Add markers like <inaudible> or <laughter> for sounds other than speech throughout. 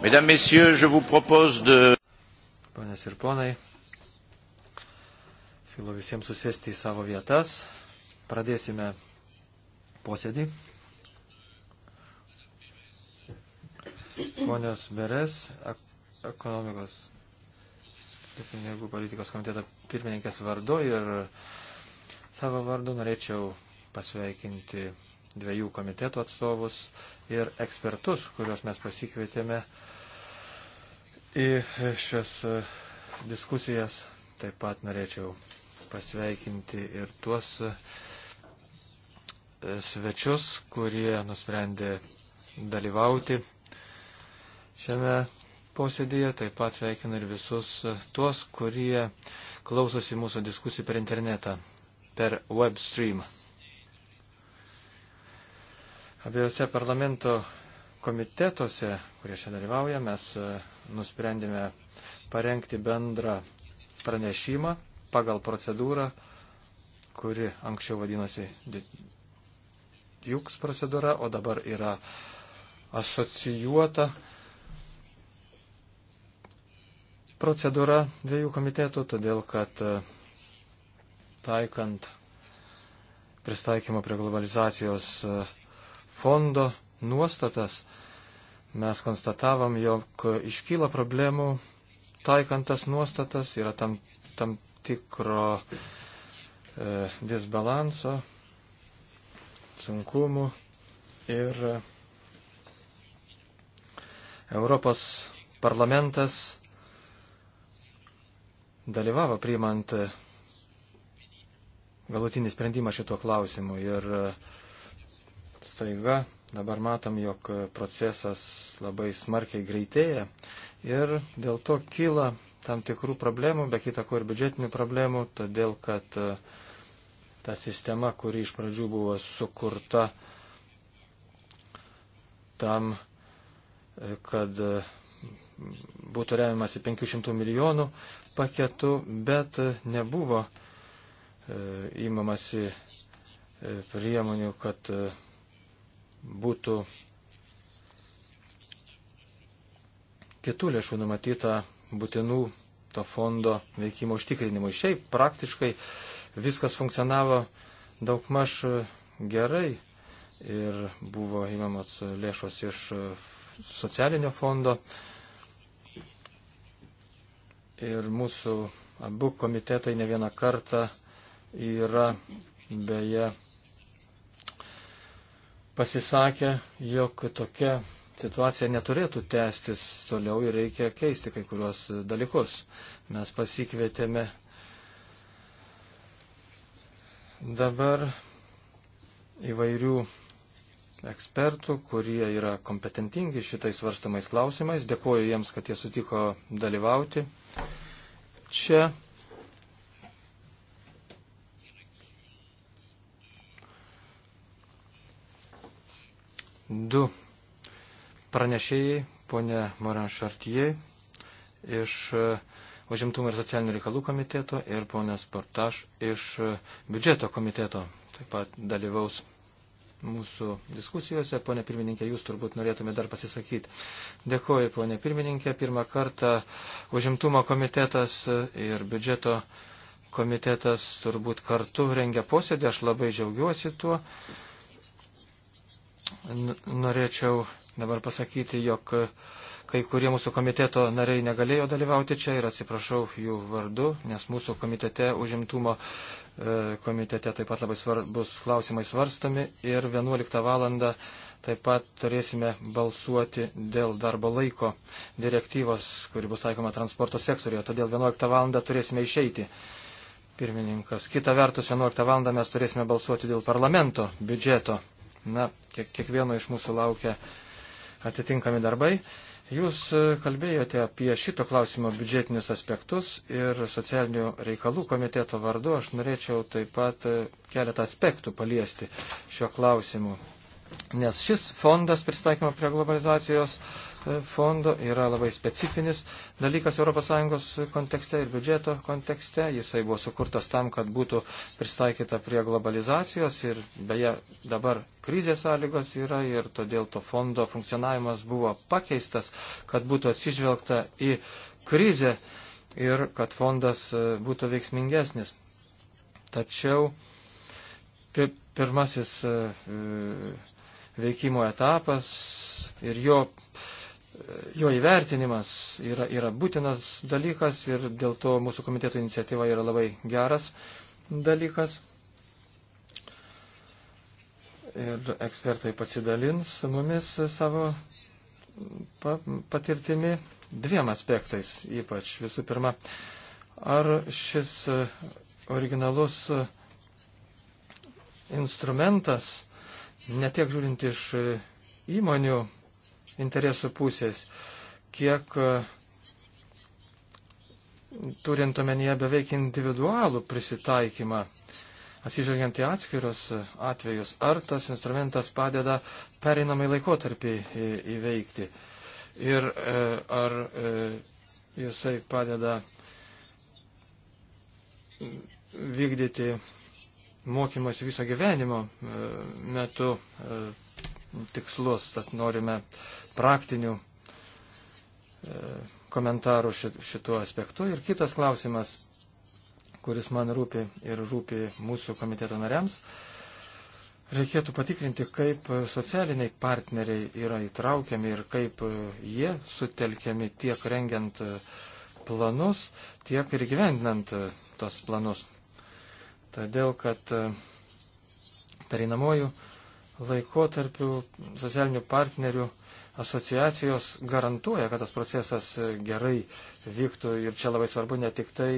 Mesdames, Messieurs, je vous propose de. Ponės ir ponai, siūlau visiems susėsti į savo vietas. Pradėsime posėdį. Ponios Beres, ekonomikos ir pinigų politikos komiteto pirmininkės vardu ir savo vardu norėčiau pasveikinti dviejų komitetų atstovus ir ekspertus, kuriuos mes pasikvietėme uh, į šias e, diskusijas. Taip pat norėčiau pasveikinti ir tuos e, svečius, kurie nusprendė dalyvauti šiame posėdėje. Taip pat sveikinu ir visus e, tuos, kurie klausosi mūsų diskusijų per internetą, per web stream. Abiejose parlamento komitetuose, kurie čia dalyvauja, mes e, nusprendėme parengti bendrą pranešimą pagal procedūrą, kuri anksčiau vadinosi JUKS procedūra, o dabar yra asocijuota procedūra dviejų komitetų, todėl kad e, taikant pristaikymą prie globalizacijos e, fondo nuostatas, mes konstatavom, jog iškyla problemų taikantas nuostatas, yra tam, tam tikro e, disbalanso, sunkumų ir Europos parlamentas dalyvavo priimant galutinį sprendimą šituo klausimu ir staiga Dabar matom, jog procesas labai smarkiai greitėja ir dėl to kyla tam tikrų problemų, be kita ko ir biudžetinių problemų, todėl kad e, ta sistema, kuri iš pradžių buvo sukurta tam, e, kad e, būtų remiamasi 500 milijonų paketu, bet nebuvo įmamasi priemonių, kad būtų kitų lėšų numatyta būtinų to fondo veikimo užtikrinimui. Šiaip praktiškai viskas funkcionavo daugmaž gerai ir buvo įmamos lėšos iš socialinio fondo. Ir mūsų abu komitetai ne vieną kartą yra beje pasisakė, jog tokia situacija neturėtų tęstis toliau ir reikia keisti kai kuriuos dalykus. Mes pasikvietėme dabar įvairių ekspertų, kurie yra kompetentingi šitais svarstamais klausimais. Dėkuoju jiems, kad jie sutiko dalyvauti. Čia du pranešėjai, ponė Moran Šartijai iš e, Užimtumo ir socialinių reikalų komiteto ir ponė Sportaš iš e, biudžeto komiteto. Taip pat dalyvaus mūsų diskusijose. Pone pirmininkė, jūs turbūt norėtume dar pasisakyti. Dėkuoju, ponė pirmininkė. Pirmą kartą užimtumo komitetas ir biudžeto komitetas turbūt kartu rengia posėdį. Aš labai džiaugiuosi tuo norėčiau dabar pasakyti, jog kai kurie mūsų komiteto nariai negalėjo dalyvauti čia ir atsiprašau jų vardu, nes mūsų komitete užimtumo e, komitete taip pat labai svarbus klausimai svarstomi ir 11 val. taip pat turėsime balsuoti dėl darbo laiko direktyvos, kuri bus taikoma transporto sektorijoje, todėl 11 val. turėsime išeiti. Pirmininkas. Kita vertus, 11 val. mes turėsime balsuoti dėl parlamento biudžeto. Na, kiekvieno iš mūsų laukia atitinkami darbai. Jūs e, kalbėjote apie šito klausimo biudžetinius aspektus ir socialinių reikalų komiteto vardu aš norėčiau taip pat e, keletą aspektų paliesti šio klausimu. Nes šis fondas pristaikymo prie globalizacijos fondo yra labai specifinis dalykas ES kontekste ir biudžeto kontekste. Jisai buvo sukurtas tam, kad būtų pristaikyta prie globalizacijos ir beje dabar krizės sąlygos yra ir todėl to fondo funkcionavimas buvo pakeistas, kad būtų atsižvelgta į krizę ir kad fondas e, būtų veiksmingesnis. Tačiau pirmasis e, e, veikimo etapas ir jo jo įvertinimas yra, yra būtinas dalykas ir dėl to mūsų komiteto iniciatyva yra labai geras dalykas. Ir ekspertai pasidalins su mumis savo patirtimi dviem aspektais ypač. Visų pirma, ar šis originalus instrumentas, netiek žiūrint iš įmonių interesų pusės, kiek e, turint omenyje beveik individualų prisitaikymą, atsižvelgiant į atskirus atvejus, ar tas instrumentas padeda perinamai laikotarpį įveikti ir e, ar e, jisai padeda vykdyti mokymosi viso gyvenimo metu tikslus, tad norime praktinių e, komentarų šituo aspektu. Ir kitas klausimas, kuris man rūpi ir rūpi mūsų komiteto nariams, reikėtų patikrinti, kaip socialiniai partneriai yra įtraukiami ir kaip jie sutelkiami tiek rengiant e, planus, tiek ir gyvendinant e, tos planus. Todėl, kad pereinamojų laikotarpių socialinių partnerių asociacijos garantuoja, kad tas procesas gerai vyktų ir čia labai svarbu ne tik tai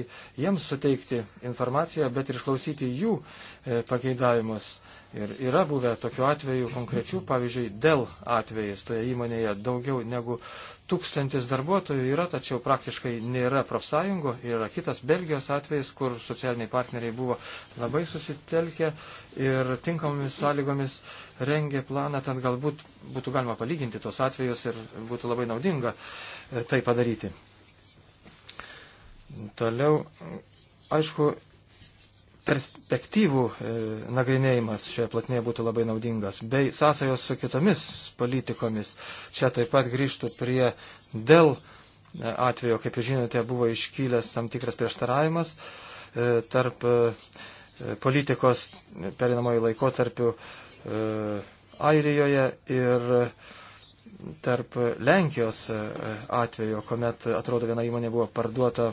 jiems suteikti informaciją, bet ir išklausyti jų e, pageidavimus. E, Ir yra buvę tokių atvejų konkrečių, pavyzdžiui, dėl atvejas toje įmonėje daugiau negu tūkstantis darbuotojų yra, tačiau praktiškai nėra profsąjungų. Yra kitas Belgijos atvejis, kur socialiniai partneriai buvo labai susitelkę ir tinkamomis sąlygomis rengė planą, tad galbūt būtų galima palyginti tos atvejus ir būtų labai naudinga e, tai padaryti. Toliau, aišku, perspektyvų e, nagrinėjimas šioje platnėje būtų labai naudingas, bei sąsajos su kitomis politikomis. Čia taip pat grįžtų prie dėl e, atvejo, kaip jūs žinote, buvo iškylęs tam tikras prieštaravimas e, tarp politikos perinamojo laikotarpių Airijoje ir tarp Lenkijos atvejo, kuomet, atrodo, viena įmonė buvo parduota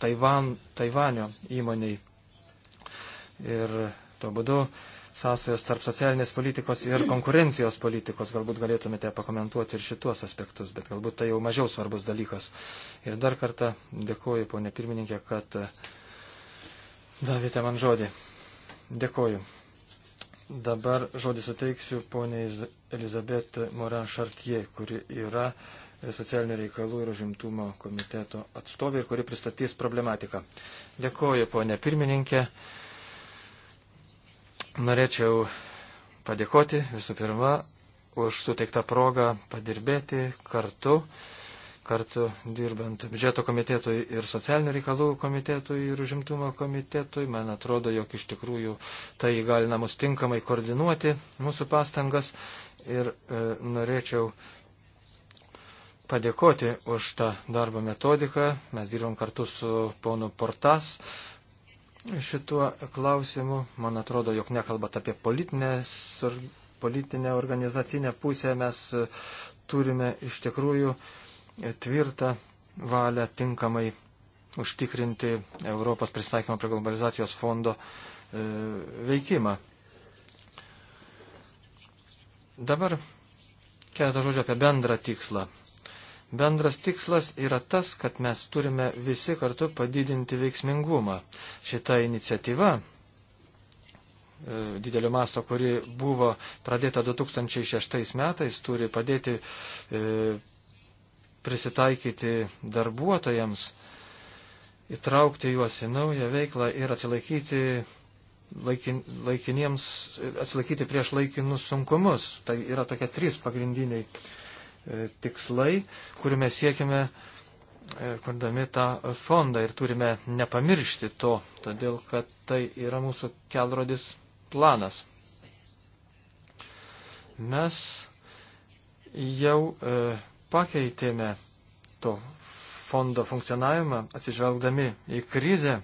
Taivan, Taivanio įmoniai ir tuo būdu sąsajos tarp socialinės politikos ir konkurencijos politikos. Galbūt galėtumėte pakomentuoti ir šitos aspektus, bet galbūt tai jau mažiau svarbus dalykas. Ir dar kartą dėkoju, ponė pirmininkė, kad e, davėte man žodį. Dėkoju. Dabar žodį suteiksiu ponė Elizabet Moran Šartie, kuri yra socialinių reikalų ir užimtumo komiteto atstovė ir kuri pristatys problematiką. Dėkoju, ponė pirmininkė. Norėčiau padėkoti visų pirma už suteiktą progą padirbėti kartu, kartu dirbant biudžeto komitetui ir socialinių reikalų komitetui ir užimtumo komitetui. Man atrodo, jog iš tikrųjų tai įgalina mus tinkamai koordinuoti mūsų pastangas ir e, norėčiau padėkoti už tą darbo metodiką. Mes dirbam kartu su ponu Portas. E, šituo klausimu. Man atrodo, jog nekalbat apie politinę, politinę organizacinę pusę. Mes e, turime iš tikrųjų e, tvirtą valią tinkamai užtikrinti Europos pristaikymą prie globalizacijos fondo e, veikimą. Dabar keletą žodžių apie bendrą tikslą. Bendras tikslas yra tas, kad mes turime visi kartu padidinti veiksmingumą. Šita iniciatyva e, didelio masto, kuri buvo pradėta 2006 metais, turi padėti e, prisitaikyti darbuotojams, įtraukti juos į naują veiklą ir atsilaikyti, laikin, laikiniems, atsilaikyti prieš laikinus sunkumus. Tai yra tokie trys pagrindiniai E, tikslai, kurių mes siekiame, e, kurdami tą fondą ir turime nepamiršti to, todėl kad tai yra mūsų kelrodis planas. Mes jau e, pakeitėme to fondo funkcionavimą, atsižvelgdami į krizę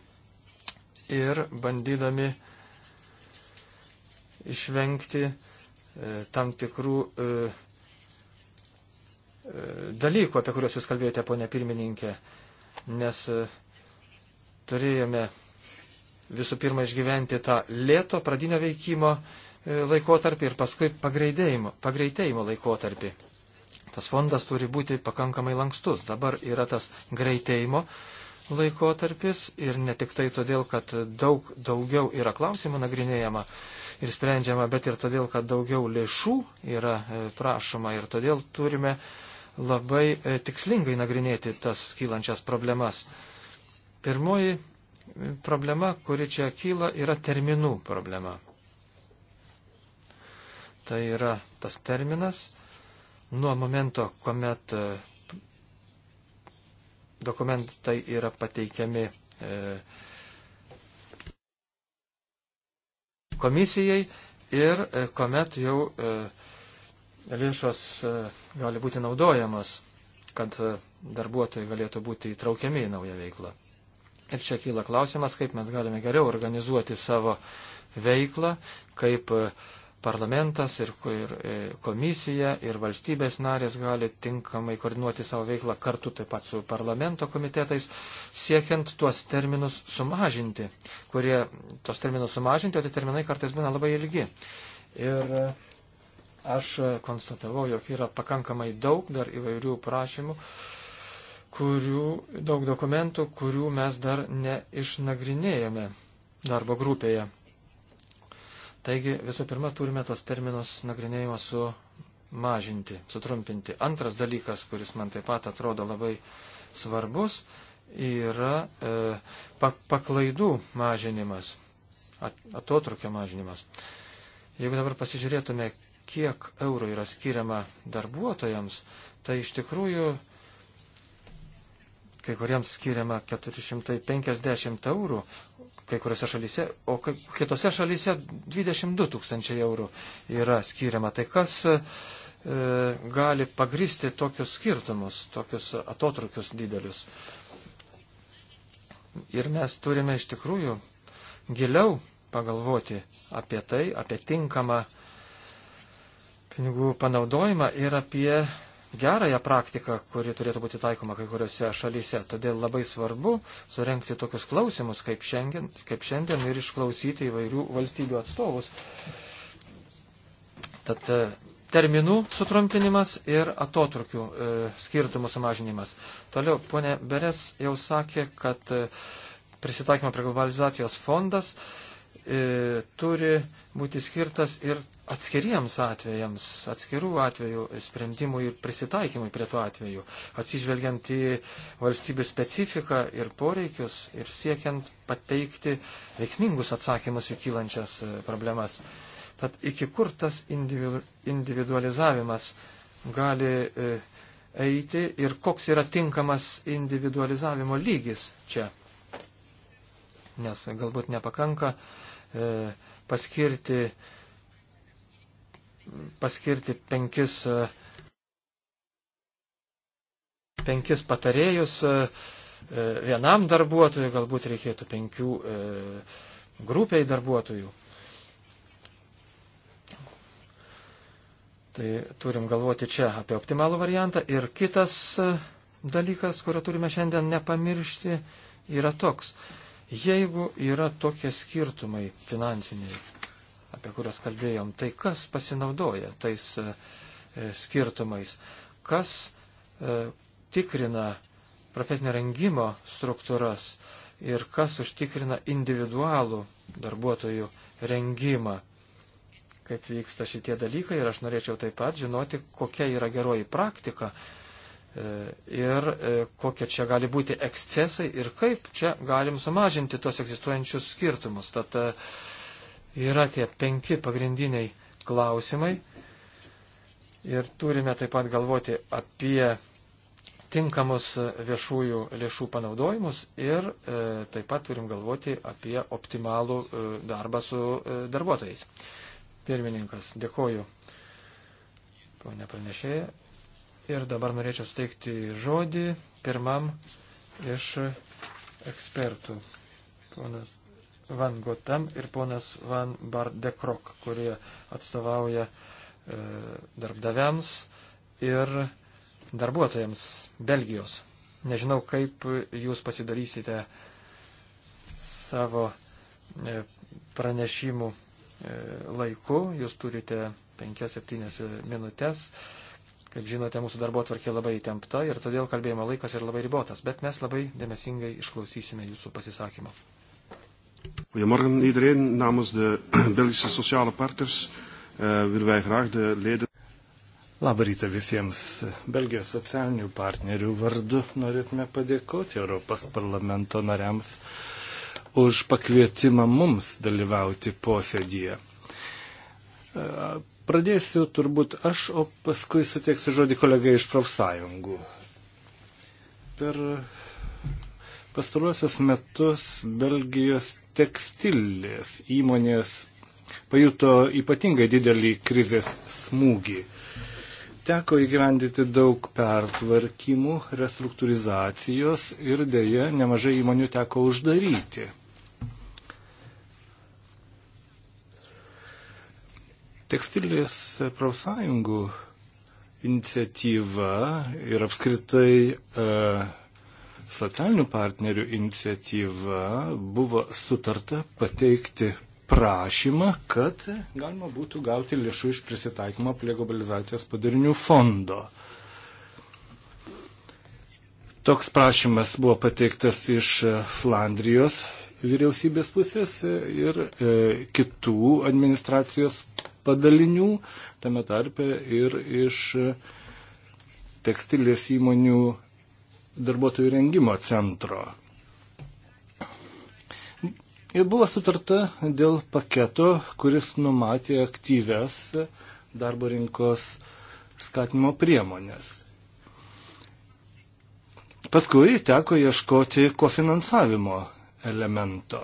ir bandydami išvengti e, tam tikrų e, dalykų, apie kuriuos jūs kalbėjote, ponė pirmininkė, nes e, turėjome visų pirma išgyventi tą lėto pradinio veikimo e, laikotarpį ir paskui pagreitėjimo laikotarpį. Tas fondas turi būti pakankamai lankstus. Dabar yra tas greitėjimo laikotarpis ir ne tik tai todėl, kad daug daugiau yra klausimų nagrinėjama ir sprendžiama, bet ir todėl, kad daugiau lėšų yra e, prašoma ir todėl turime uh, labai e, tikslingai nagrinėti tas kylančias problemas. Pirmoji e, problema, kuri čia kyla, yra terminų problema. Tai yra tas terminas nuo momento, kuomet e, dokumentai yra pateikiami komisijai ir kuomet jau lėšos e, gali būti naudojamos, kad e, darbuotojai galėtų būti įtraukiami į naują veiklą. Ir čia kyla klausimas, kaip mes galime geriau organizuoti savo veiklą, kaip e, parlamentas ir, ir komisija ir valstybės narės gali tinkamai koordinuoti savo veiklą kartu taip pat su parlamento komitetais, siekiant tuos terminus sumažinti, kurie tos terminus sumažinti, o tie terminai kartais būna labai ilgi. Ir uh, aš konstatavau, jog yra pakankamai daug dar įvairių prašymų, kurių, daug dokumentų, kurių mes dar neišnagrinėjome darbo grupėje. Taigi visų pirma turime tos terminus nagrinėjimą su mažinti, sutrumpinti. Antras dalykas, kuris man taip pat atrodo labai svarbus, yra e, paklaidų mažinimas, atotrukio mažinimas. Jeigu dabar pasižiūrėtume, kiek eurų yra skiriama darbuotojams, tai iš tikrųjų kai kuriems skiriama 450 eurų, kai kuriuose šalyse, o kitose šalyse 22 tūkstančiai eurų yra skiriama. Tai kas e, gali pagristi tokius skirtumus, tokius atotrukius didelius? Ir mes turime iš tikrųjų giliau pagalvoti apie tai, apie tinkamą pinigų panaudojimą ir apie gerąją praktiką, kuri turėtų būti taikoma kai kuriuose šalyse. Todėl labai svarbu surenkti tokius klausimus kaip šiandien, kaip šiandien ir išklausyti įvairių valstybių atstovus. Tad e, terminų sutrumpinimas ir atotrukių e, skirtumų sumažinimas. Toliau, ponė Beres jau sakė, kad e, prisitaikymo prie globalizacijos fondas e, turi būti skirtas ir atskiriems atvejams, atskirų atvejų sprendimui ir prisitaikymui prie tų atvejų, atsižvelgiant į valstybių specifiką ir poreikius ir siekiant pateikti veiksmingus atsakymus į kylančias e, problemas. Tad iki kur tas individualizavimas gali e, eiti ir koks yra tinkamas individualizavimo lygis čia. Nes galbūt nepakanka uh, E, paskirti, paskirti penkis, e, penkis patarėjus e, vienam darbuotojui, galbūt reikėtų penkių grupiai darbuotojų. Tai turim galvoti čia apie optimalų variantą. Ir kitas dalykas, kurio turime šiandien nepamiršti, yra toks. Jeigu yra tokie skirtumai finansiniai, apie kuriuos kalbėjom, tai kas pasinaudoja tais e, e, skirtumais, kas e, tikrina profesinio rengimo struktūras ir kas užtikrina individualų darbuotojų rengimą, kaip vyksta šitie dalykai ir aš norėčiau taip pat žinoti, kokia yra geroji praktika E, ir e, kokie čia gali būti ekscesai ir kaip čia galim sumažinti tos egzistuojančius skirtumus. Tad e, yra tie penki pagrindiniai klausimai ir turime taip pat galvoti apie tinkamus viešųjų lėšų panaudojimus ir e, taip pat turim galvoti apie optimalų e, darbą su e, darbuotojais. Pirmininkas, dėkoju. Pone pranešėja, Ir dabar norėčiau suteikti žodį pirmam iš ekspertų. Ponas Van Gotam ir ponas Van Bardekrok, kurie atstovauja e, darbdaviams ir darbuotojams Belgijos. Nežinau, kaip jūs pasidarysite savo e, pranešimų e, laiku. Jūs turite 5-7 minutės. E, Kaip žinote, mūsų darbo tvarkė labai įtempta ir todėl kalbėjimo laikas yra labai ribotas, bet mes labai dėmesingai išklausysime jūsų pasisakymą. Goedemorgen iedereen. Namens de <clears throat> Belgische sociale partners uh, willen wij graag de leden. Labą rytą visiems. Belgijos socialinių partnerių vardu norėtume padėkoti Europos parlamento nariams už pakvietimą mums dalyvauti posėdyje. Eh, Pradėsiu turbūt aš, o paskui suteiksiu žodį kolegai iš profsąjungų. Per pastaruosius metus Belgijos tekstilės įmonės pajuto ypatingai didelį krizės smūgį. Teko įgyvendyti daug pertvarkymų, restruktūrizacijos ir dėje nemažai įmonių teko uždaryti. Tekstilės profsąjungų iniciatyva ir apskritai e, socialinių partnerių iniciatyva buvo sutarta pateikti prašymą, kad galima būtų gauti lėšų iš prisitaikymo prie globalizacijos padarinių fondo. Toks prašymas buvo pateiktas iš Flandrijos vyriausybės pusės ir e, kitų administracijos padalinių, tame tarpe ir iš tekstilės įmonių darbuotojų rengimo centro. Ir buvo sutarta dėl paketo, kuris numatė aktyves darbo rinkos skatinimo priemonės. Paskui teko ieškoti kofinansavimo elemento.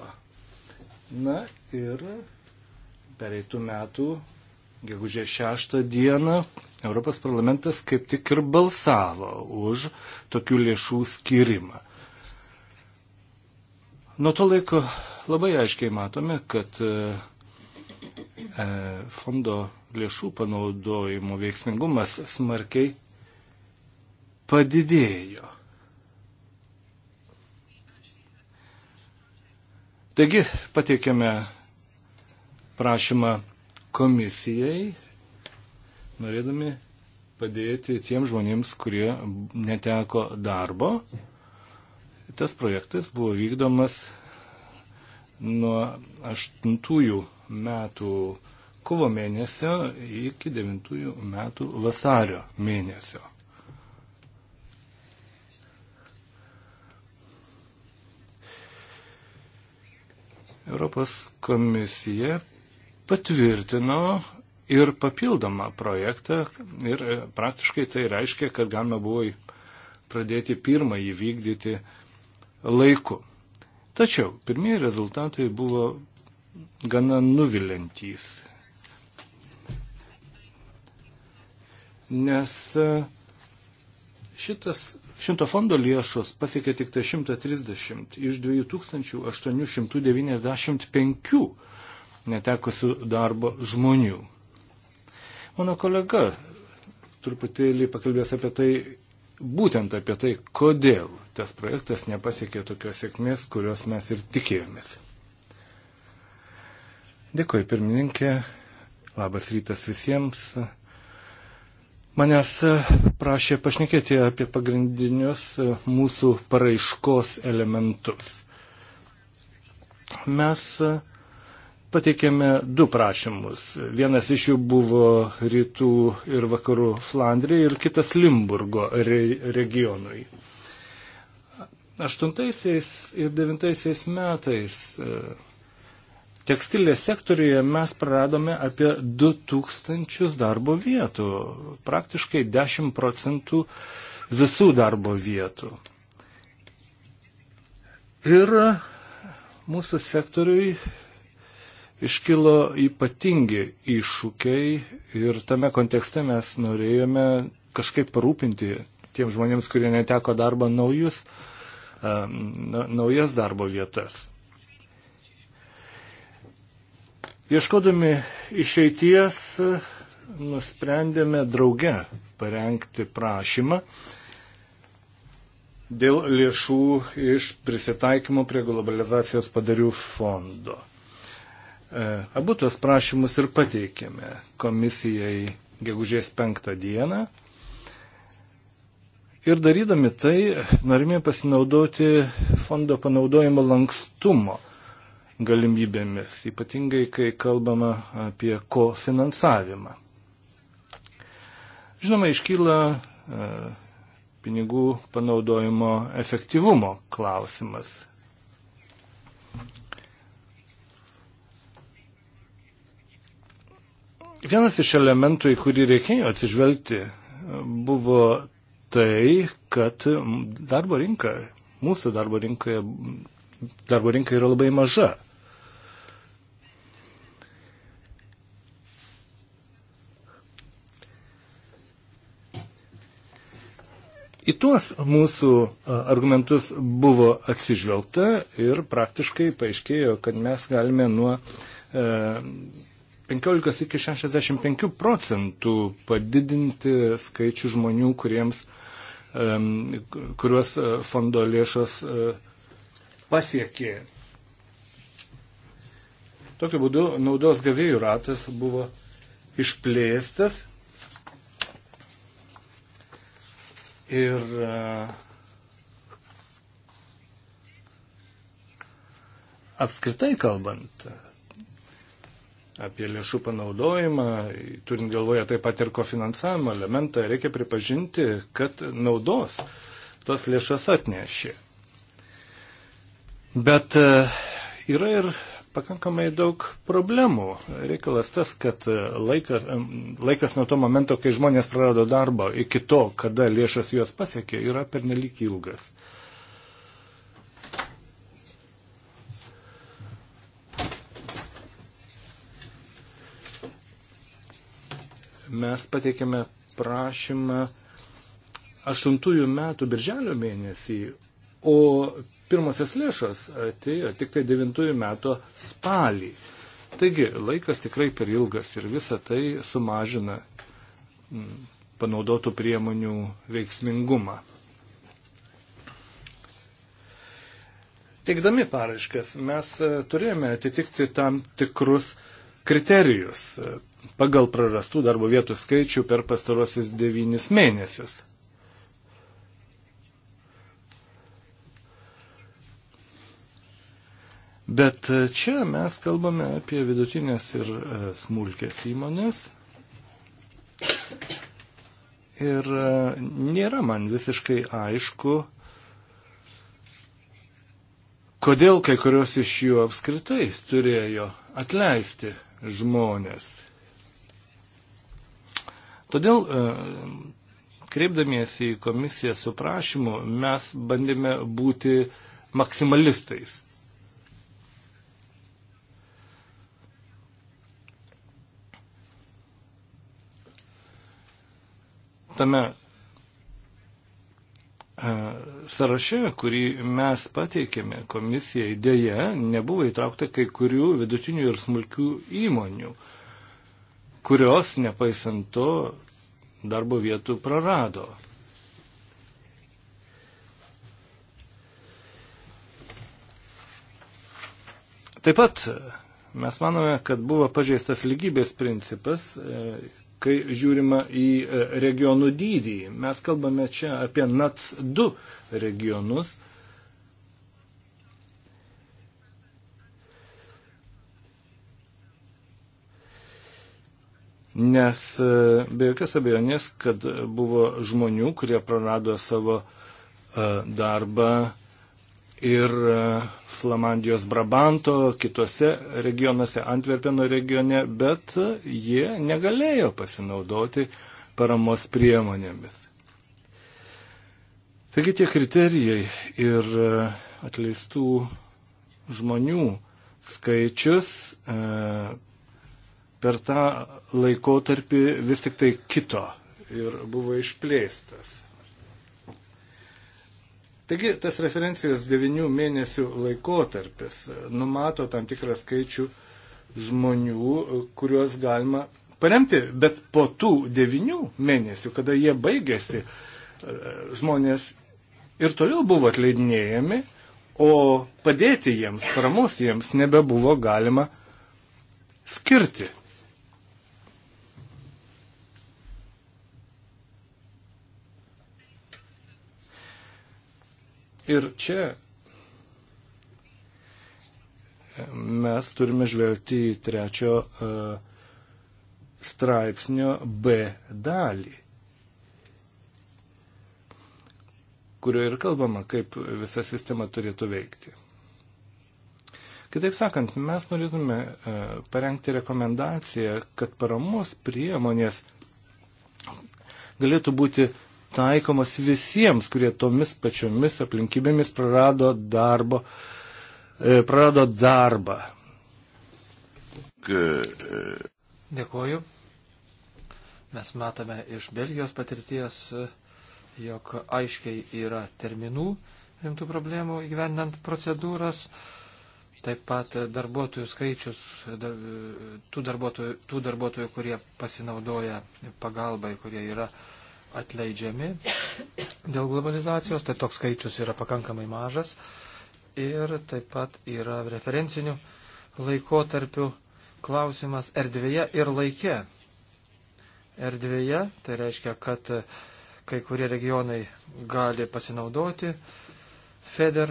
Na ir pereitų metų gegužė 6 dieną Europos parlamentas kaip tik ir balsavo už tokių lėšų skirimą. Nuo to laiko labai aiškiai matome, kad e, e, fondo lėšų panaudojimo veiksmingumas smarkiai padidėjo. Taigi pateikėme prašymą komisijai, norėdami padėti tiem žmonėms, kurie neteko darbo. Tas projektas buvo vykdomas nuo 8 metų kovo mėnesio iki 9 metų vasario mėnesio. Europos komisija patvirtino ir papildomą projektą ir e, praktiškai tai reiškia, kad galima buvo pradėti pirmąjį vykdyti laiku. Tačiau pirmieji rezultatai buvo gana nuvilintys, nes e, šitas Šimto fondo lėšos pasiekė tik tai 130 iš 2895 netekusių darbo žmonių. Mano kolega truputėlį pakalbės apie tai, būtent apie tai, kodėl tas projektas nepasiekė tokios sėkmės, kurios mes ir tikėjomės. Dėkui, pirmininkė. Labas rytas visiems. Manęs prašė pašnekėti apie pagrindinius mūsų paraiškos elementus. Mes uh, pateikėme du prašymus. Vienas iš jų buvo rytų ir vakarų Flandrijai ir kitas Limburgo re regionui. Aštuntaisiais ir devintaisiais metais e, tekstilės sektoriuje mes praradome apie 2000 darbo vietų, praktiškai 10 procentų visų darbo vietų. Ir mūsų sektoriui iškilo ypatingi iššūkiai ir tame kontekste mes norėjome kažkaip parūpinti tiem žmonėms, kurie neteko darbo naujus, na, naujas darbo vietas. Ieškodami išeities nusprendėme drauge parengti prašymą dėl lėšų iš prisitaikymo prie globalizacijos padarių fondo. E, abu tuos prašymus ir pateikėme komisijai gegužės penktą dieną. Ir darydami tai norime pasinaudoti fondo panaudojimo lankstumo galimybėmis, ypatingai kai kalbama apie kofinansavimą. Žinoma, iškyla e, pinigų panaudojimo efektyvumo klausimas. Vienas iš elementų, į kurį reikėjo atsižvelgti, buvo tai, kad darbo rinka, mūsų darbo rinka, darbo rinka yra labai maža. Į tuos mūsų argumentus buvo atsižvelgta ir praktiškai paaiškėjo, kad mes galime nuo e, 15 iki 65 procentų padidinti skaičių žmonių, kuriems, kuriuos e, fondo lėšos e, pasiekė. Tokiu būdu naudos gavėjų ratas buvo išplėstas ir e, apskritai kalbant, apie lėšų panaudojimą, turint galvoje taip pat ir kofinansavimo elementą, reikia pripažinti, kad naudos tas lėšas atnešė. Bet e, yra ir pakankamai daug problemų. Reikalas tas, kad e, laikas, e, laikas nuo to momento, kai žmonės prarado darbą, iki to, kada lėšas juos pasiekė, yra pernelyg ilgas. mes pateikėme prašymą 8 metų birželio mėnesį, o pirmosios lėšos atėjo tik tai 9 metų spalį. Taigi laikas tikrai per ilgas ir visa tai sumažina mm, panaudotų priemonių veiksmingumą. Teikdami paraiškas mes e, turėjome atitikti tam tikrus kriterijus pagal prarastų darbo vietų skaičių per pastarosius devynis mėnesius. Bet čia mes kalbame apie vidutinės ir e, smulkės įmonės. Ir e, nėra man visiškai aišku, kodėl kai kurios iš jų apskritai turėjo atleisti žmonės. Todėl, e, kreipdamiesi į komisiją su prašymu, mes bandėme būti maksimalistais. Tame e, Sąraše, kurį mes pateikėme komisijai, dėje nebuvo įtraukta kai kurių vidutinių ir smulkių įmonių. Uh, kurios, nepaisant to, darbo vietų prarado. Taip pat mes manome, kad buvo pažeistas lygybės principas, e, kai žiūrima į e, regionų dydį. Mes kalbame čia apie NATS 2 regionus, nes e, be jokios abejonės, kad buvo žmonių, kurie prarado savo e, darbą ir e, Flamandijos Brabanto, kitose regionuose, Antverpeno regione, bet jie negalėjo pasinaudoti paramos priemonėmis. Taigi tie kriterijai ir atleistų žmonių skaičius per tą laikotarpį vis tik tai kito ir buvo išplėstas. Taigi tas referencijos devinių mėnesių laikotarpis numato tam tikrą skaičių žmonių, kuriuos galima paremti, bet po tų devinių mėnesių, kada jie baigėsi, žmonės ir toliau buvo atleidinėjami, o padėti jiems, paramos jiems nebebuvo galima skirti. Ir čia mes turime žvelgti į trečio e, straipsnio B dalį, kurio ir kalbama, kaip visa sistema turėtų veikti. Kitaip sakant, mes norėtume e, parengti rekomendaciją, kad paramos priemonės galėtų būti taikomas visiems, kurie tomis pačiomis aplinkybėmis prarado, darbo, e, prarado darbą. E. Dėkuoju. Mes matome iš Belgijos patirties, e, jog aiškiai yra terminų rimtų problemų įgyvendant procedūras. Taip pat darbuotojų skaičius, dar, tų, darbuotojų, tų darbuotojų, kurie pasinaudoja pagalbai, kurie yra uh, atleidžiami dėl globalizacijos, tai toks skaičius yra pakankamai mažas. Ir taip pat yra referencinių laikotarpių klausimas erdvėje ir laike. Erdvėje, tai reiškia, kad kai kurie regionai gali pasinaudoti FEDER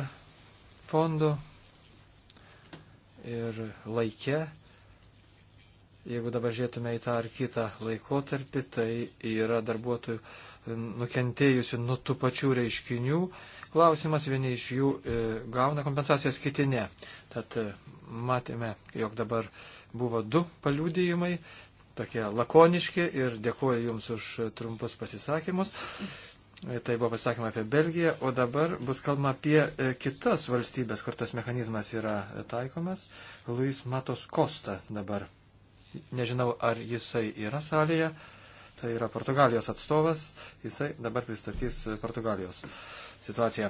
fondų ir laike jeigu dabar žiūrėtume į tą ar kitą laikotarpį, tai yra darbuotojų e, nukentėjusių nuo tų pačių reiškinių. Klausimas, vieni iš jų e, gauna kompensacijas, kiti ne. Tad e, matėme, jog dabar buvo du paliūdėjimai, tokie lakoniški ir dėkuoju Jums už trumpus pasisakymus. Tai buvo pasakymai apie Belgiją, o dabar bus kalbama apie kitas valstybės, kur tas mechanizmas yra taikomas. Luis Matos Kosta dabar nežinau ar jisai yra salėje, tai yra Portugalijos atstovas, jisai dabar pristatys Portugalijos situaciją.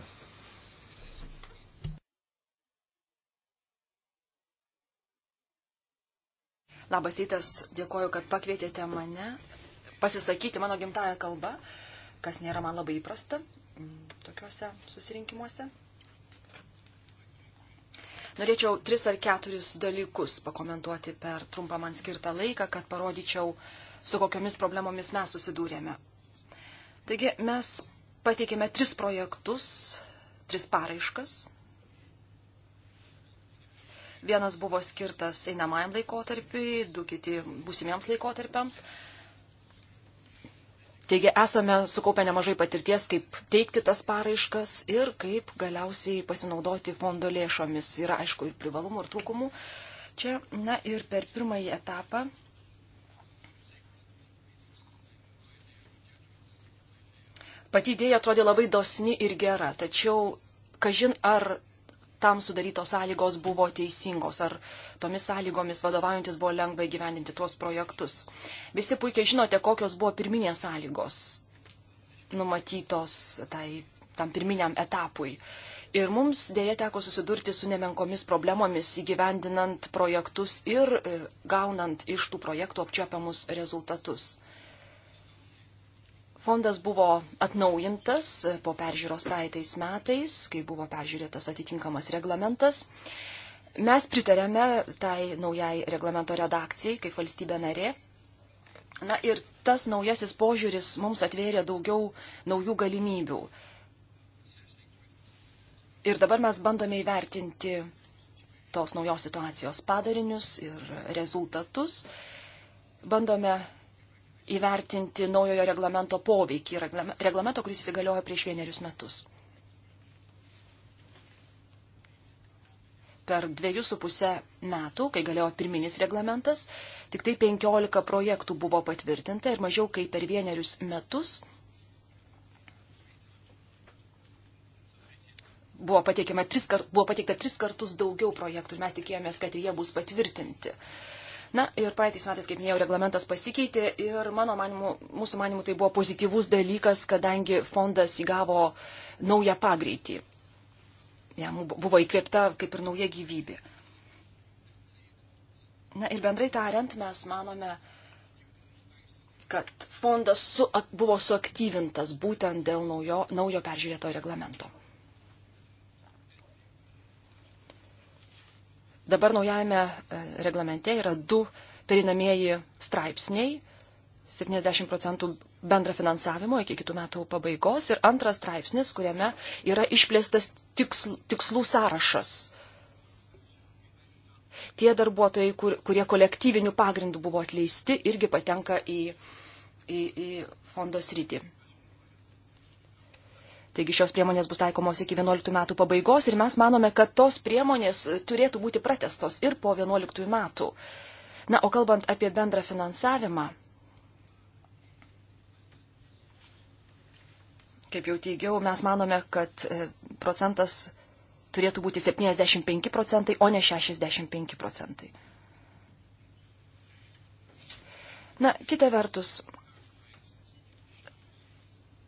Labas rytas, dėkoju, kad pakvietėte mane pasisakyti mano gimtają kalbą, kas nėra man labai įprasta mm, tokiuose susirinkimuose. Norėčiau tris ar keturis dalykus pakomentuoti per trumpą man skirtą laiką, kad parodyčiau, su kokiomis problemomis mes susidūrėme. Taigi mes pateikėme tris projektus, tris paraiškas. Vienas buvo skirtas einamajam laikotarpiui, du kiti būsimiems laikotarpiams. Taigi esame sukaupę nemažai patirties, kaip teikti tas paraiškas ir kaip galiausiai pasinaudoti fondo lėšomis. Yra aišku ir privalumų, ir trūkumų. Čia, na ir per pirmąjį etapą. Pati idėja atrodė labai dosni ir gera, tačiau, kažin ar tam sudarytos sąlygos buvo teisingos, ar tomis sąlygomis vadovaujantis buvo lengva įgyvendinti tuos projektus. Visi puikiai žinote, kokios buvo pirminės sąlygos numatytos tai, tam pirminiam etapui. Ir mums dėja teko susidurti su nemenkomis problemomis įgyvendinant projektus ir e, gaunant iš tų projektų apčiopiamus rezultatus. Fondas buvo atnaujintas po peržiūros praeitais metais, kai buvo peržiūrėtas atitinkamas reglamentas. Mes pritarėme tai naujai reglamento redakcijai kaip valstybė narė. Na ir tas naujasis požiūris mums atvėrė daugiau naujų galimybių. Ir dabar mes bandome įvertinti tos naujos situacijos padarinius ir rezultatus. Bandome įvertinti naujojo reglamento poveikį, reglamento, kuris įsigaliojo prieš vienerius metus. Per dviejus su pusę metų, kai galiojo pirminis reglamentas, tik tai 15 projektų buvo patvirtinta ir mažiau kaip per vienerius metus buvo, tris, buvo pateikta tris kartus daugiau projektų ir mes tikėjomės, kad jie bus patvirtinti. Uh, Na ir praeitais metais, kaip minėjau, reglamentas pasikeitė ir mano manimu, mūsų manimu tai buvo pozityvus dalykas, kadangi fondas įgavo naują pagreitį. Jam buvo įkvėpta kaip ir nauja gyvybė. Na ir bendrai tariant, mes manome, kad fondas su, buvo suaktyvintas būtent dėl naujo, naujo peržiūrėto reglamento. Dabar naujajame e, reglamente yra du perinamieji straipsniai 70 procentų bendra finansavimo iki kitų metų pabaigos ir antras straipsnis, kuriame yra išplėstas tiksl, tikslų sąrašas. Tie darbuotojai, kur, kurie kolektyviniu pagrindu buvo atleisti, irgi patenka į, į, į fondos rytį. Taigi šios priemonės bus taikomos iki 11 metų pabaigos ir mes manome, kad tos priemonės turėtų būti pratestos ir po 11 metų. Na, o kalbant apie bendrą finansavimą, kaip jau teigiau, mes manome, kad e, procentas turėtų būti 75 procentai, o ne 65 procentai. Na, kita vertus,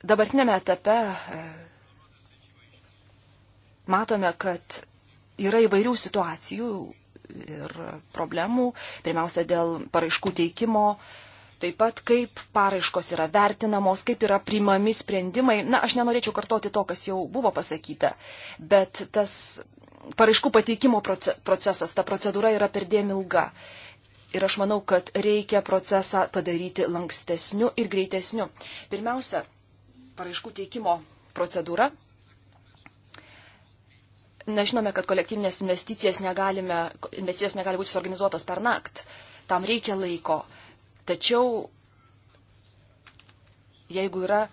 Dabartinėme etape e, matome, kad yra įvairių situacijų ir problemų, pirmiausia dėl paraiškų teikimo, taip pat kaip paraiškos yra vertinamos, kaip yra primami sprendimai. Na, aš nenorėčiau kartoti to, kas jau buvo pasakyta, bet tas paraiškų pateikimo procesas, ta procedūra yra perdėm ilga. Ir aš manau, kad reikia procesą padaryti lankstesniu ir greitesniu. Pirmiausia, paraiškų teikimo procedūra. Na, žinome, kad kolektyvinės investicijas, negalime, investicijas negali būti suorganizuotos per naktį. Tam reikia laiko. Tačiau jeigu yra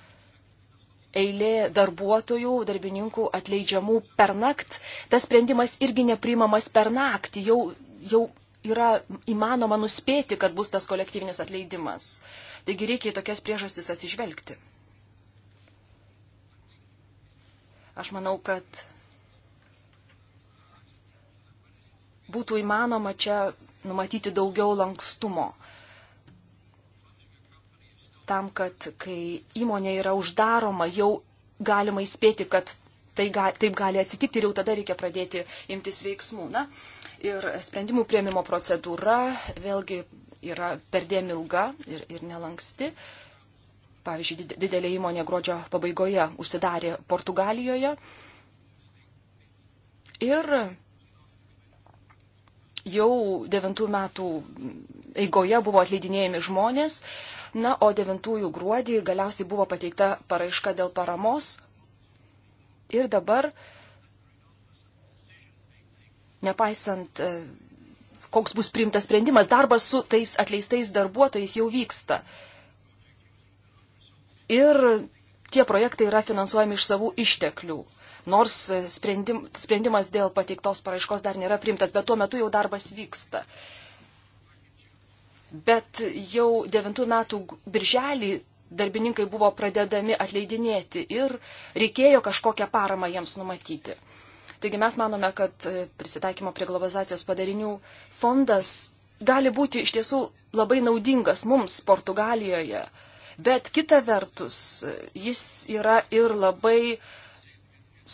eilė darbuotojų, darbininkų atleidžiamų per naktį, tas sprendimas irgi neprimamas per naktį. Jau, jau yra įmanoma nuspėti, kad bus tas kolektyvinis atleidimas. Taigi reikia į tokias priežastis atsižvelgti. Aš manau, kad būtų įmanoma čia numatyti daugiau lankstumo. Tam, kad kai įmonė yra uždaroma, jau galima įspėti, kad tai ga, taip gali atsitikti ir jau tada reikia pradėti imtis veiksmų. Na, ir sprendimų prieimimo procedūra vėlgi yra perdėm ilga ir, ir nelanksti. Uh, Pavyzdžiui, didelė įmonė gruodžio pabaigoje užsidarė Portugalijoje ir jau devintų metų eigoje buvo atleidinėjami žmonės, na, o devintųjų gruodį galiausiai buvo pateikta paraiška dėl paramos ir dabar, nepaisant, e, koks bus priimtas sprendimas, darbas su tais atleistais darbuotojais jau vyksta ir tie projektai yra finansuojami iš savų išteklių. Nors sprendim, sprendimas dėl pateiktos paraiškos dar nėra priimtas, bet tuo metu jau darbas vyksta. Bet jau devintų metų birželį darbininkai buvo pradedami atleidinėti ir reikėjo kažkokią paramą jiems numatyti. Taigi mes manome, kad e, prisitaikymo prie globalizacijos padarinių fondas gali būti iš tiesų labai naudingas mums Portugalijoje, Bet kita vertus, jis yra ir labai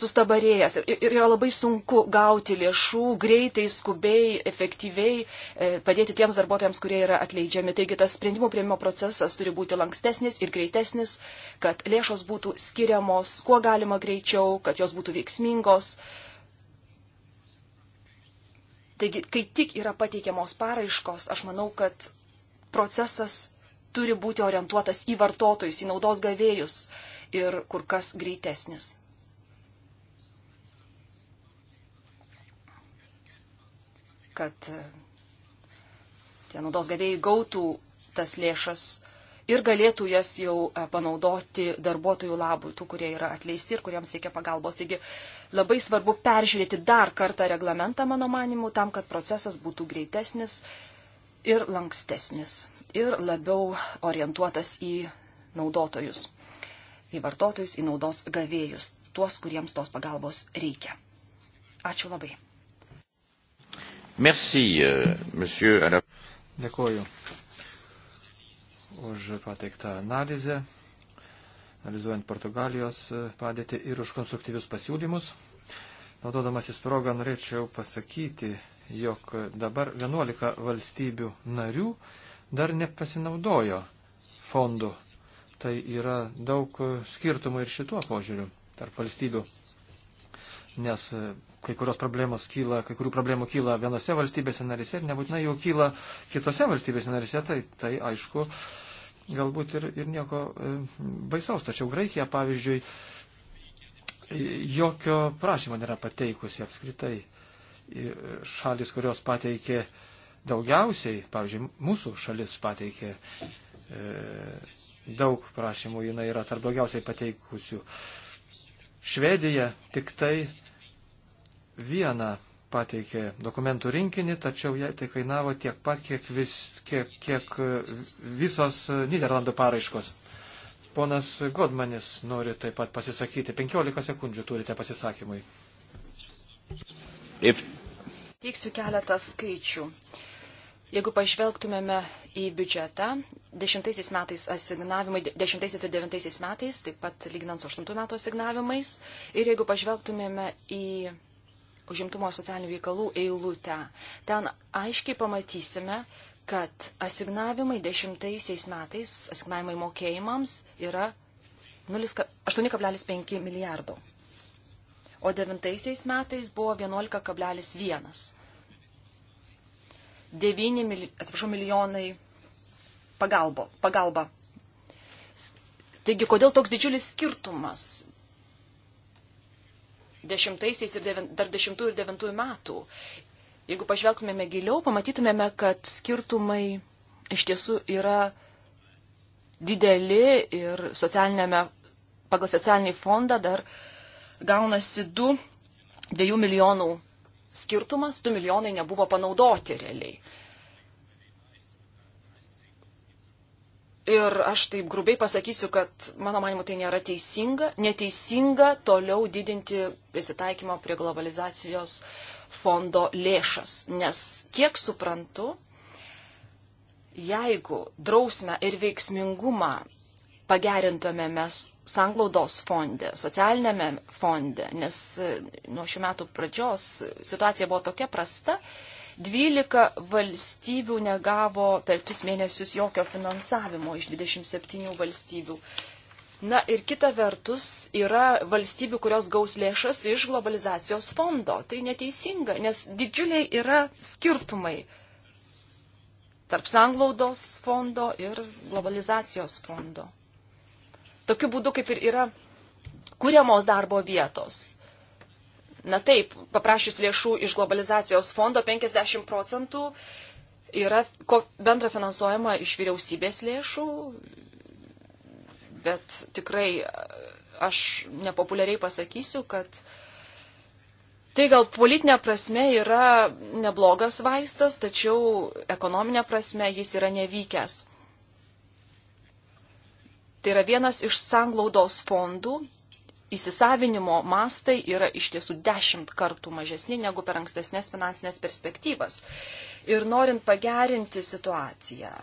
sustabarėjęs ir yra labai sunku gauti lėšų greitai, skubiai, efektyviai, e, padėti tiems darbuotojams, kurie yra atleidžiami. Taigi tas sprendimų prieimimo procesas turi būti lankstesnis ir greitesnis, kad lėšos būtų skiriamos kuo galima greičiau, kad jos būtų veiksmingos. Taigi, kai tik yra pateikiamos paraiškos, aš manau, kad procesas turi būti orientuotas į vartotojus, į naudos gavėjus ir kur kas greitesnis. Kad e, tie naudos gavėjai gautų tas lėšas ir galėtų jas jau e, panaudoti darbuotojų labui, tų, kurie yra atleisti ir kuriems reikia pagalbos. Taigi labai svarbu peržiūrėti dar kartą reglamentą, mano manimu, tam, kad procesas būtų greitesnis ir lankstesnis ir labiau orientuotas į naudotojus, į vartotojus, į naudos gavėjus, tuos, kuriems tos pagalbos reikia. Ačiū labai. Merci, euh, monsieur Alain. Dėkuoju už pateiktą analizę, analizuojant Portugalijos e, padėtį ir už konstruktyvius pasiūlymus. Naudodamasis progą norėčiau pasakyti, jog dabar 11 valstybių narių dar nepasinaudojo fondų. Tai yra daug skirtumų ir šituo požiūriu tarp valstybių. Nes e, kai kurios problemos kyla, kai kurių problemų kyla vienose valstybėse narise ir nebūtinai jau kyla kitose valstybėse narise, tai, tai aišku, galbūt ir, ir nieko e, baisaus. Tačiau Graikija, pavyzdžiui, jokio prašymo nėra pateikusi apskritai. E, šalis, kurios pateikė uh, daugiausiai, pavyzdžiui, mūsų šalis pateikė e, daug prašymų, jinai yra tarp daugiausiai pateikusių. Švedija tik tai vieną pateikė dokumentų rinkinį, tačiau jai tai kainavo tiek pat, kiek, vis, kiek, kiek visos Niderlandų paraiškos. Ponas Godmanis nori taip pat pasisakyti. 15 sekundžių turite pasisakymui. If... Teiksiu keletą skaičių. Uh, Jeigu pažvelgtumėme į biudžetą, 10 metais asignavimai, 10 ir 9 metais, taip pat lyginant su 8 metų asignavimais, ir jeigu pažvelgtumėme į užimtumo socialinių reikalų eilutę, ten aiškiai pamatysime, kad asignavimai 10 metais, asignavimai mokėjimams yra 8,5 milijardo, o 9 metais buvo 11,1 milijardo. 9 mili, atsiprašau, milijonai pagalbo, pagalba. Taigi, kodėl toks didžiulis skirtumas dešimtaisiais ir devin, dar dešimtųjų ir devintųjų metų? Jeigu pažvelgtumėme giliau, pamatytumėme, kad skirtumai iš tiesų yra dideli ir socialinėme, pagal socialinį fondą dar gaunasi 2, 2 milijonų skirtumas 2 milijonai nebuvo panaudoti realiai. Ir aš taip grubiai pasakysiu, kad mano manimu tai nėra teisinga, neteisinga toliau didinti prisitaikymo prie globalizacijos fondo lėšas. Nes kiek suprantu, jeigu drausmę ir veiksmingumą pagerintumėme mes sanglaudos fonde, socialinėme fonde, nes e, nuo šių metų pradžios situacija buvo tokia prasta, 12 valstybių negavo per 3 mėnesius jokio finansavimo iš 27 valstybių. Na ir kita vertus yra valstybių, kurios gaus lėšas iš globalizacijos fondo. Tai neteisinga, nes didžiuliai yra skirtumai tarp sanglaudos fondo ir globalizacijos fondo tokiu būdu kaip ir yra kūriamos darbo vietos. Na taip, paprašius lėšų iš globalizacijos fondo 50 procentų yra bendra finansuojama iš vyriausybės lėšų, bet tikrai aš nepopuliariai pasakysiu, kad tai gal politinė prasme yra neblogas vaistas, tačiau ekonominė prasme jis yra nevykęs. Tai yra vienas iš sanglaudos fondų. Įsisavinimo mastai yra iš tiesų dešimt kartų mažesni negu per ankstesnės finansinės perspektyvas. Ir norint pagerinti situaciją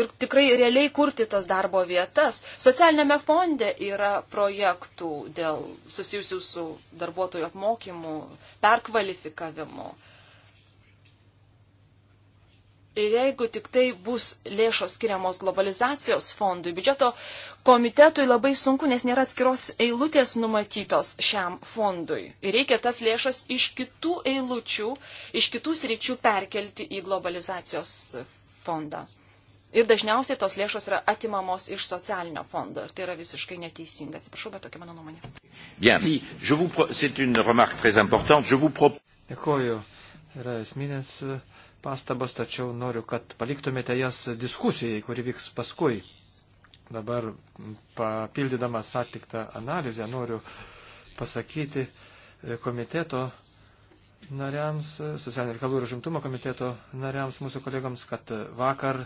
ir tikrai realiai kurti tas darbo vietas, socialinėme fonde yra projektų dėl susijusių su darbuotojų apmokymu, perkvalifikavimu, uh, jeigu tik tai bus lėšos skiriamos globalizacijos fondui, biudžeto komitetui labai sunku, nes nėra atskiros eilutės numatytos šiam fondui. Ir reikia tas lėšas iš kitų eilučių, iš kitų sričių perkelti į globalizacijos fondą. Ir dažniausiai tos lėšos yra atimamos iš socialinio fondo. Ir tai yra visiškai neteisinga. Atsiprašau, bet tokia mano nuomonė. Bien. Vous... Pro... Dėkuoju. Yra esminės. Uh pastabas, tačiau noriu, kad paliktumėte jas diskusijai, kuri vyks paskui. Dabar papildydamas atliktą analizę noriu pasakyti e, komiteto nariams, e, socialinių reikalų ir žimtumo komiteto nariams, mūsų kolegams, kad vakar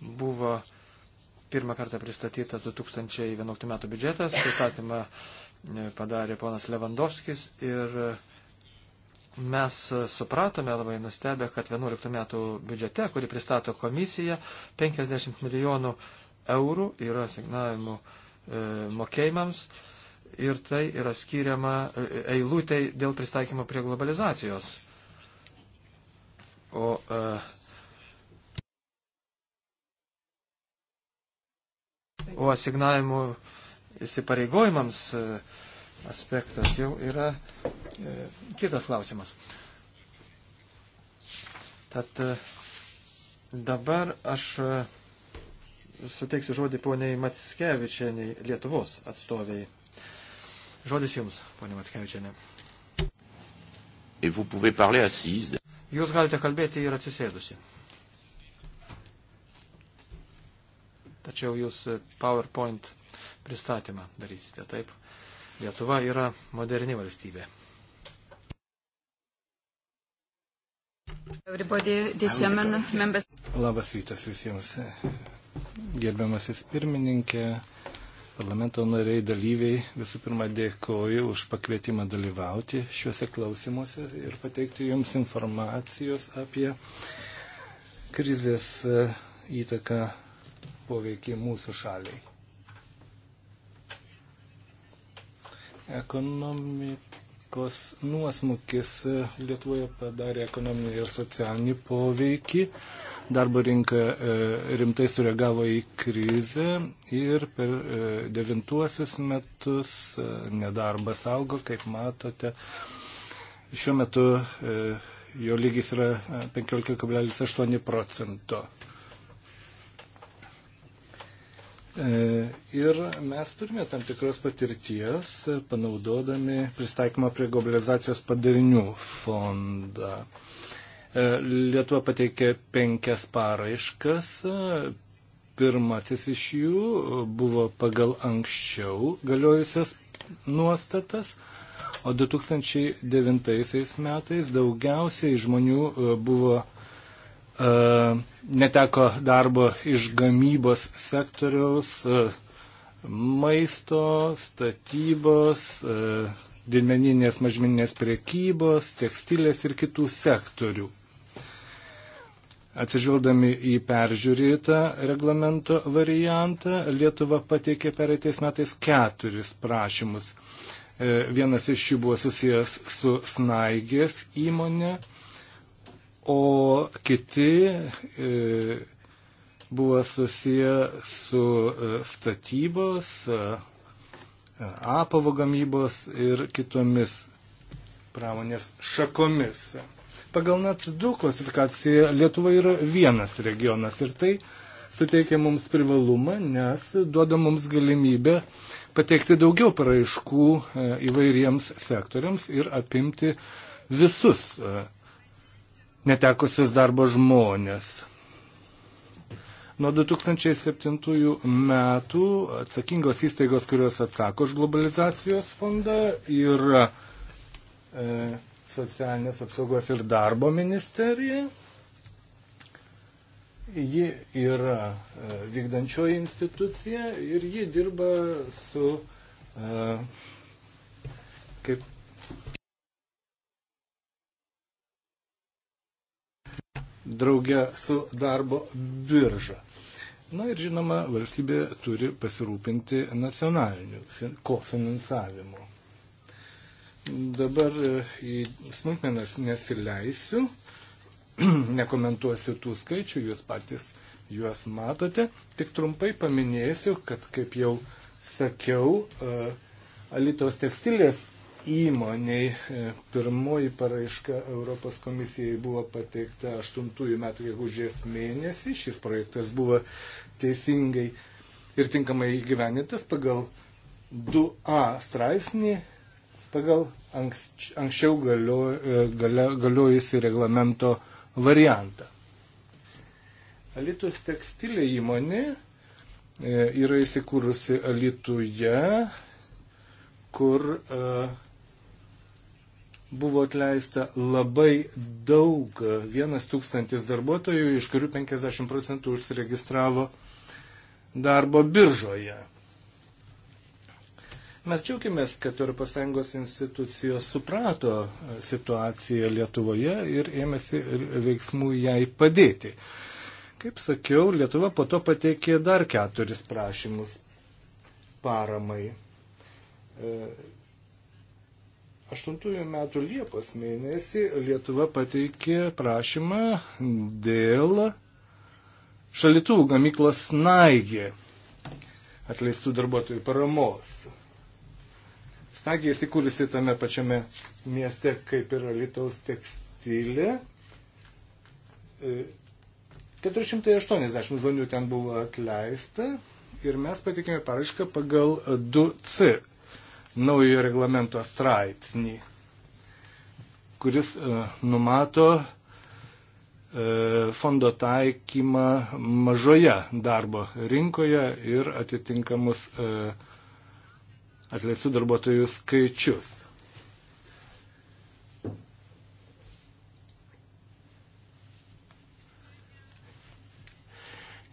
buvo pirmą kartą pristatytas 2011 metų biudžetas, pristatymą e, padarė ponas Levandovskis ir mes supratome labai nustebę, kad 11 metų biudžete, kurį pristato komisija, 50 milijonų eurų yra signavimų e, mokėjimams ir tai yra skiriama e, eilutei dėl pristaikymo prie globalizacijos. O e, O asignavimų įsipareigojimams e, aspektas jau yra e, kitas klausimas. Tad e, dabar aš e, suteiksiu žodį poniai Matskevičianiai, Lietuvos atstoviai. Žodis jums, ponia Matskevičianė. Jūs galite kalbėti ir atsisėdusi. Tačiau jūs e, PowerPoint pristatymą darysite, taip? Lietuva yra moderni valstybė. Labas rytas visiems. Gerbiamasis pirmininkė, parlamento nariai, dalyviai, visų pirma dėkoju už pakvietimą dalyvauti šiuose klausimuose ir pateikti jums informacijos apie krizės e, įtaką poveikį mūsų šaliai. Ekonomikos nuosmukis Lietuvoje padarė ekonominį ir socialinį poveikį. Darbo rinka e, rimtai sureagavo į krizę ir per e, devintuosius metus e, nedarbas augo, kaip matote. Šiuo metu jo lygis yra 15,8 procento. E, ir mes turime tam tikros patirties, panaudodami pristaikymą prie globalizacijos padarinių fondą. E, Lietuva pateikė penkias paraiškas. Pirmasis iš jų buvo pagal anksčiau galiojusias nuostatas, o 2009 metais daugiausiai žmonių e, buvo uh, neteko darbo iš gamybos sektoriaus, maisto, statybos, didmeninės mažmeninės priekybos, tekstilės ir kitų sektorių. Atsižvelgdami į peržiūrėtą reglamento variantą, Lietuva pateikė pereitais metais keturis prašymus. E, vienas iš jų buvo susijęs su Snaigės įmonė, o kiti e, buvo susiję su e, statybos, e, apavo gamybos ir kitomis pramonės šakomis. Pagal NATS 2 klasifikaciją Lietuva yra vienas regionas ir tai suteikia mums privalumą, nes duoda mums galimybę pateikti daugiau paraiškų įvairiems sektoriams ir apimti visus netekusius darbo žmonės. Nuo 2007 metų atsakingos įstaigos, kurios atsako už globalizacijos fondą, yra e, socialinės apsaugos ir darbo ministerija. Ji yra e, vykdančioji institucija ir ji dirba su, e, kaip drauge su darbo birža. Na ir žinoma, valstybė turi pasirūpinti nacionaliniu kofinansavimu. Dabar e, į smulkmenas nesileisiu, <clears throat> nekomentuosiu tų skaičių, jūs patys juos matote. Tik trumpai paminėsiu, kad kaip jau sakiau, e, Alitos tekstilės įmoniai. E, pirmoji paraiška Europos komisijai buvo pateikta 8 metų gegužės mėnesį. Šis projektas buvo teisingai ir tinkamai įgyvenintas pagal 2A straipsnį, pagal anksčiau e, galiojusi reglamento variantą. Alitus tekstilė įmonė e, yra įsikūrusi Alituje, kur uh, buvo atleista labai daug, vienas tūkstantis darbuotojų, iš kurių 50 procentų užsiregistravo darbo biržoje. Mes džiaugiamės, kad ES institucijos suprato situaciją Lietuvoje ir ėmėsi veiksmų jai padėti. Kaip sakiau, Lietuva po to pateikė dar keturis prašymus paramai e, 2008 metų Liepos mėnesį Lietuva pateikė prašymą dėl šalitų gamyklos Naigė atleistų darbuotojų paramos. Snagė įsikūrusi tame pačiame mieste kaip ir Lietuvos tekstilė. 480 e, žmonių ten buvo atleista ir mes patikėme paraišką pagal 2C naujojo reglamento straipsnį, kuris e, numato e, fondo taikymą mažoje darbo rinkoje ir atitinkamus e, atleistų darbuotojų skaičius.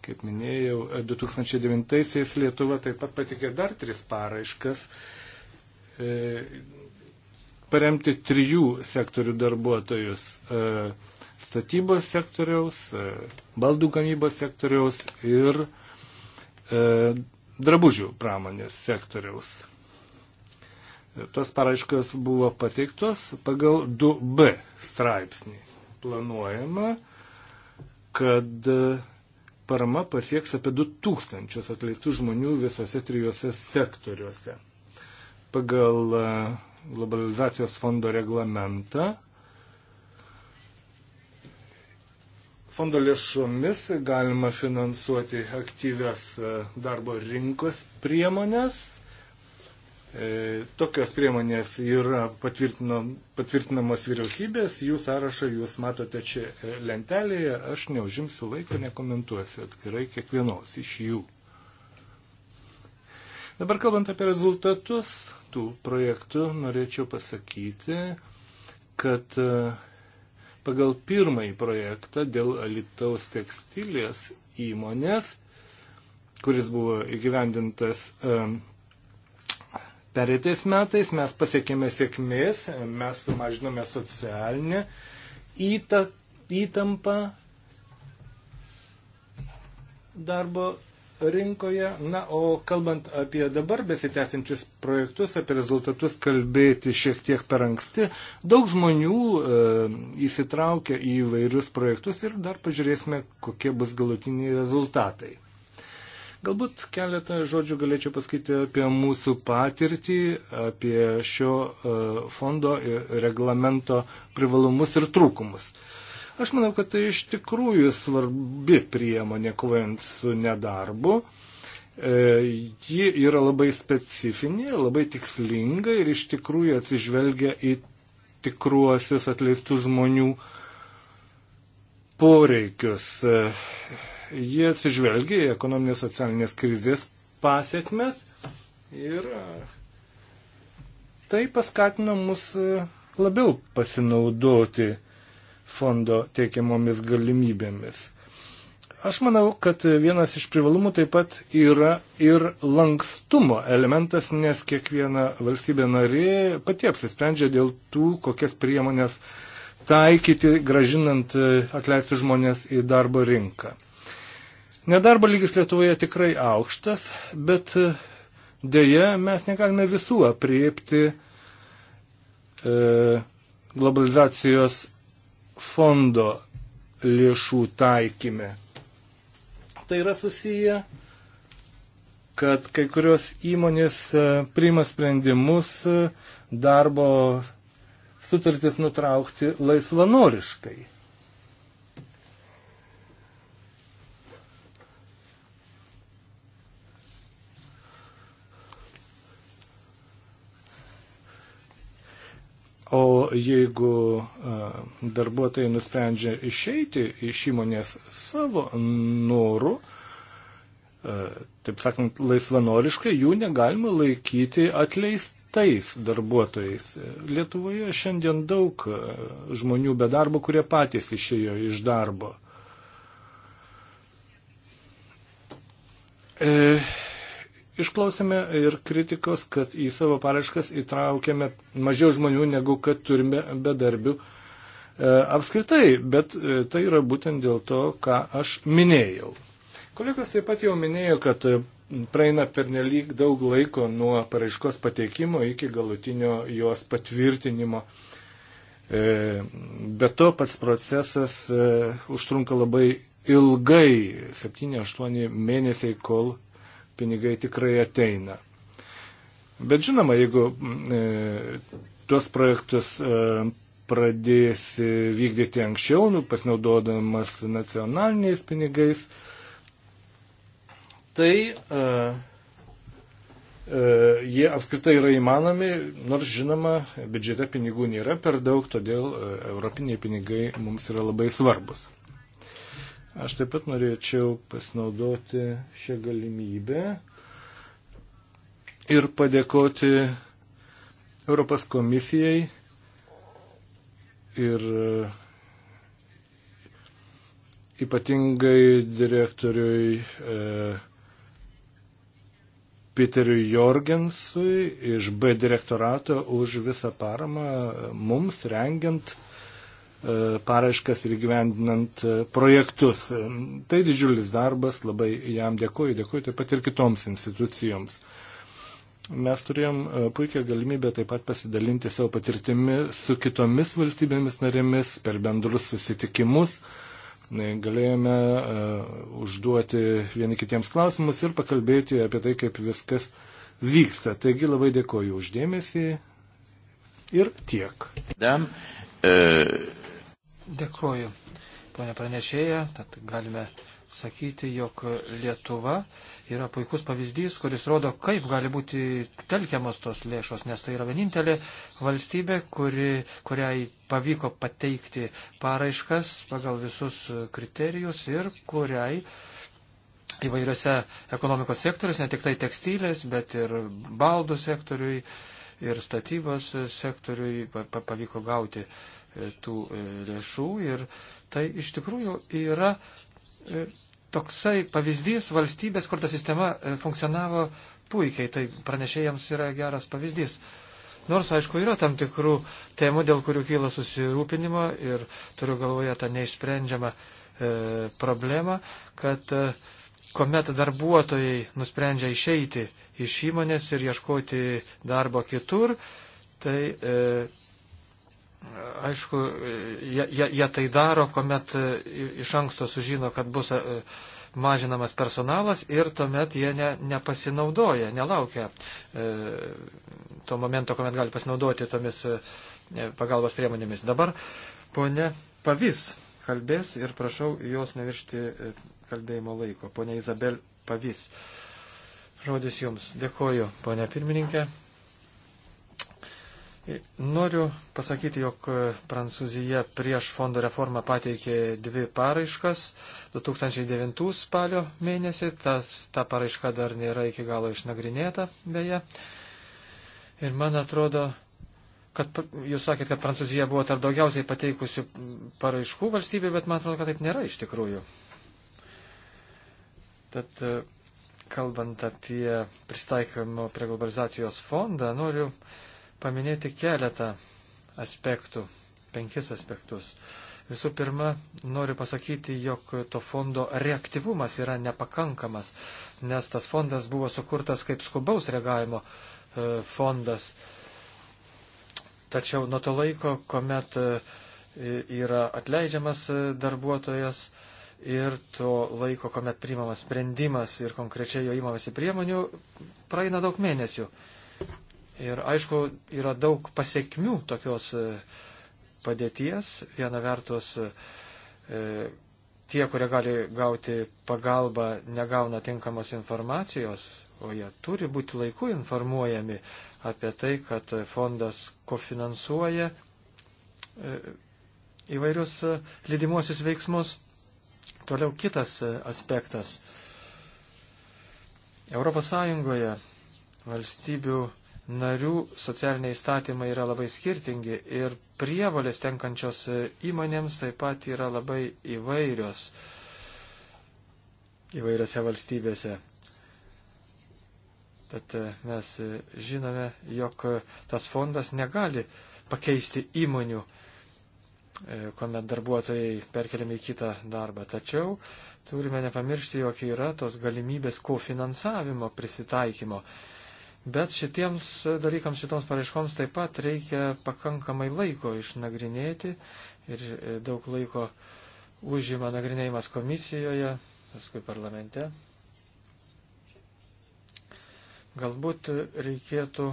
Kaip minėjau, 2009-aisiais Lietuva taip pat patikė dar tris paraiškas E, paremti trijų sektorių darbuotojus e, - statybos sektoriaus, e, baldų gamybos sektoriaus ir drabužių pramonės sektoriaus. Tos paraiškos buvo pateiktos pagal 2b straipsnį. Planuojama, kad parama pasieks apie 2000 atleistų žmonių visose trijose sektoriuose pagal e, globalizacijos fondo reglamentą fondo lėšomis galima finansuoti aktyvias e, darbo rinkos priemonės. E, tokios priemonės yra patvirtinamos vyriausybės, jų sąrašą jūs matote čia lentelėje, aš neužimsiu laiko, nekomentuosiu atskirai kiekvienos iš jų. Dabar kalbant apie rezultatus, tų projektų norėčiau pasakyti, kad e, pagal pirmąjį projektą dėl Alitaus tekstilės įmonės, kuris buvo įgyvendintas e, pereitais metais, mes pasiekėme sėkmės, mes sumažinome socialinę įtampą darbo rinkoje. Na, o kalbant apie dabar besitęsiančius projektus, apie rezultatus kalbėti šiek tiek per anksti, daug žmonių e, įsitraukia į vairius projektus ir dar pažiūrėsime, kokie bus galutiniai rezultatai. Galbūt keletą žodžių galėčiau pasakyti apie mūsų patirtį, apie šio e, fondo reglamento privalumus ir trūkumus. E, Aš manau, kad tai iš tikrųjų svarbi priemonė kovojant su nedarbu. E, ji yra labai specifinė, labai tikslinga ir iš tikrųjų atsižvelgia į tikruosius atleistų žmonių poreikius. E, Jie atsižvelgia į ekonominės socialinės krizės pasiekmes ir e, tai paskatino mus e, labiau pasinaudoti fondo teikiamomis galimybėmis. Aš manau, kad vienas iš privalumų taip pat yra ir lankstumo elementas, nes kiekviena valstybė narė pati apsisprendžia dėl tų, kokias priemonės taikyti, gražinant e, atleisti žmonės į darbo rinką. Nedarbo lygis Lietuvoje tikrai aukštas, bet e, dėje mes negalime visų apriepti e, globalizacijos fondo lėšų taikymė. Tai yra susiję, kad kai kurios įmonės e, priima sprendimus e, darbo sutartis nutraukti laisvanoriškai. O jeigu e, darbuotojai nusprendžia išeiti iš įmonės savo norų, e, taip sakant, laisvanoriškai, jų negalima laikyti atleistais darbuotojais. Lietuvoje šiandien daug e, žmonių be darbo, kurie patys išėjo iš darbo. E, Išklausėme ir kritikos, kad į savo paraškas įtraukėme mažiau žmonių, negu kad turime bedarbių e, apskritai, bet e, tai yra būtent dėl to, ką aš minėjau. Kolegas taip pat jau minėjo, kad e, praeina pernelyg daug laiko nuo paraiškos pateikimo iki galutinio jos patvirtinimo. Be to pats procesas užtrunka labai ilgai, 7-8 mėnesiai, kol pinigai tikrai ateina. Bet žinoma, jeigu e, tuos projektus e, pradėsi vykdyti anksčiau, nu, pasinaudodamas nacionaliniais pinigais, tai e, Uh, jie apskritai yra įmanomi, nors žinoma, biudžete pinigų nėra per daug, todėl uh, europiniai pinigai mums yra labai svarbus. Aš taip pat norėčiau pasinaudoti šią galimybę ir padėkoti Europos komisijai ir ypatingai direktoriui e, Piteriui Jorgensui iš B direktorato už visą paramą mums rengiant E, paraiškas ir gyvendinant e, projektus. E, tai didžiulis darbas, labai jam dėkoju, dėkoju taip pat ir kitoms institucijoms. Mes turėjom puikią galimybę taip pat pasidalinti savo patirtimi su kitomis valstybėmis narėmis per bendrus susitikimus galėjome užduoti vieni kitiems klausimus ir pakalbėti apie tai, kaip viskas vyksta. Taigi labai dėkoju uždėmesį ir tiek. Dam, uh... Dėkuoju, ponė pranešėja. Tad galime sakyti, jog Lietuva yra puikus pavyzdys, kuris rodo, kaip gali būti telkiamos tos lėšos, nes tai yra vienintelė valstybė, kuri, kuriai pavyko pateikti paraiškas pagal visus kriterijus ir kuriai įvairiose ekonomikos sektoriuose, ne tik tai tekstilės, bet ir baldų sektoriui ir statybos sektoriui pavyko gauti E, tų e, lėšų ir tai iš tikrųjų yra e, toksai pavyzdys valstybės, kur ta sistema funkcionavo puikiai, tai pranešėjams yra geras pavyzdys. Nors, aišku, yra tam tikrų temų, dėl kurių kyla susirūpinimo ir turiu galvoje tą neišsprendžiamą e, problemą, kad e, kuomet darbuotojai nusprendžia išeiti iš įmonės ir ieškoti darbo kitur, tai e, Aišku, jie, jie, jie tai daro, kuomet e, iš anksto sužino, kad bus e, mažinamas personalas ir tuomet jie ne, nepasinaudoja, nelaukia e, to momento, kuomet gali pasinaudoti tomis e, e pagalbos priemonėmis. Dabar ponė Pavis kalbės ir prašau jos neviršti kalbėjimo laiko. Ponė Izabel Pavis. Žodis jums. Dėkoju, ponė pirmininkė. Noriu pasakyti, jog Prancūzija prieš fondo reformą pateikė dvi paraiškas. 2009 spalio mėnesį tas, ta paraiška dar nėra iki galo išnagrinėta, beje. Ir man atrodo, kad jūs sakėt, kad Prancūzija buvo tarp daugiausiai pateikusių paraiškų valstybė, bet man atrodo, kad taip nėra iš tikrųjų. Tad kalbant apie pristaikymo prie globalizacijos fondą, noriu paminėti keletą aspektų, penkis aspektus. Visų pirma, noriu pasakyti, jog to fondo reaktyvumas yra nepakankamas, nes tas fondas buvo sukurtas kaip skubaus reagavimo e, fondas. Tačiau nuo to laiko, kuomet e, yra atleidžiamas e, darbuotojas ir to laiko, kuomet priimamas sprendimas ir konkrečiai jo įmamasi priemonių, praeina daug mėnesių. Ir aišku, yra daug pasiekmių tokios e, padėties. Viena vertus, e, tie, kurie gali gauti pagalbą, negauna tinkamos informacijos, o jie turi būti laiku informuojami apie tai, kad fondas kofinansuoja e, įvairius lydimuosius veiksmus. Toliau kitas aspektas. Europos Sąjungoje valstybių narių socialiniai įstatymai yra labai skirtingi ir prievalės tenkančios įmonėms taip pat yra labai įvairios įvairiose valstybėse. Tad e, mes e, žinome, jog e, tas fondas negali pakeisti įmonių, kuomet darbuotojai perkeliami į kitą darbą. Tačiau turime nepamiršti, jog yra tos galimybės kofinansavimo prisitaikymo. Bet šitiems dalykams, šitoms paraiškoms taip pat reikia pakankamai laiko išnagrinėti ir e, daug laiko užima nagrinėjimas komisijoje, paskui parlamente. Galbūt reikėtų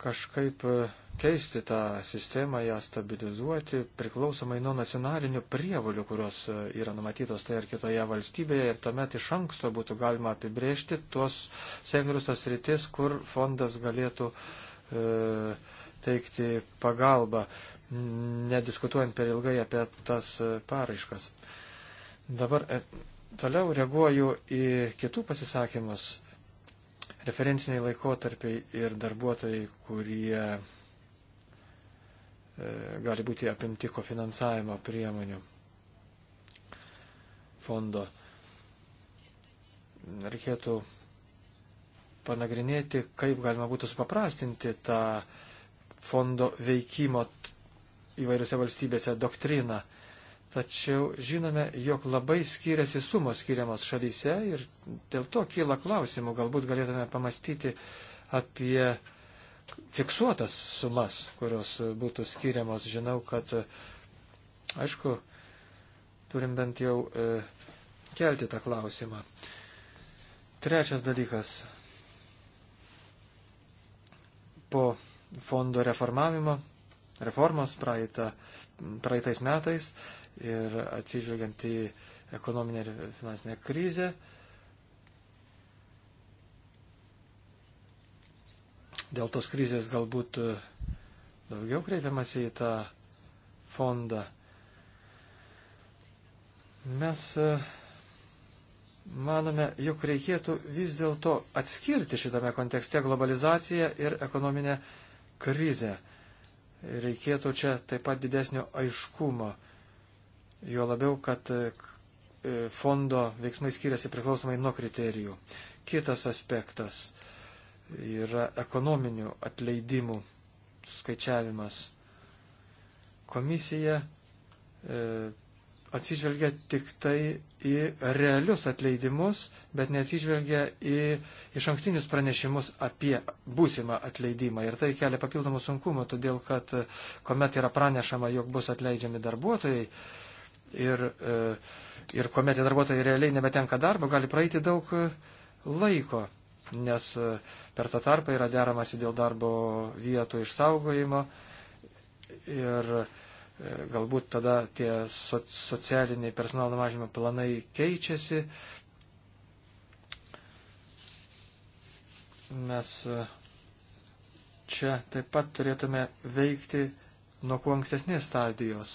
kažkaip e, keisti tą sistemą, ją stabilizuoti, priklausomai nuo nacionalinių prievolių, kurios e, yra numatytos tai ar kitoje valstybėje. Ir tuomet iš anksto būtų galima apibriežti tuos sektorius, tas rytis, kur fondas galėtų e, teikti pagalbą, nediskutuojant per ilgai apie tas e, paraiškas. Dabar e, toliau reaguoju į kitų pasisakymus referenciniai laikotarpiai ir darbuotojai, kurie e, gali būti apimti kofinansavimo priemonių fondo. Reikėtų panagrinėti, kaip galima būtų supaprastinti tą fondo veikimo įvairiose valstybėse doktriną. Tačiau žinome, jog labai skiriasi sumos skiriamos šalyse ir dėl to kyla klausimų. Galbūt galėtume pamastyti apie fiksuotas sumas, kurios būtų skiriamos. Žinau, kad, aišku, turim bent jau e, kelti tą klausimą. Trečias dalykas. Po fondo reformavimo, reformos praeitą, praeitais metais, ir atsižvelgiant į ekonominę ir finansinę krizę. Dėl tos krizės galbūt daugiau kreipiamas į tą fondą. Mes e, manome, jog reikėtų vis dėlto atskirti šitame kontekste globalizaciją ir ekonominę krizę. Reikėtų čia taip pat didesnio aiškumo. Jo labiau, kad e, e, fondo veiksmai skiriasi priklausomai nuo kriterijų. Kitas aspektas yra ekonominių atleidimų skaičiavimas. Komisija e, atsižvelgia tik tai į realius atleidimus, bet neatsižvelgia į iš ankstinius pranešimus apie būsimą atleidimą. Ir tai kelia papildomų sunkumų, todėl kad e, kuomet yra pranešama, jog bus atleidžiami darbuotojai, e, ir, e, ir kuomet tie darbuotojai realiai nebetenka darbo, gali praeiti daug e, laiko, nes e, per tą tarpą yra deramasi dėl darbo vietų išsaugojimo ir galbūt tada tie socialiniai personalo mažymo planai keičiasi. Mes čia taip pat turėtume veikti nuo kuo ankstesnės stadijos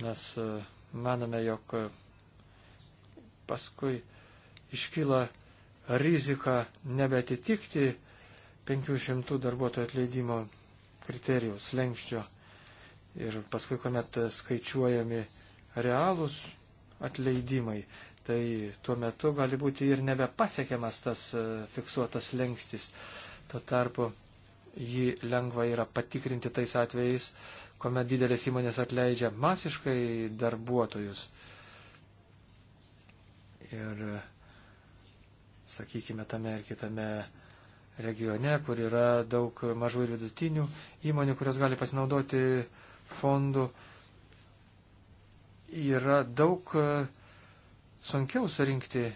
nes e, manome, jog e, paskui iškyla rizika nebetitikti 500 darbuotojų atleidimo kriterijaus lenkščio. Ir paskui, kuomet skaičiuojami realūs atleidimai, tai tuo metu gali būti ir nebepasiekiamas tas e, fiksuotas lengstis. Tuo tarpu jį lengva yra patikrinti tais atvejais, kuomet didelės įmonės atleidžia masiškai darbuotojus. Ir, sakykime, tame ir kitame regione, kur yra daug mažų ir vidutinių įmonių, kurios gali pasinaudoti fondų, yra daug e, sunkiau surinkti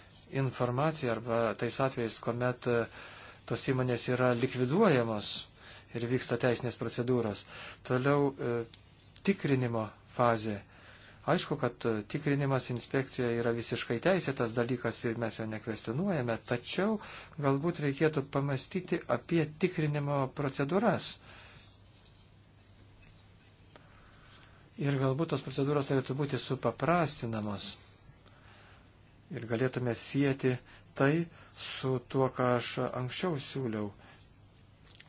informaciją arba tais atvejais, kuomet e, tos įmonės yra likviduojamos ir vyksta teisinės procedūros. Toliau e, tikrinimo fazė. Aišku, kad e, tikrinimas inspekcija yra visiškai teisėtas dalykas ir mes jo nekvestinuojame, tačiau galbūt reikėtų pamastyti apie tikrinimo procedūras. Ir galbūt tos procedūros turėtų būti supaprastinamos. Ir galėtume sieti tai su tuo, ką aš anksčiau siūliau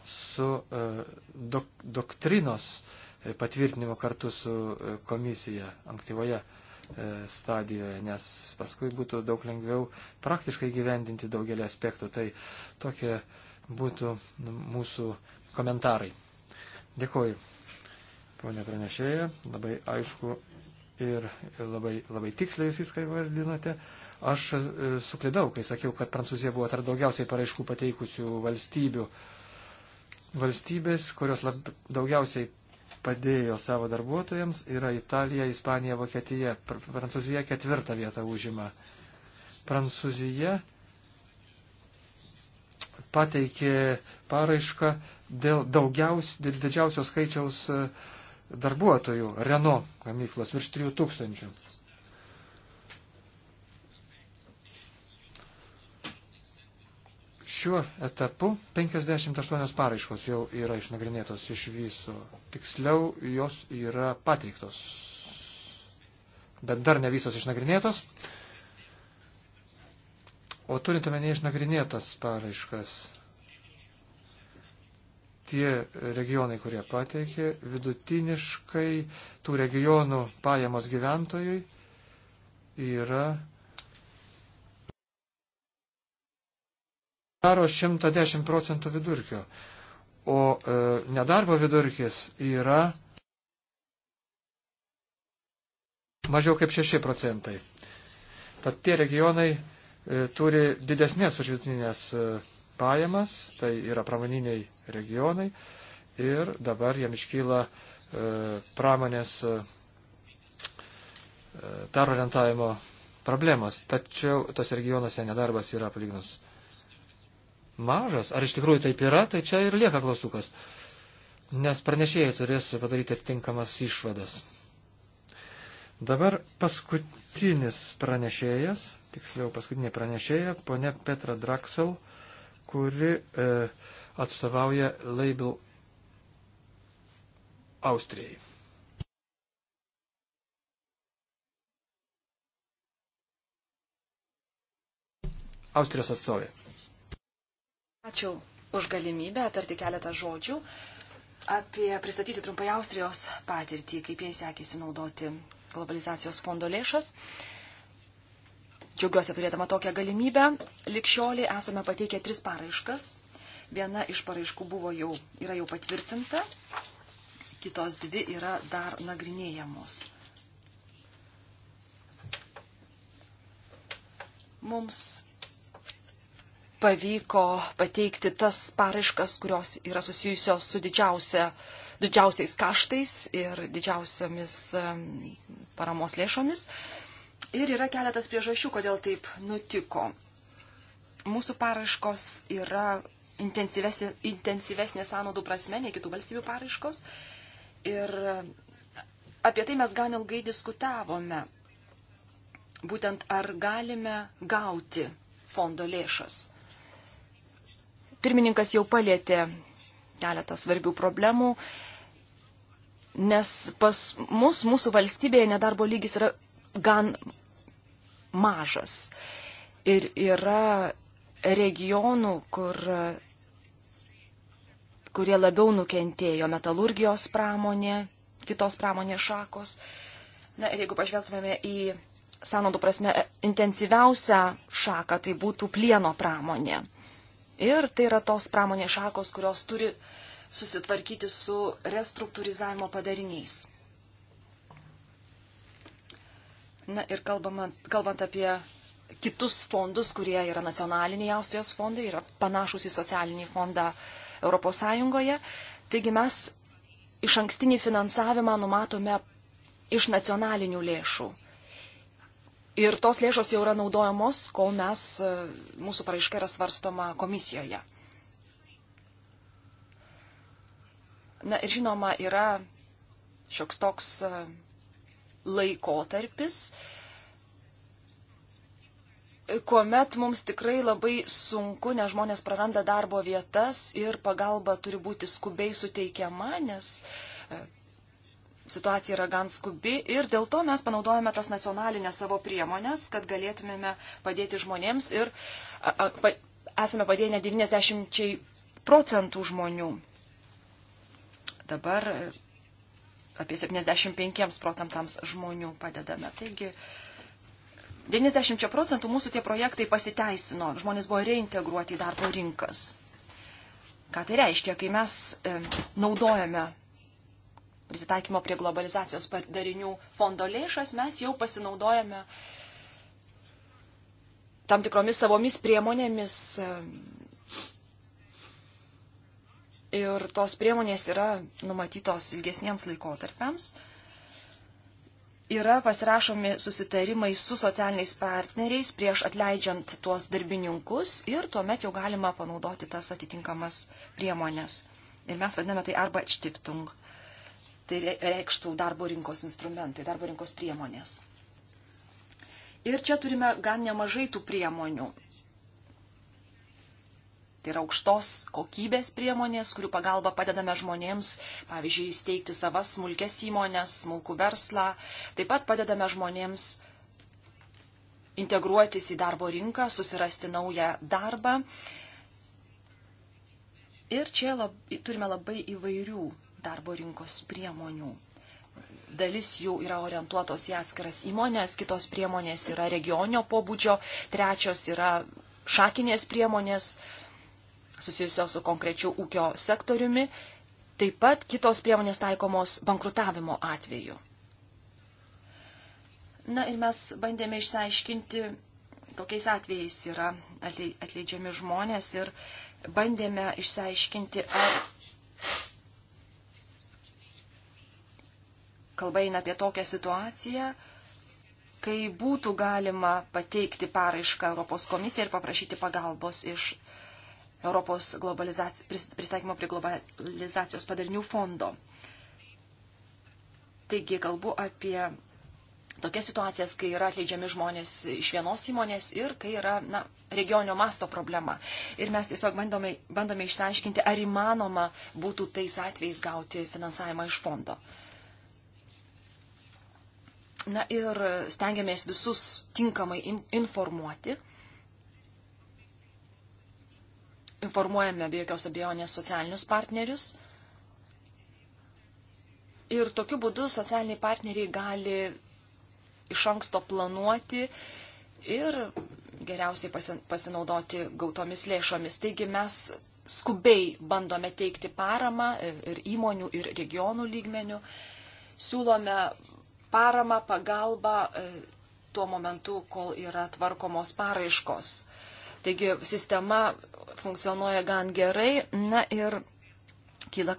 su e, dok, doktrinos e, patvirtinimo kartu su e, komisija ankstyvoje stadijoje, nes paskui būtų daug lengviau praktiškai gyvendinti daugelį aspektų. Tai tokie būtų mūsų komentarai. Dėkuoju, ponė pranešėja, labai aišku ir labai, labai tiksliai jūs viską įvardinote. Aš suklidau, kai sakiau, kad Prancūzija buvo tarp daugiausiai paraiškų pateikusių valstybių uh, valstybės, kurios lab, daugiausiai padėjo savo darbuotojams, yra Italija, Ispanija, Vokietija. Pr Prancūzija ketvirtą vietą užima. Prancūzija pateikė paraišką dėl, daugiaus, dėl didžiausio skaičiaus e, darbuotojų Renault gamyklos virš 3000. šiuo etapu 58 paraiškos jau yra išnagrinėtos iš viso. Tiksliau, jos yra pateiktos. Bet dar ne visos išnagrinėtos. O turint omenyje išnagrinėtas paraiškas, tie regionai, kurie pateikė, vidutiniškai tų regionų pajamos gyventojui yra daro 110 procentų vidurkio, o e, nedarbo vidurkis yra mažiau kaip 6 procentai. Tad tie regionai e, turi didesnės užvidutinės e, pajamas, tai yra pramoniniai regionai ir dabar jiem iškyla e, pramonės e, e perorientavimo problemas. Tačiau tos regionuose nedarbas yra palyginus mažas. Ar iš tikrųjų taip yra, tai čia ir lieka klaustukas. Nes pranešėjai turės padaryti tinkamas išvadas. Dabar paskutinis pranešėjas, tiksliau paskutinė pranešėja, ponia Petra Draxel, kuri e, atstovauja label Austrijai. Austrijos atstovė. Ačiū už galimybę atarti keletą žodžių apie pristatyti trumpai Austrijos patirtį, kaip jai sekėsi naudoti globalizacijos fondo lėšas. Džiaugiuosi turėdama tokią galimybę. Likščiolį esame pateikę tris paraiškas. Viena iš paraiškų buvo jau, yra jau patvirtinta, kitos dvi yra dar nagrinėjamos. Mums pavyko pateikti tas paraiškas, kurios yra susijusios su didžiausia, didžiausiais kaštais ir didžiausiamis paramos lėšomis. Ir yra keletas priežasčių, kodėl taip nutiko. Mūsų paraiškos yra intensyvesnė, intensyvesnė sąnaudų prasme nei kitų valstybių paraiškos. Ir apie tai mes gan ilgai diskutavome. Būtent ar galime gauti fondo lėšas. Pirmininkas jau palėtė keletą svarbių problemų, nes pas mus, mūsų valstybėje nedarbo lygis yra gan mažas. Ir yra regionų, kur, kurie labiau nukentėjo metalurgijos pramonė, kitos pramonės šakos. Na ir jeigu pažvelgtumėme į sąnaudų prasme intensyviausią šaką, tai būtų plieno pramonė. Ir tai yra tos pramonės šakos, kurios turi susitvarkyti su restruktūrizavimo padariniais. Na ir kalbama, kalbant apie kitus fondus, kurie yra nacionaliniai Austrijos fondai, yra panašus į socialinį fondą ES. Taigi mes iš ankstinį finansavimą numatome iš nacionalinių lėšų. Ir tos lėšos jau yra naudojamos, kol mes, e, mūsų paraiška yra svarstoma komisijoje. Na ir žinoma, yra šioks toks e, laikotarpis, kuomet mums tikrai labai sunku, nes žmonės praranda darbo vietas ir pagalba turi būti skubiai suteikiama, nes e, situacija yra gan skubi ir dėl to mes panaudojame tas nacionalinės savo priemonės, kad galėtumėme padėti žmonėms ir a, a, pa, esame padėję ne 90 procentų žmonių. Dabar e, apie 75 procentams žmonių padedame. Taigi 90 procentų mūsų tie projektai pasiteisino, žmonės buvo reintegruoti į darbo rinkas. Ką tai reiškia, kai mes e, naudojame prisitaikymo prie globalizacijos padarinių fondo lėšas mes jau pasinaudojame tam tikromis savomis priemonėmis. Ir tos priemonės yra numatytos ilgesniems laikotarpiams. Yra pasirašomi susitarimai su socialiniais partneriais prieš atleidžiant tuos darbininkus ir tuomet jau galima panaudoti tas atitinkamas priemonės. Ir mes vadiname tai arba čtiptung tai reikštų darbo rinkos instrumentai, darbo rinkos priemonės. Ir čia turime gan nemažai tų priemonių. Tai yra aukštos kokybės priemonės, kurių pagalba padedame žmonėms, pavyzdžiui, įsteigti savas smulkes įmonės, smulkų verslą. Taip pat padedame žmonėms integruotis į darbo rinką, susirasti naują darbą. Ir čia lab, turime labai įvairių darbo rinkos priemonių. Dalis jų yra orientuotos į atskiras įmonės, kitos priemonės yra regioninio pobūdžio, trečios yra šakinės priemonės susijusios su konkrečiu ūkio sektoriumi, taip pat kitos priemonės taikomos bankrutavimo atveju. Na ir mes bandėme išsiaiškinti, kokiais atvejais yra atleidžiami žmonės ir bandėme išsiaiškinti, ar Kalba eina apie tokią situaciją, kai būtų galima pateikti paraišką Europos komisiją ir paprašyti pagalbos iš Europos pristaikymo prie globalizacijos padarinių fondo. Taigi kalbu apie tokias situacijas, kai yra atleidžiami žmonės iš vienos įmonės ir kai yra na, regioninio masto problema. Ir mes tiesiog bandome, bandome išsiaiškinti, ar įmanoma būtų tais atvejais gauti finansavimą iš fondo. Uh, Na ir stengiamės visus tinkamai informuoti. Informuojame be jokios abejonės socialinius partnerius. Ir tokiu būdu socialiniai partneriai gali iš anksto planuoti ir geriausiai pasinaudoti gautomis lėšomis. Taigi mes skubiai bandome teikti paramą ir įmonių, ir regionų lygmenių. Siūlome paramą, pagalbą e, tuo momentu, kol yra tvarkomos paraiškos. Taigi sistema funkcionuoja gan gerai. Na ir,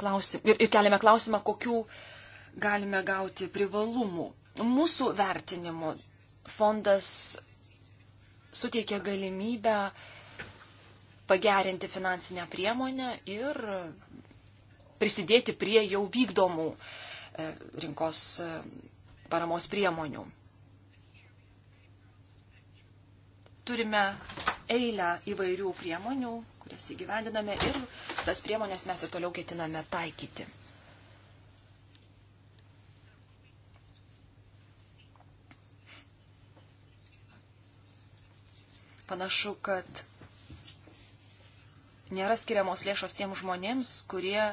klausim, ir, ir keliame klausimą, kokių galime gauti privalumų. Mūsų vertinimu fondas suteikia galimybę pagerinti finansinę priemonę ir prisidėti prie jau vykdomų e, rinkos e, paramos priemonių. Turime eilę įvairių priemonių, kurias įgyvendiname ir tas priemonės mes ir toliau ketiname taikyti. Panašu, kad nėra skiriamos lėšos tiem žmonėms, kurie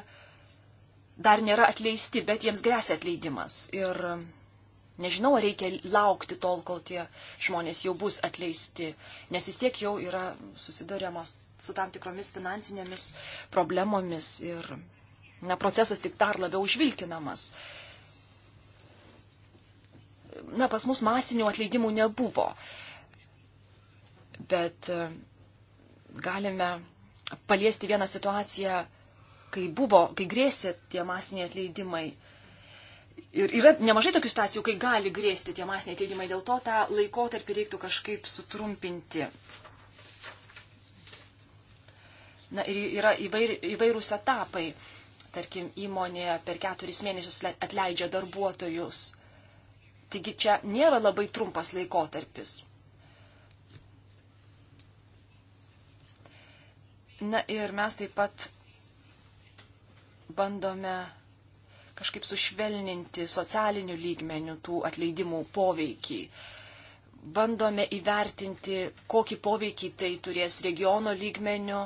dar nėra atleisti, bet jiems grėsia atleidimas. Ir Nežinau, ar reikia laukti tol, kol tie žmonės jau bus atleisti, nes vis tiek jau yra susidurėmas su tam tikromis finansinėmis problemomis ir na, procesas tik dar labiau užvilkinamas. Na, pas mus masinių atleidimų nebuvo, bet e, galime paliesti vieną situaciją, kai buvo, kai grėsė tie masiniai atleidimai Ir yra nemažai tokių situacijų, kai gali grėsti tie masiniai atleidimai, dėl to tą laikotarpį reiktų kažkaip sutrumpinti. Na ir yra įvair, įvairūs etapai. Tarkim, įmonė per keturis mėnesius atleidžia darbuotojus. Taigi čia nėra labai trumpas laikotarpis. Na ir mes taip pat bandome kažkaip sušvelninti socialiniu lygmeniu tų atleidimų poveikį. Bandome įvertinti, kokį poveikį tai turės regiono lygmeniu.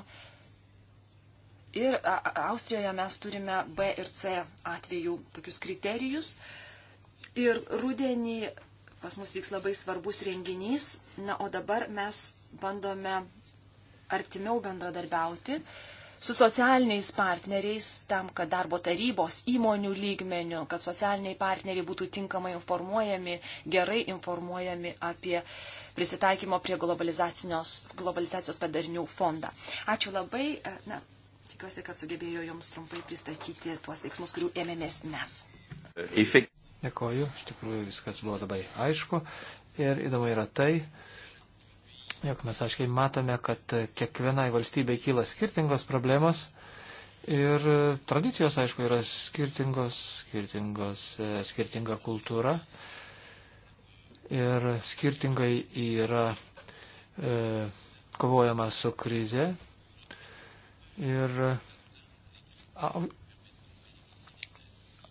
Ir Austrijoje mes turime B ir C atvejų tokius kriterijus. Ir rudenį pas mus vyks labai svarbus renginys. Na, o dabar mes bandome artimiau bendradarbiauti su socialiniais partneriais tam, kad darbo tarybos įmonių lygmenių, kad socialiniai partneriai būtų tinkamai informuojami, gerai informuojami apie prisitaikymo prie globalizacijos padarinių fondą. Ačiū labai. E, na, tikiuosi, kad sugebėjau Jums trumpai pristatyti tuos veiksmus, kurių ėmėmės mes. Efekt. Dėkoju, iš tikrųjų viskas buvo labai aišku ir įdomu yra tai, jog mes aiškiai matome, kad kiekvienai valstybei kyla skirtingos problemos ir tradicijos, aišku, yra skirtingos, skirtingos, e, skirtinga kultūra ir skirtingai yra e, kovojama su krize. Ir e, au,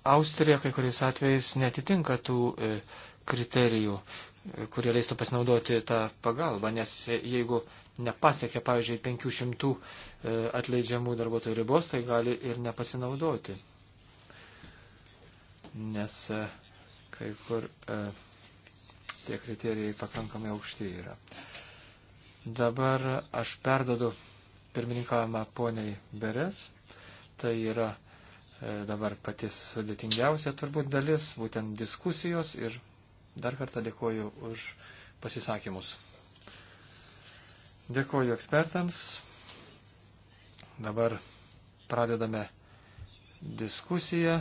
Austrija kai kuriais atvejais netitinka tų e, kriterijų kurie leistų pasinaudoti tą pagalbą, nes jeigu nepasiekia, pavyzdžiui, 500 e, atleidžiamų darbuotojų ribos, tai gali ir nepasinaudoti. Nes e, kai kur e, tie kriterijai pakankamai aukšti yra. Dabar aš perdodu pirmininkavimą poniai Beres. Tai yra dabar patys sudėtingiausia turbūt dalis, būtent diskusijos ir Dar kartą dėkoju už pasisakymus. Dėkoju ekspertams. Dabar pradedame diskusiją.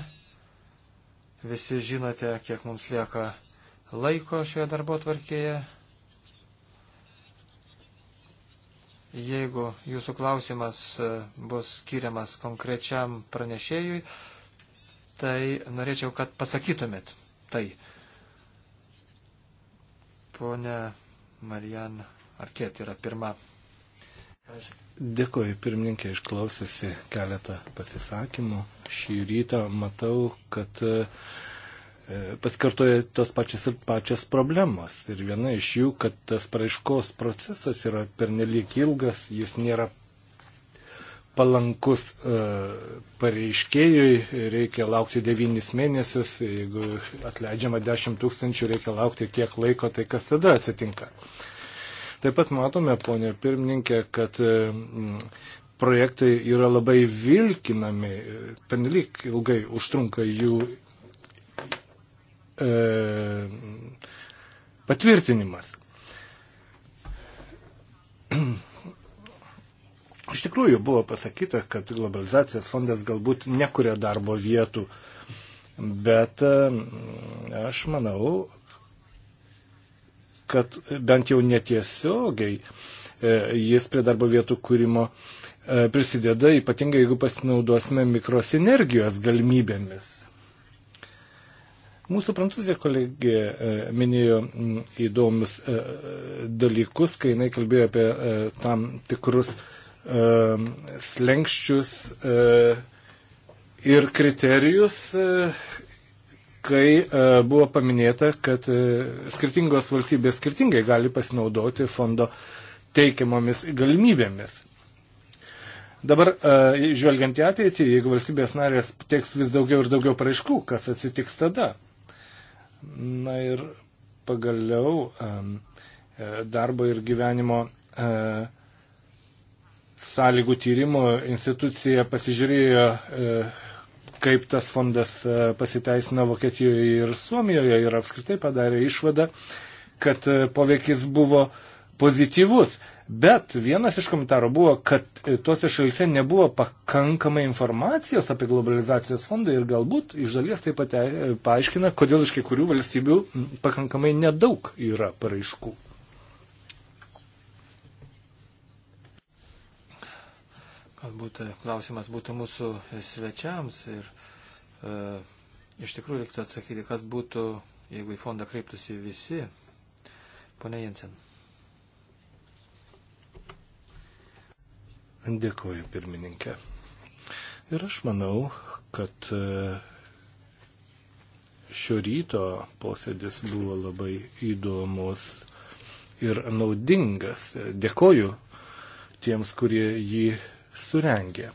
Visi žinote, kiek mums lieka laiko šioje darbo tvarkėje. Jeigu jūsų klausimas e, bus skiriamas konkrečiam pranešėjui, tai norėčiau, kad pasakytumėt tai. Pone Marijan Arkėt yra pirma. Dėkuoju, pirmininkė, išklausiusi keletą pasisakymų. Šį rytą matau, kad e, pasikartoja tos pačias ir pačias problemas. Ir viena iš jų, kad tas paraiškos procesas yra pernelyg ilgas, jis nėra palankus e, pareiškėjui, reikia laukti 9 mėnesius, jeigu atleidžiama 10 tūkstančių, reikia laukti kiek laiko, tai kas tada atsitinka. Taip pat matome, ponė pirmininkė, kad e, projektai yra labai vilkinami, penelik ilgai užtrunka jų e, patvirtinimas. <clears throat> Iš tikrųjų buvo pasakyta, kad globalizacijos fondas galbūt nekuria darbo vietų, bet e, aš manau, kad bent jau netiesiogiai e, jis prie darbo vietų kūrimo e, prisideda, ypatingai jeigu pasinaudosime mikrosinergijos galimybėmis. Mūsų prancūzija kolegė minėjo įdomius dalykus, kai jinai kalbėjo apie tam tikrus Um, slengščius uh, ir kriterijus, uh, kai uh, buvo paminėta, kad skirtingos valstybės skirtingai gali pasinaudoti fondo teikiamomis galimybėmis. Dabar, žvelgiant į ateitį, jeigu valstybės narės tieks vis daugiau ir daugiau paraiškų, kas atsitiks tada? Na ir pagaliau um, e, darbo ir gyvenimo sąlygų tyrimo institucija pasižiūrėjo, e, kaip tas fondas e, pasiteisina Vokietijoje ir Suomijoje ir apskritai padarė išvadą, kad e, poveikis buvo pozityvus. Bet vienas iš komentarų buvo, kad tuose šalise nebuvo pakankamai informacijos apie globalizacijos fondą ir galbūt iš dalies tai paaiškina, kodėl iš kai kurių valstybių pakankamai nedaug yra paraiškų. Galbūt klausimas būtų mūsų svečiams ir e, iš tikrųjų reiktų atsakyti, kas būtų, jeigu į fondą kreiptųsi visi. Pone Jensen. Dėkuoju, pirmininkė. Ir aš manau, kad e, šio ryto posėdis buvo labai įdomus ir naudingas. Dėkuoju tiems, kurie jį surengė.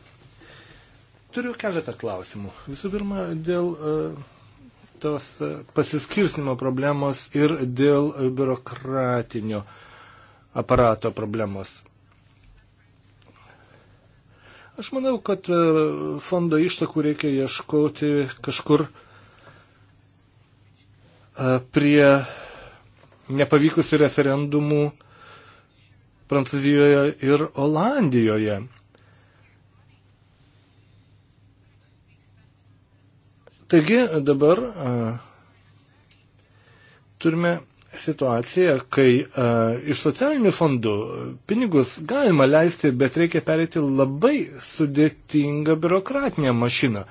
Turiu keletą klausimų. Visų pirma, dėl e, tos e, pasiskirstimo problemos ir dėl biurokratinio aparato problemos. Aš manau, kad e, fondo ištakų reikia ieškoti kažkur prie nepavykusių referendumų Prancūzijoje ir Olandijoje. Taigi dabar a, turime situaciją, kai a, iš socialinių fondų pinigus galima leisti, bet reikia perėti labai sudėtingą biurokratinę mašiną.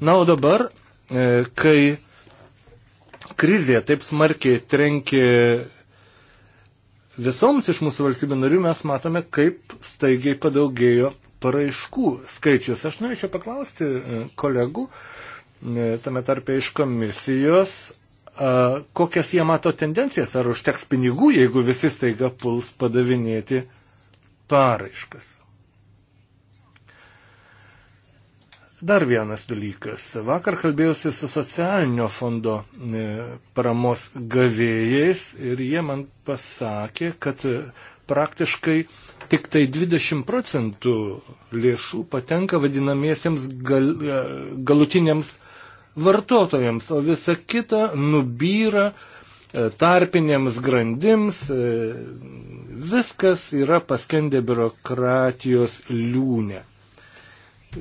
Na, o dabar, a, e, kai krizė taip smarkiai trenkė visoms iš mūsų valstybių narių, mes matome, kaip staigiai padaugėjo paraiškų skaičius. Aš norėčiau paklausti e, kolegų, a, E, tame tarpe iš komisijos, e, kokias jie mato tendencijas, ar užteks pinigų, jeigu visi staiga puls padavinėti paraiškas. Dar vienas dalykas. Vakar kalbėjausi su socialinio fondo e, paramos gavėjais ir jie man pasakė, kad praktiškai tik tai 20 procentų lėšų patenka vadinamiesiems gal, galutiniams vartotojams, o visa kita nubyra e, tarpinėms grandims, e, viskas yra paskendę biurokratijos liūnę.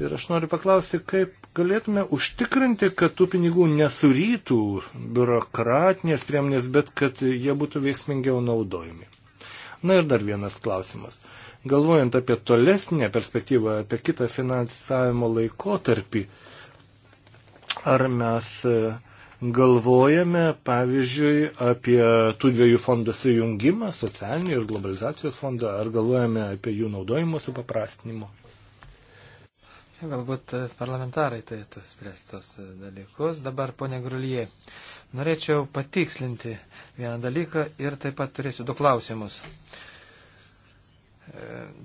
Ir aš noriu paklausti, kaip galėtume užtikrinti, kad tų pinigų nesurytų biurokratinės priemonės, bet kad jie būtų veiksmingiau naudojami. Na ir dar vienas klausimas. Galvojant apie tolesnę perspektyvą, apie kitą finansavimo laikotarpį, uh, Ar mes e, galvojame, pavyzdžiui, apie tų dviejų fondų sujungimą, socialinį ir globalizacijos fondą, ar galvojame apie jų naudojimo supaprastinimo? Galbūt e, parlamentarai turėtų spręsti tos e, dalykus. Dabar, ponė Grulyje, norėčiau patikslinti vieną dalyką ir taip pat turėsiu du klausimus.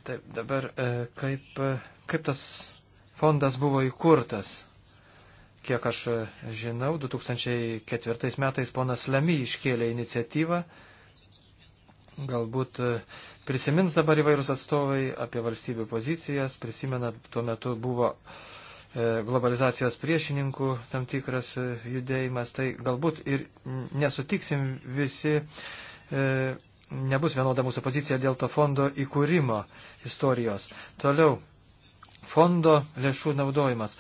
Taip, dabar kaip, kaip tas fondas buvo įkurtas? Kiek aš žinau, 2004 metais ponas Lemy iškėlė iniciatyvą. Galbūt e, prisimins dabar įvairūs atstovai apie valstybių pozicijas, prisimena, tuo metu buvo e, globalizacijos priešininkų tam tikras e, judėjimas, tai galbūt ir nesutiksim visi, nebus vienoda mūsų pozicija dėl to fondo įkūrimo istorijos. Toliau, fondo lėšų naudojimas.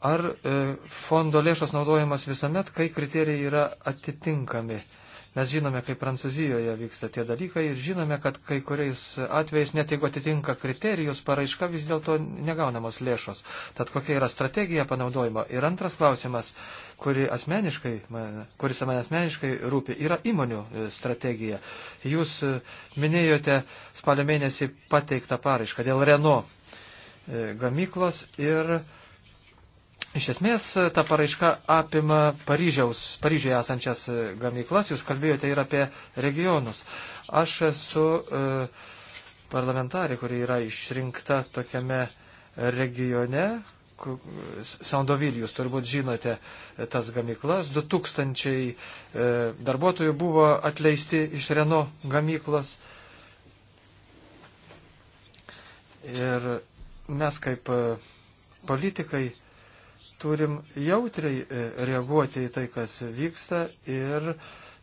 Ar e, fondo lėšos naudojamas visuomet, kai kriterijai yra atitinkami? Mes žinome, kaip Prancūzijoje vyksta tie dalykai ir žinome, kad kai kuriais atvejais, net jeigu atitinka kriterijus, paraiška vis dėlto negaunamos lėšos. Tad kokia yra strategija panaudojimo? Ir antras klausimas, kuri asmeniškai, kuris man asmeniškai rūpi, yra įmonių e, strategija. Jūs e, minėjote spalio mėnesį pateiktą paraišką dėl Renault gamyklos ir Iš esmės, ta paraiška apima Paryžiaus, Paryžiuje esančias e, gamyklas, jūs kalbėjote ir apie regionus. Aš esu e, parlamentarė, kuri yra išrinkta tokiame regione, Sandovilijus, turbūt žinote e, tas gamyklas, 2000 e, darbuotojų buvo atleisti iš Reno gamyklos. Ir mes kaip e, politikai turim jautriai e, reaguoti į tai, kas vyksta ir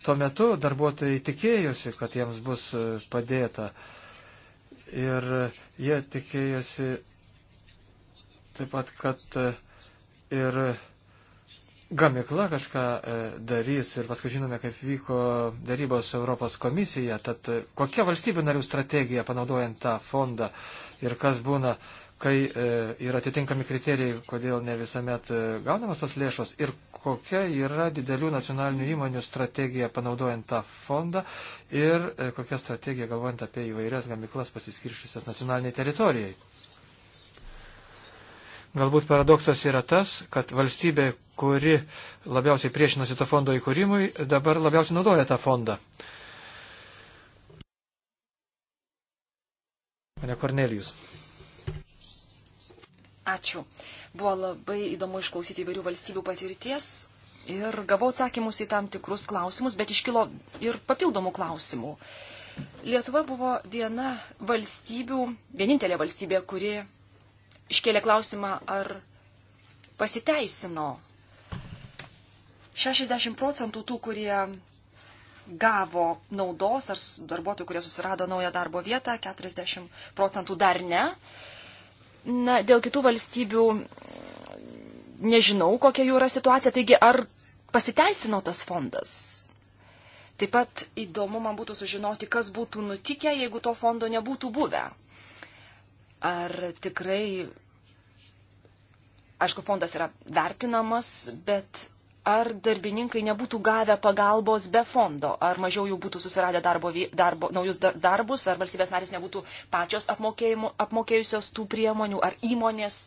tuo metu darbuotojai tikėjosi, kad jiems bus e, padėta. Ir jie tikėjosi taip pat, kad e, ir gamikla kažką darys ir paskui žinome, kaip vyko darybos su Europos komisija. Tad kokia valstybių narių strategija panaudojant tą fondą ir kas būna kai e, yra atitinkami kriterijai, kodėl ne visuomet e, gaunamas tos lėšos ir kokia yra didelių nacionalinių įmonių strategija panaudojant tą fondą ir e, kokia strategija galvojant apie įvairias gamiklas pasiskiršusias nacionaliniai teritorijai. Galbūt paradoksas yra tas, kad valstybė, kuri labiausiai priešinosi to fondo įkūrimui, dabar labiausiai naudoja tą fondą. Pane Kornelijus. Ačiū. Buvo labai įdomu išklausyti įvairių valstybių patirties ir gavau atsakymus į tam tikrus klausimus, bet iškilo ir papildomų klausimų. Lietuva buvo viena valstybių, vienintelė valstybė, kuri iškėlė klausimą, ar pasiteisino 60 procentų tų, kurie gavo naudos, ar darbuotojų, kurie susirado naują darbo vietą, 40 procentų dar ne. Uh, Na, dėl kitų valstybių nežinau, kokia jų yra situacija, taigi ar pasiteisino tas fondas? Taip pat įdomu man būtų sužinoti, kas būtų nutikę, jeigu to fondo nebūtų buvę. Ar tikrai, aišku, fondas yra vertinamas, bet ar darbininkai nebūtų gavę pagalbos be fondo, ar mažiau jų būtų susiradę darbo, darbo, naujus dar, darbus, ar valstybės narės nebūtų pačios apmokėjusios tų priemonių, ar įmonės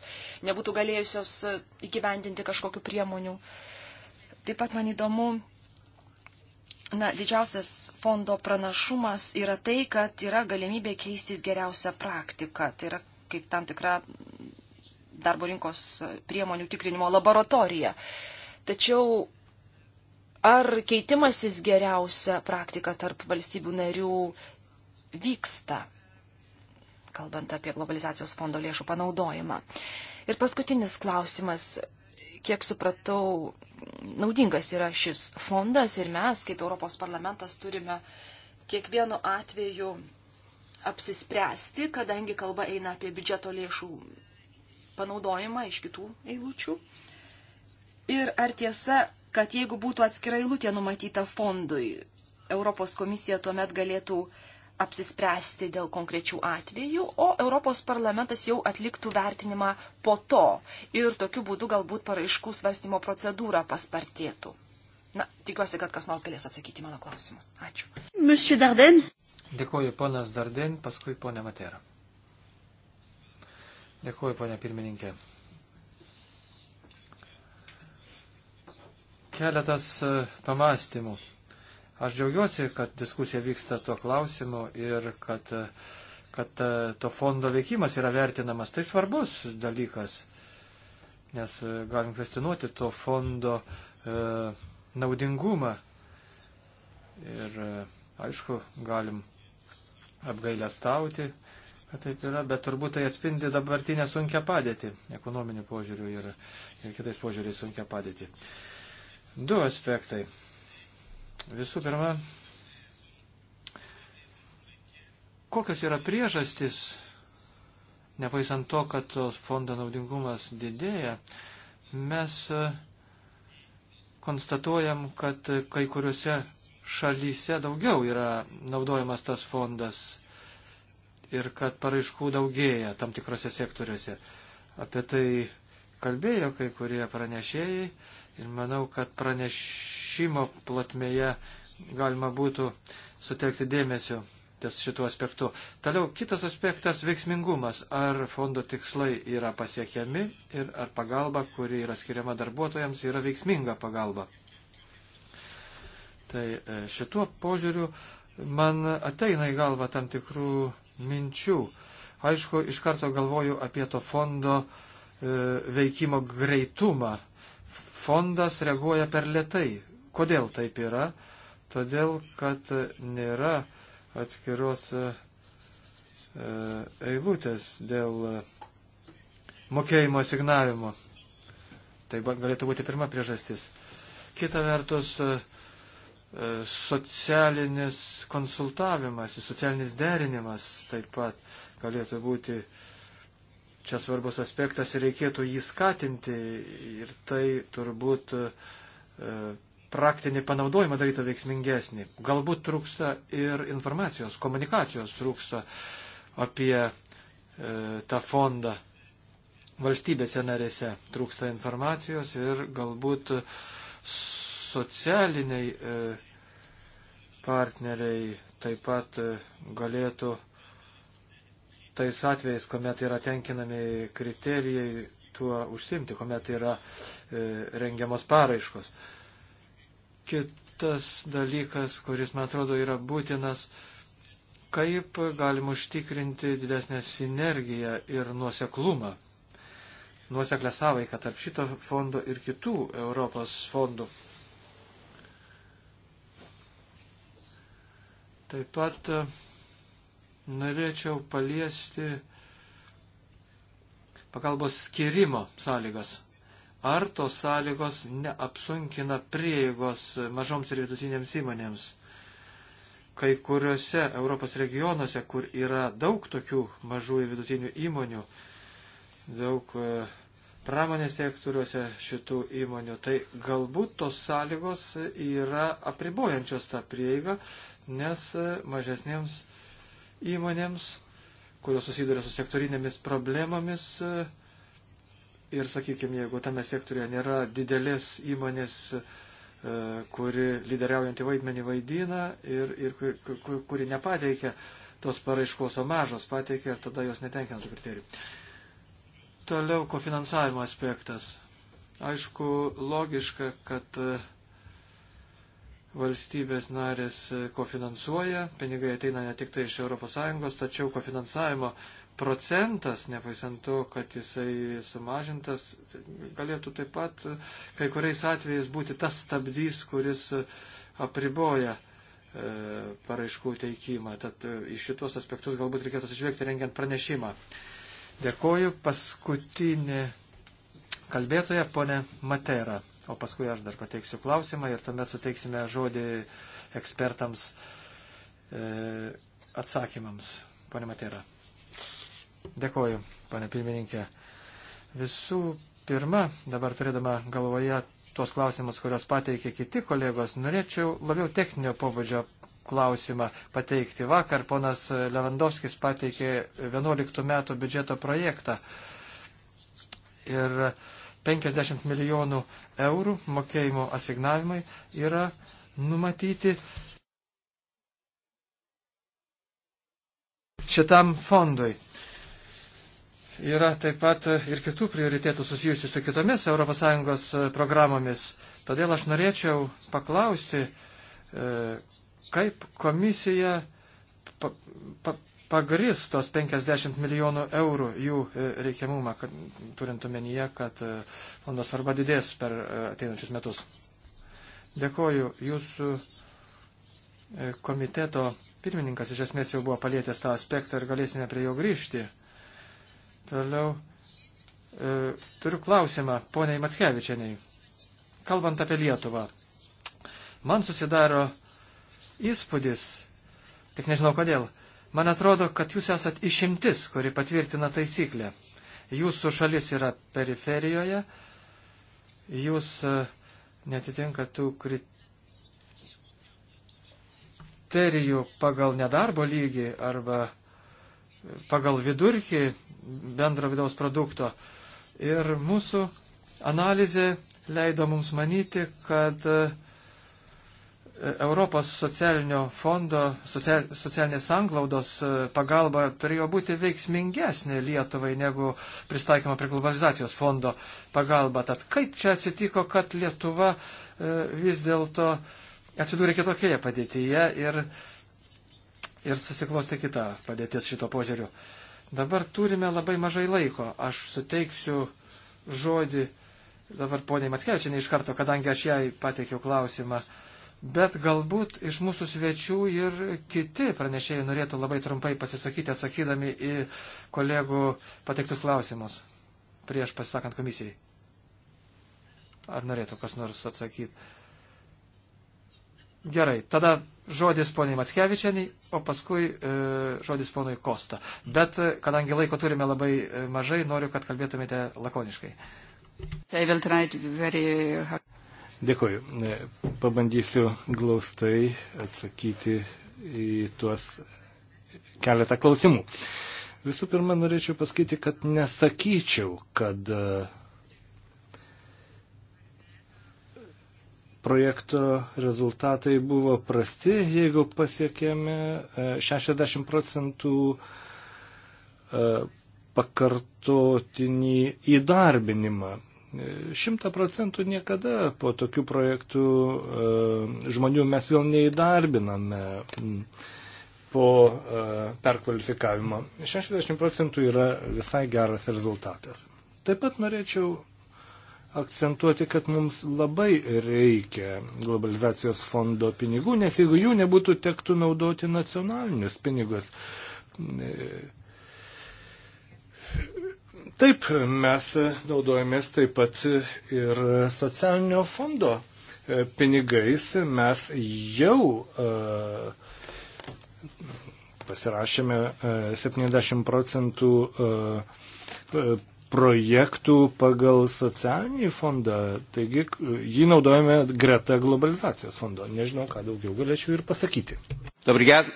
nebūtų galėjusios e, įgyvendinti kažkokiu priemonių. Taip pat man įdomu, na, didžiausias fondo pranašumas yra tai, kad yra galimybė keistis geriausią praktiką. Tai yra kaip tam tikra darbo rinkos e, priemonių tikrinimo laboratorija. Uh, Tačiau ar keitimasis geriausia praktika tarp valstybių narių vyksta, kalbant apie globalizacijos fondo lėšų panaudojimą? Ir paskutinis klausimas. Kiek supratau, naudingas yra šis fondas ir mes, kaip Europos parlamentas, turime kiekvienu atveju apsispręsti, kadangi kalba eina apie biudžeto lėšų panaudojimą iš kitų eilučių. Ir ar tiesa, kad jeigu būtų atskirai lūtė numatyta fondui, Europos komisija tuomet galėtų apsispręsti dėl konkrečių atvejų, o Europos parlamentas jau atliktų vertinimą po to ir tokiu būdu galbūt paraiškų svarstymo procedūra paspartėtų. Na, tikiuosi, kad kas nors galės atsakyti mano klausimus. Ačiū. Monsieur Darden. Dėkuoju ponas Darden, paskui ponė Matera. Dėkuoju ponė pirmininkė. keletas e, pamastymų. Aš džiaugiuosi, kad diskusija vyksta tuo klausimu ir kad, e, kad e, to fondo veikimas yra vertinamas. Tai svarbus dalykas, nes galim kvestinuoti to fondo e, naudingumą. Ir aišku, galim apgailę stauti, kad taip yra, bet turbūt tai atspindi dabartinę sunkę padėtį, ekonominių požiūrių ir, ir kitais požiūriais sunkę padėtį. Du aspektai. Visų pirma, kokios yra priežastis, nepaisant to, kad tos fondo naudingumas didėja, mes e, konstatuojam, kad kai kuriuose šalyse daugiau yra naudojamas tas fondas ir kad paraiškų daugėja tam tikrose sektoriuose. Apie tai kalbėjo kai kurie pranešėjai Ir manau, kad pranešimo platmėje galima būtų sutelkti dėmesio ties šituo aspektu. Toliau kitas aspektas - veiksmingumas. Ar fondo tikslai yra pasiekiami ir ar pagalba, kuri yra skiriama darbuotojams, yra veiksminga pagalba. Tai e, šituo požiūriu man ateina į galvą tam tikrų minčių. Aišku, iš karto galvoju apie to fondo e, veikimo greitumą fondas reaguoja per lietai. Kodėl taip yra? Todėl, kad nėra atskiros e, e, eilutės dėl mokėjimo asignavimo. Tai galėtų būti pirma priežastis. Kita vertus, e, socialinis konsultavimas, socialinis derinimas taip pat galėtų būti uh, čia svarbus aspektas ir reikėtų jį skatinti ir tai turbūt e, praktinį panaudojimą darytų veiksmingesnį. Galbūt trūksta ir informacijos, komunikacijos trūksta apie e, tą fondą. Valstybėse narėse trūksta informacijos ir galbūt socialiniai e, partneriai taip pat e, galėtų e, tais atvejais, kuomet yra tenkinami kriterijai tuo užsimti, kuomet yra e, rengiamos paraiškos. Kitas dalykas, kuris, man atrodo, yra būtinas, kaip galim užtikrinti didesnę sinergiją ir nuoseklumą, nuoseklę sąveiką tarp šito fondo ir kitų Europos fondų. Taip pat e, norėčiau paliesti pagalbos skirimo sąlygas. Ar tos sąlygos neapsunkina prieigos mažoms ir vidutinėms įmonėms? Kai kuriuose Europos regionuose, kur yra daug tokių mažų ir vidutinių įmonių, daug e, pramonės sektoriuose šitų įmonių, tai galbūt tos sąlygos yra apribojančios tą prieigą, nes e, mažesnėms įmonėms, kurios susiduria su sektorinėmis problemomis. Ir, sakykime, jeigu tame sektorija nėra didelės įmonės, e, kuri lyderiaujantį vaidmenį vaidina ir, ir kuri, kuri, kuri nepateikia tos paraiškos, o mažos pateikia ir tada jos netenkina tų kriterijų. Toliau kofinansavimo aspektas. Aišku, logiška, kad uh, valstybės narės e, kofinansuoja, pinigai ateina ne tik tai iš ES, tačiau kofinansavimo procentas, nepaisant to, kad jisai sumažintas, galėtų taip pat e, kai kuriais atvejais būti tas stabdys, kuris e, apriboja paraiškų teikimą. Tad į šitos aspektus galbūt reikėtų atsižvelgti rengiant pranešimą. Dėkoju. Paskutinė kalbėtoja, ponė Matera o paskui aš dar pateiksiu klausimą ir tuomet suteiksime žodį ekspertams e, atsakymams. Pane Matėra. Dėkoju, pane pirmininkė. Visų pirma, dabar turėdama galvoje tuos klausimus, kuriuos pateikė kiti kolegos, norėčiau labiau techninio pobūdžio klausimą pateikti. Vakar ponas Levandovskis pateikė 11 metų biudžeto projektą. Ir 50 milijonų eurų mokėjimo asignavimai yra numatyti šitam fondui. Yra taip pat ir kitų prioritėtų susijusių su kitomis ES e, programomis. Todėl aš norėčiau paklausti, e, kaip komisija pagristos 50 milijonų eurų jų e, reikiamumą, kad, turint omenyje, kad e, fondo svarba didės per e, ateinančius metus. Dėkoju. Jūsų komiteto pirmininkas iš esmės jau buvo palėtęs tą aspektą ir galėsime prie jo grįžti. Toliau e, turiu klausimą poniai Matskevičianiai. Kalbant apie Lietuvą, man susidaro įspūdis, tik nežinau kodėl, Man atrodo, kad jūs esat išimtis, kuri patvirtina taisyklę. Jūsų šalis yra periferijoje, jūs e, netitinka tų kriterijų pagal nedarbo lygį arba pagal vidurkį bendro vidaus produkto. Ir mūsų analizė leido mums manyti, kad uh, Europos socialinio fondo, socialinės anglaudos e, pagalba turėjo būti veiksmingesnė Lietuvai negu pristaikymo prie globalizacijos fondo pagalba. Tad kaip čia atsitiko, kad Lietuva e, vis dėlto atsidūrė kitokioje padėtyje ir, ir susiklosti kitą padėtis šito požiūriu. Dabar turime labai mažai laiko. Aš suteiksiu žodį dabar poniai Matkevičiai iš karto, kadangi aš jai pateikiau klausimą Bet galbūt iš mūsų svečių ir kiti pranešėjai norėtų labai trumpai pasisakyti, atsakydami į kolegų pateiktus klausimus prieš pasisakant komisijai. Ar norėtų kas nors atsakyti? Gerai, tada žodis poniai Matskevičianiai, o paskui e, žodis ponui Kosta. Bet e, kadangi laiko turime labai e, mažai, noriu, kad kalbėtumėte lakoniškai. I will try to be very Dėkuoju. E, pabandysiu glaustai atsakyti į tuos keletą klausimų. Visų pirma, norėčiau pasakyti, kad nesakyčiau, kad e, projekto rezultatai buvo prasti, jeigu pasiekėme 60 e, procentų pakartotinį įdarbinimą. Šimta procentų niekada po tokių projektų e, žmonių mes vėl neįdarbiname po e, perkvalifikavimo. 60 procentų yra visai geras rezultatas. Taip pat norėčiau akcentuoti, kad mums labai reikia globalizacijos fondo pinigų, nes jeigu jų nebūtų tektų naudoti nacionalinius pinigus, e, Taip, mes naudojamės taip pat ir socialinio fondo e, pinigais. Mes jau e, pasirašėme 70 e, procentų projektų pagal socialinį fondą, taigi jį naudojame greta globalizacijos fondo. Nežinau, ką daugiau galėčiau ir pasakyti. Dobrigad.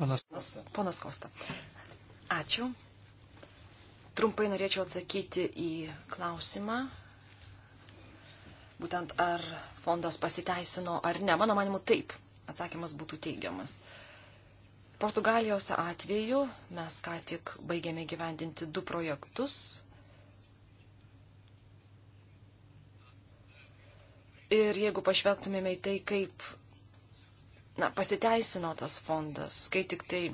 Ponas Kosta. Ponas Kosta. Ačiū. Trumpai norėčiau atsakyti į klausimą, būtent ar fondas pasiteisino ar ne. Mano manimu, taip. Atsakymas būtų teigiamas. Portugalijos atveju mes ką tik baigėme gyvendinti du projektus. Ir jeigu pažvelgtumėme į tai, kaip na, pasiteisino tas fondas, kai tik tai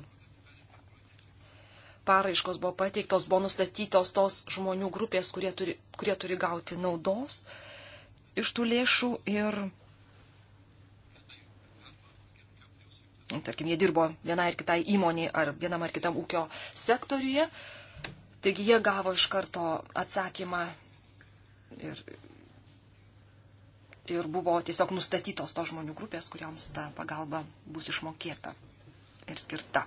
paraiškos buvo pateiktos, buvo nustatytos tos žmonių grupės, kurie turi, kurie turi gauti naudos iš tų lėšų ir, tarkim, jie dirbo vienai ar kitai įmoniai ar vienam ar kitam ūkio sektoriuje. Taigi jie gavo iš karto atsakymą ir, ir buvo tiesiog nustatytos to žmonių grupės, kuriams ta pagalba bus išmokėta ir skirta.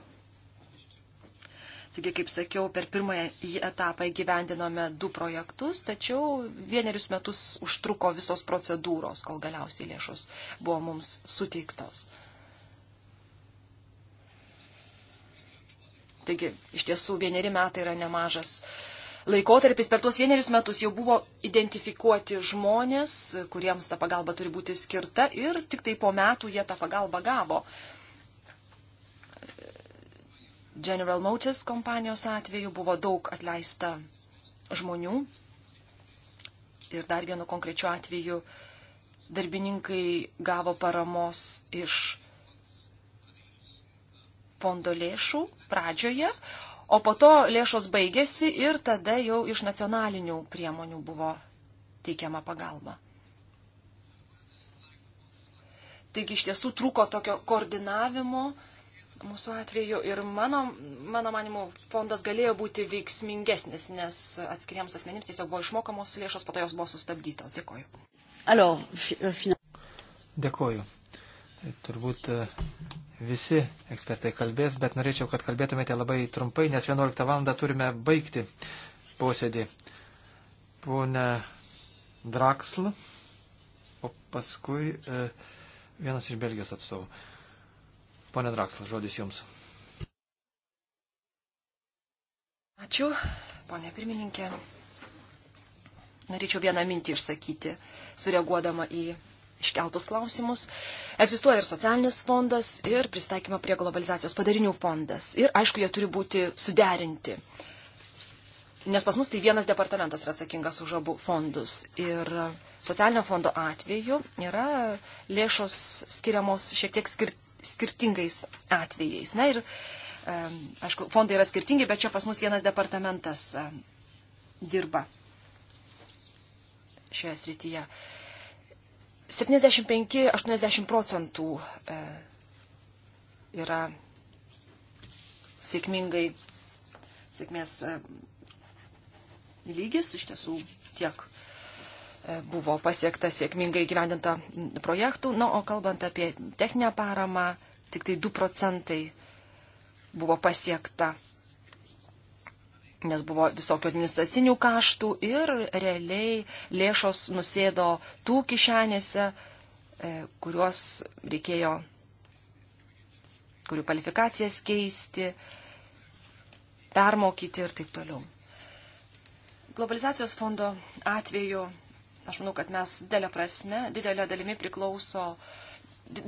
Taigi, kaip sakiau, per pirmąją etapą įgyvendinome du projektus, tačiau vienerius metus užtruko visos procedūros, kol galiausiai lėšos buvo mums suteiktos. Taigi, iš tiesų, vieneri metai yra nemažas laikotarpis per tuos vienerius metus jau buvo identifikuoti žmonės, kuriems ta pagalba turi būti skirta ir tik tai po metų jie tą pagalbą gavo. General Motors kompanijos atveju buvo daug atleista žmonių ir dar vienu konkrečiu atveju darbininkai gavo paramos iš fondo lėšų pradžioje, o po to lėšos baigėsi ir tada jau iš nacionalinių priemonių buvo teikiama pagalba. Taigi iš tiesų trūko tokio koordinavimo, uh, mūsų atveju ir mano, mano manimu fondas galėjo būti veiksmingesnis, nes atskiriems asmenims tiesiog buvo išmokamos lėšos, po to jos buvo sustabdytos. Dėkoju. Alo, euh, Dėkoju. Turbūt e, visi ekspertai kalbės, bet norėčiau, kad kalbėtumėte labai trumpai, nes 11 val. turime baigti posėdį. Pone Drakslu, o paskui e, vienas iš Belgijos atstovų. Pone Drakslas, žodis Jums. Ačiū, ponė pirmininkė. Norėčiau vieną mintį išsakyti, sureaguodama į iškeltus klausimus. Egzistuoja ir socialinis fondas, ir pristaikymo prie globalizacijos padarinių fondas. Ir aišku, jie turi būti suderinti. Nes pas mus tai vienas departamentas yra atsakingas už abu fondus. Ir socialinio fondo atveju yra lėšos skiriamos šiek tiek skir skirtingais atvejais. Na ir, aišku, fondai yra skirtingi, bet čia pas mus vienas departamentas dirba šioje srityje. 75-80 procentų e, yra sėkmingai, sėkmės lygis, iš tiesų tiek buvo pasiekta sėkmingai gyvendinta projektų. Na, o kalbant apie techninę paramą, tik tai 2 procentai buvo pasiekta, nes buvo visokių administracinių kaštų ir realiai lėšos nusėdo tų kišenėse, e, kuriuos reikėjo, kurių kvalifikacijas keisti, permokyti ir taip toliau. Globalizacijos fondo atveju Aš manau, kad mes didelė prasme, didelė dalimi priklauso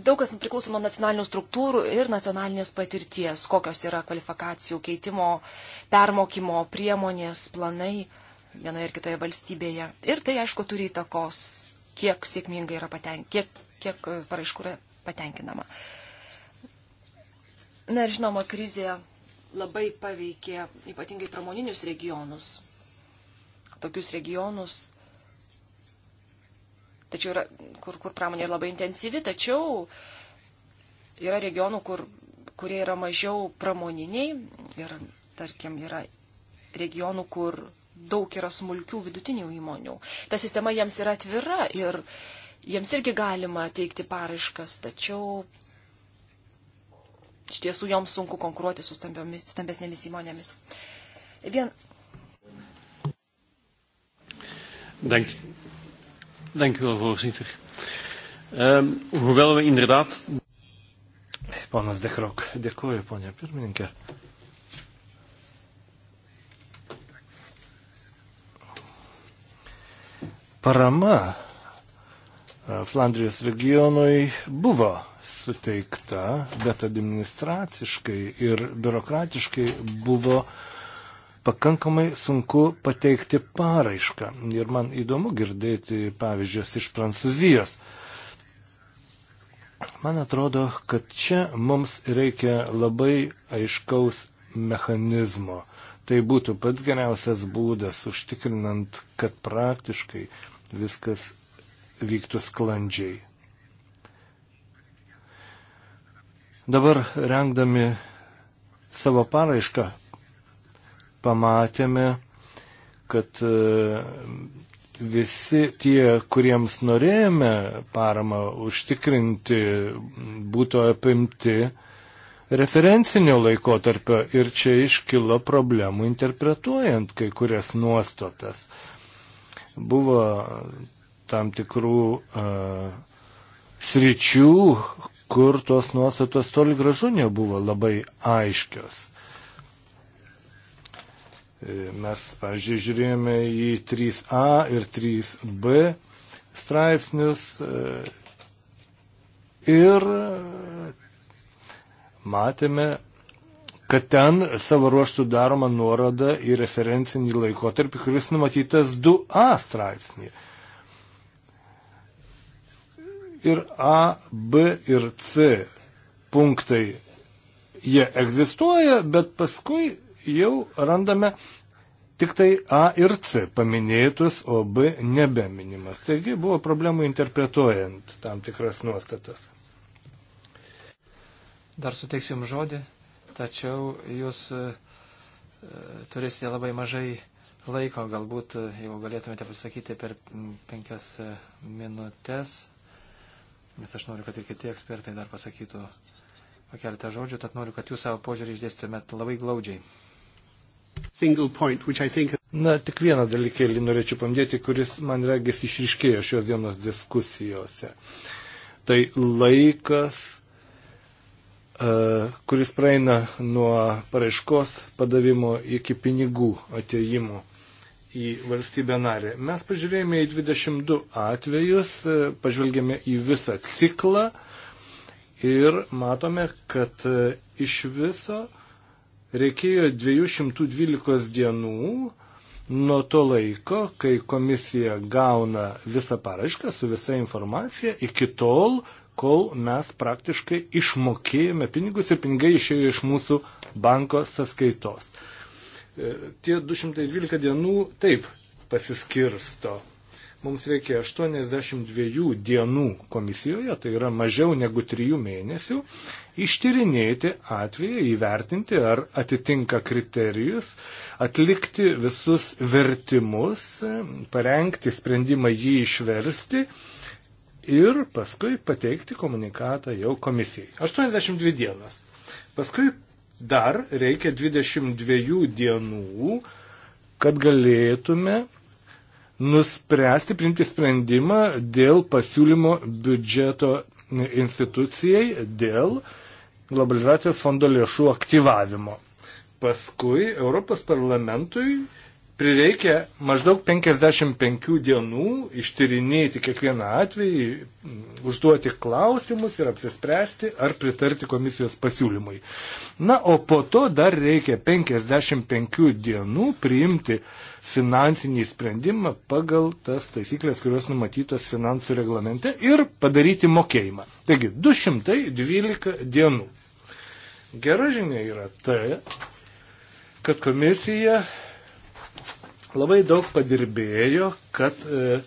daug kas priklauso nuo nacionalinių struktūrų ir nacionalinės patirties, kokios yra kvalifikacijų keitimo, permokymo priemonės, planai vienoje ir kitoje valstybėje. Ir tai, aišku, turi įtakos, kiek sėkmingai yra patenkinama, kiek, kiek paraiškų yra patenkinama. Na ir žinoma, krizė labai paveikė ypatingai pramoninius regionus. Tokius regionus, tačiau yra, kur, kur pramonė yra labai intensyvi, tačiau yra regionų, kur, kurie yra mažiau pramoniniai ir, tarkim, yra regionų, kur daug yra smulkių vidutinių įmonių. Ta sistema jiems yra atvira ir jiems irgi galima teikti paraiškas, tačiau iš tiesų joms sunku konkuruoti su stambesnėmis įmonėmis. Vien... Dank, Dank u wel, voorzitter. Um, hoewel we inderdaad. Ponas Dekrok, dėkuoju, ponė pirmininkė. Parama e, Flandrijos regionui buvo suteikta, bet administraciškai ir biurokratiškai buvo uh, pakankamai sunku pateikti paraišką. Ir man įdomu girdėti pavyzdžius iš Prancūzijos. Man atrodo, kad čia mums reikia labai aiškaus mechanizmo. Tai būtų pats geriausias būdas užtikrinant, kad praktiškai viskas vyktų sklandžiai. Dabar rengdami savo paraišką pamatėme, kad e, visi tie, kuriems norėjome paramą užtikrinti, būtų apimti referencinio laikotarpio ir čia iškilo problemų interpretuojant kai kurias nuostatas. Buvo tam tikrų uh, sričių, kur tos nuostatos toli gražu nebuvo labai aiškios. E, mes, pavyzdžiui, žiūrėjome į 3A ir 3B straipsnius e, ir e, matėme, kad ten savo ruoštų daroma nuoroda į referencinį laikotarpį, kuris numatytas 2A straipsnėje. Ir A, B ir C punktai jie egzistuoja, bet paskui jau randame tik tai A ir C paminėtus, o B nebeminimas. Taigi buvo problemų interpretuojant tam tikras nuostatas. Dar suteiksiu Jums žodį, tačiau Jūs e, turėsite labai mažai laiko, galbūt e, jau galėtumėte pasakyti per penkias e, minutės, nes aš noriu, kad ir kiti ekspertai dar pasakytų po keletą žodžių, tad noriu, kad jūs savo požiūrį išdėstumėt labai glaudžiai. Point, think... Na, tik vieną dalykėlį norėčiau paminėti, kuris man regis išriškėjo šios dienos diskusijose. Tai laikas, e, kuris praeina nuo paraiškos padavimo iki pinigų atėjimo į valstybę narę. Mes pažiūrėjome į 22 atvejus, e, pažvelgėme į visą ciklą ir matome, kad e, iš viso reikėjo 212 dienų nuo to laiko, kai komisija gauna visą paraišką su visa informacija, iki tol, kol mes praktiškai išmokėjome pinigus ir pinigai išėjo iš mūsų banko sąskaitos. E, tie 212 dienų taip pasiskirsto. Mums reikia 82 dienų komisijoje, tai yra mažiau negu 3 mėnesių ištyrinėti atvejį, įvertinti, ar atitinka kriterijus, atlikti visus vertimus, parengti sprendimą jį išversti ir paskui pateikti komunikatą jau komisijai. 82 dienas. Paskui dar reikia 22 dienų, kad galėtume nuspręsti, priimti sprendimą dėl pasiūlymo biudžeto institucijai, dėl uh, globalizacijos fondo lėšų aktyvavimo. Paskui Europos parlamentui prireikia maždaug 55 dienų ištyrinėti kiekvieną atvejį, užduoti klausimus ir apsispręsti, ar pritarti komisijos pasiūlymui. Na, o po to dar reikia 55 dienų priimti finansinį sprendimą pagal tas taisyklės, kurios numatytos finansų reglamente ir padaryti mokėjimą. Taigi 212 dienų. Gera žinia yra tai, kad komisija labai daug padirbėjo, kad e,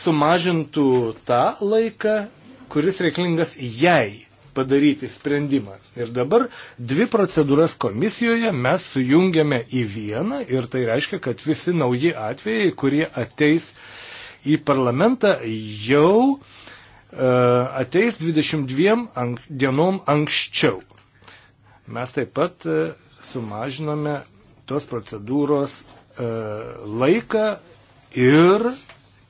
sumažintų tą laiką, kuris reikalingas jai padaryti sprendimą. Ir dabar dvi procedūras komisijoje mes sujungiame į vieną ir tai reiškia, kad visi nauji atvejai, kurie ateis į parlamentą, jau e, ateis 22 ank dienom anksčiau. Mes taip pat e, sumažinome tos procedūros e, laiką ir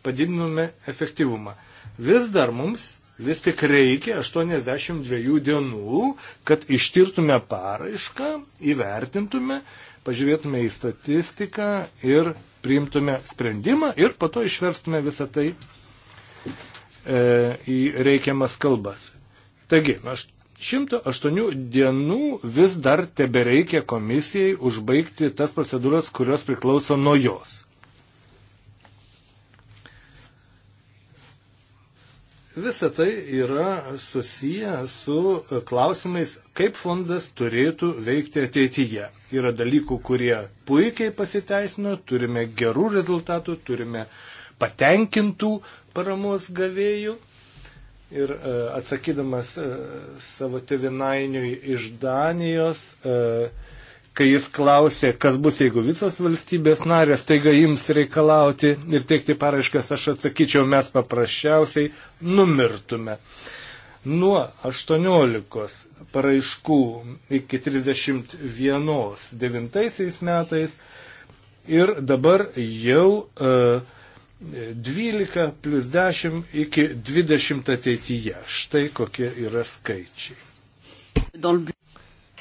padidinome efektyvumą. Vis dar mums vis tik reikia 82 dienų, kad ištirtume paraišką, įvertintume, pažiūrėtume į statistiką ir priimtume sprendimą ir po to išverstume visą tai e, į reikiamas kalbas. Taigi, aš 108 dienų vis dar tebereikia komisijai užbaigti tas procedūras, kurios priklauso nuo jos. Visa tai yra susiję su klausimais, kaip fondas turėtų veikti ateityje. Yra dalykų, kurie puikiai pasiteisino, turime gerų rezultatų, turime patenkintų paramos gavėjų. Ir e, atsakydamas e, savo tevinainiui iš Danijos, e, kai jis klausė, kas bus, jeigu visos valstybės narės taiga jums reikalauti ir teikti paraiškas, aš atsakyčiau, mes paprasčiausiai numirtume. Nuo 18 paraiškų iki 31 devintaisiais metais ir dabar jau uh, e, 12 plus 10 iki 20 ateityje. Štai kokie yra skaičiai.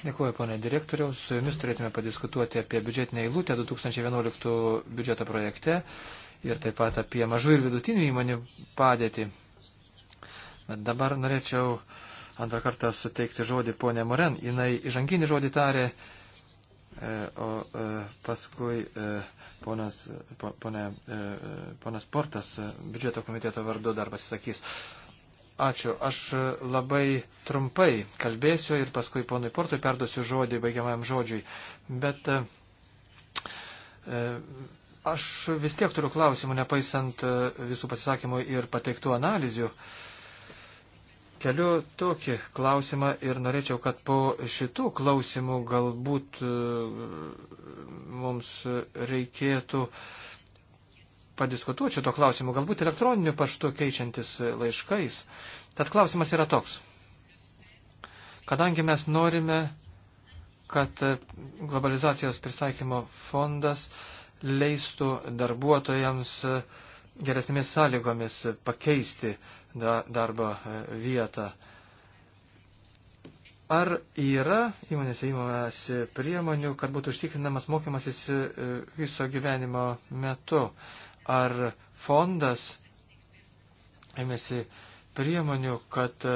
Dėkuoju, ponė direktoriau. Su jumis turėtume padiskutuoti apie biudžetinę eilutę 2011 biudžeto projekte ir taip pat apie mažų ir vidutinių įmonių padėtį. Bet dabar norėčiau antrą kartą suteikti žodį ponė Moren. Jis įžanginį žodį tarė, e, o e, paskui e, ponas, ponė, ponas Portas biudžeto komiteto vardu dar pasisakys. Ačiū. Aš labai trumpai kalbėsiu ir paskui ponui Portui perduosiu žodį baigiamajam žodžiui. Bet e, e aš vis tiek turiu klausimų, nepaisant e, visų pasisakymų ir pateiktų analizių. Keliu tokį klausimą ir norėčiau, kad po šitų klausimų galbūt e, mums reikėtų. E, padiskutuočiau to klausimu, galbūt elektroniniu paštu keičiantis laiškais. Tad klausimas yra toks. Kadangi mes norime, kad globalizacijos prisaikymo fondas leistų darbuotojams geresnėmis sąlygomis pakeisti darbo vietą. Ar yra įmonėse įmamasi priemonių, kad būtų užtikrinamas mokymasis viso gyvenimo metu? ar fondas ėmėsi priemonių, kad e,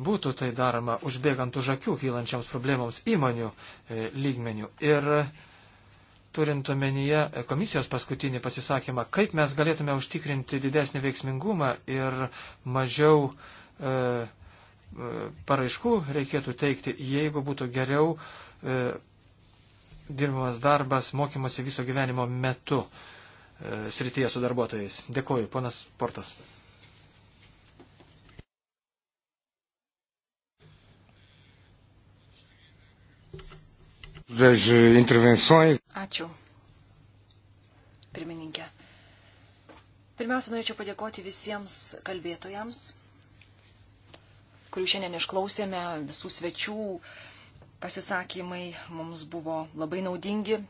būtų tai daroma užbėgant už akių kylančiams problemams įmonių e, lygmenių. Ir e, turint omenyje komisijos paskutinį pasisakymą, kaip mes galėtume užtikrinti didesnį veiksmingumą ir mažiau e, paraiškų reikėtų teikti, jeigu būtų geriau e, dirbamas darbas mokymosi viso gyvenimo metu. E, srityje su darbuotojais. Dėkuoju, ponas Portas. Eh, Ačiū. Pirmininkė. Pirmiausia, norėčiau padėkoti visiems kalbėtojams, kurių šiandien išklausėme, visų svečių pasisakymai mums buvo labai naudingi,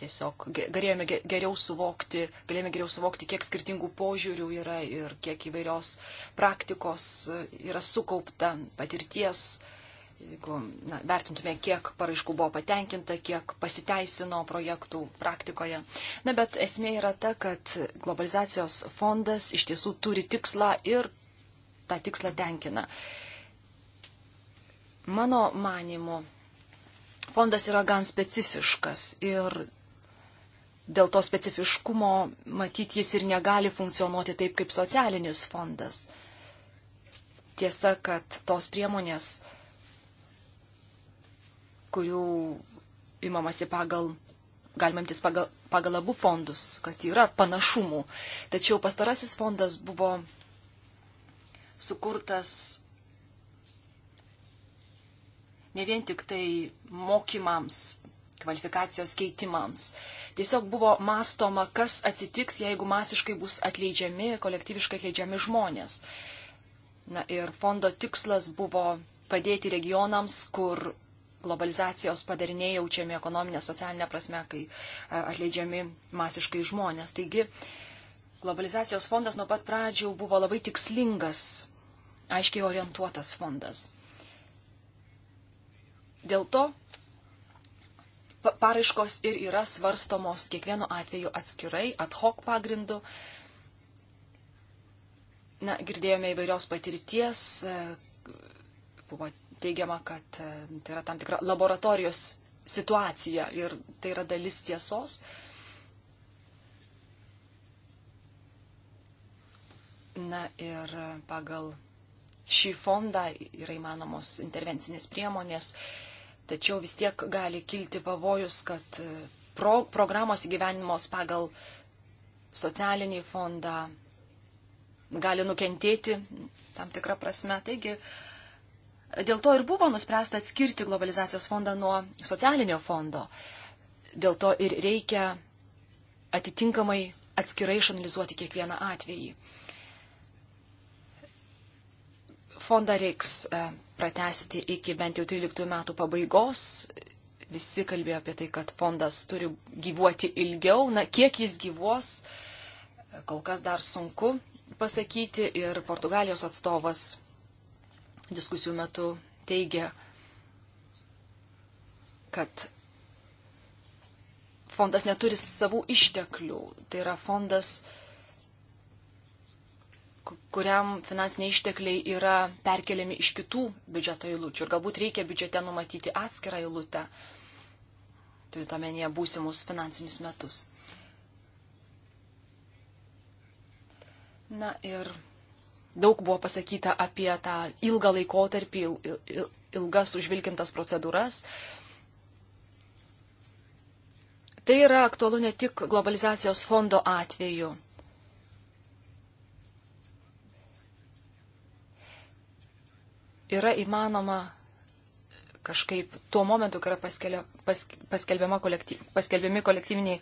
tiesiog galėjome geriau suvokti, galėjome geriau suvokti, kiek skirtingų požiūrių yra ir kiek įvairios praktikos e, yra sukaupta patirties. Jeigu na, vertintume, kiek paraiškų buvo patenkinta, kiek pasiteisino projektų praktikoje. Na, bet esmė yra ta, kad globalizacijos fondas iš tiesų turi tikslą ir tą tikslą tenkina. Mano manimu, fondas yra gan specifiškas ir dėl to specifiškumo matyt jis ir negali funkcionuoti taip kaip socialinis fondas. Tiesa, kad tos priemonės, kurių imamasi pagal, galima imtis pagal, pagal abu fondus, kad yra panašumų. Tačiau pastarasis fondas buvo sukurtas ne vien tik tai mokymams kvalifikacijos keitimams. Tiesiog buvo mastoma, kas atsitiks, jeigu masiškai bus atleidžiami, kolektyviškai atleidžiami žmonės. Na ir fondo tikslas buvo padėti regionams, kur globalizacijos padariniai jaučiami ekonominė, socialinė prasme, kai e, atleidžiami masiškai žmonės. Taigi, globalizacijos fondas nuo pat pradžių buvo labai tikslingas, aiškiai orientuotas fondas. Dėl to paraiškos ir yra svarstomos kiekvienu atveju atskirai, ad hoc pagrindu. Na, girdėjome įvairios patirties, e, buvo teigiama, kad e, tai yra tam tikra laboratorijos situacija ir tai yra dalis tiesos. Na ir e, pagal šį fondą yra įmanomos intervencinės priemonės, Tačiau vis tiek gali kilti pavojus, kad e, pro, programos įgyvenimos pagal socialinį fondą gali nukentėti tam tikrą prasme. Taigi, dėl to ir buvo nuspręsta atskirti globalizacijos fondą nuo socialinio fondo. Dėl to ir reikia atitinkamai atskirai išanalizuoti kiekvieną atvejį. Fondą reiks e, pratesti iki bent jau 13 metų pabaigos. Visi kalbėjo apie tai, kad fondas turi gyvuoti ilgiau. Na, kiek jis gyvuos, kol kas dar sunku pasakyti. Ir Portugalijos atstovas diskusijų metu teigia, kad fondas neturi savų išteklių. Tai yra fondas kuriam finansiniai ištekliai yra perkeliami iš kitų biudžeto eilučių. Ir galbūt reikia biudžete numatyti atskirą eilutę, turint omenyje būsimus finansinius metus. Na ir daug buvo pasakyta apie tą ilgą laikotarpį, ilgas užvilkintas procedūras. Tai yra aktualu ne tik globalizacijos fondo atveju yra įmanoma kažkaip tuo momentu, kai yra paskelbia, pas, kolektyv, paskelbiami kolektyviniai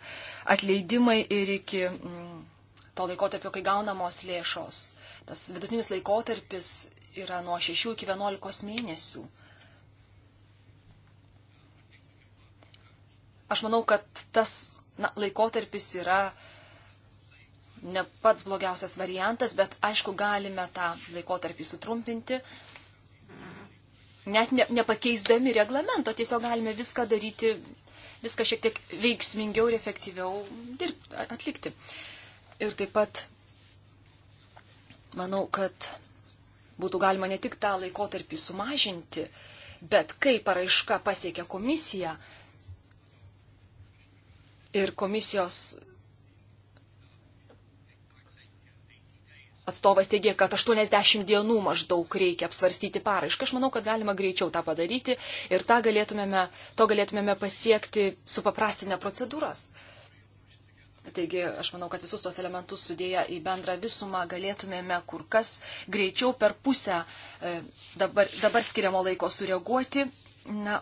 atleidimai ir iki mm, to laikotarpio, kai gaunamos lėšos. Tas vidutinis laikotarpis yra nuo 6 iki 11 mėnesių. Aš manau, kad tas na, laikotarpis yra ne pats blogiausias variantas, bet aišku, galime tą laikotarpį sutrumpinti. Uh, net ne, nepakeisdami reglamento, tiesiog galime viską daryti, viską šiek tiek veiksmingiau ir efektyviau dirbt, atlikti. Ir taip pat manau, kad būtų galima ne tik tą laikotarpį sumažinti, bet kai paraiška pasiekia komisiją ir komisijos atstovas teigia, kad 80 dienų maždaug reikia apsvarstyti paraišką. Aš manau, kad galima greičiau tą padaryti ir tą galėtumėme, to galėtumėme pasiekti su paprastinę procedūras. Taigi aš manau, kad visus tuos elementus sudėję į bendrą visumą galėtumėme kur kas greičiau per pusę e, dabar, dabar skiriamo laiko sureaguoti. Na,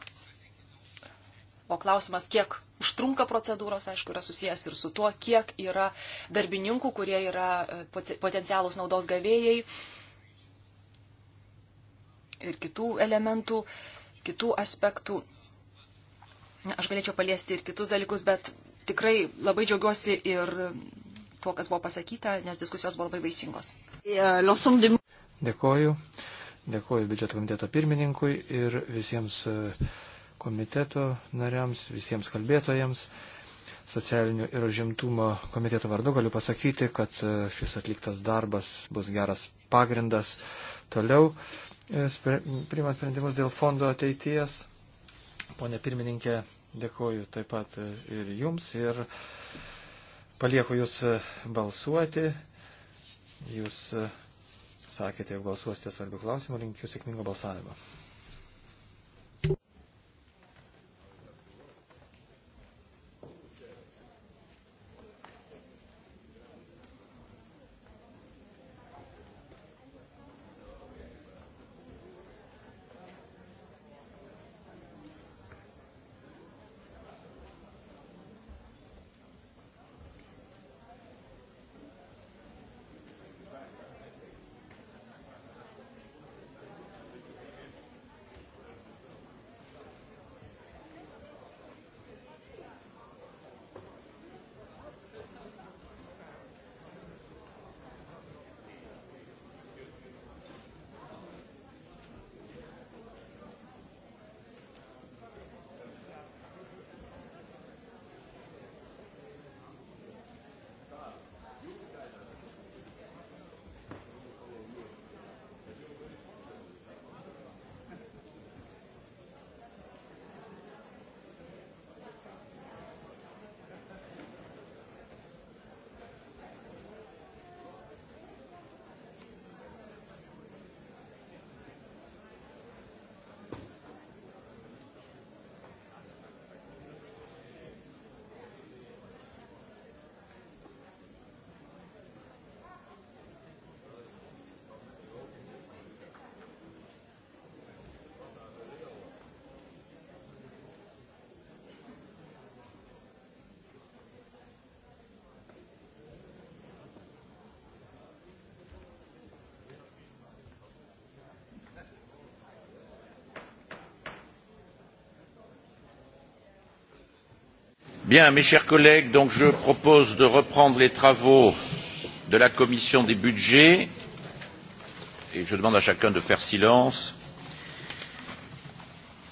o klausimas, kiek užtrunka procedūros, aišku, yra susijęs ir su tuo, kiek yra darbininkų, kurie yra e, potencialūs naudos gavėjai ir kitų elementų, kitų aspektų. Aš galėčiau paliesti ir kitus dalykus, bet tikrai labai džiaugiuosi ir tuo, kas buvo pasakyta, nes diskusijos buvo labai vaisingos. E, Dėkoju. Dėkoju biudžeto komiteto pirmininkui ir visiems uh, komiteto nariams, visiems kalbėtojams. Socialinių ir žimtumo komiteto vardu galiu pasakyti, kad e, šis atliktas darbas bus geras pagrindas toliau e, priimant sprendimus dėl fondo ateities. Pone pirmininkė, dėkoju taip pat e, ir jums ir palieku jūs balsuoti. Jūs sakėte, jog balsuosite svarbių klausimų, linkiu sėkmingo balsavimo. Bien, mes chers collègues, donc je propose de reprendre les travaux de la commission des budgets et je demande à chacun de faire silence.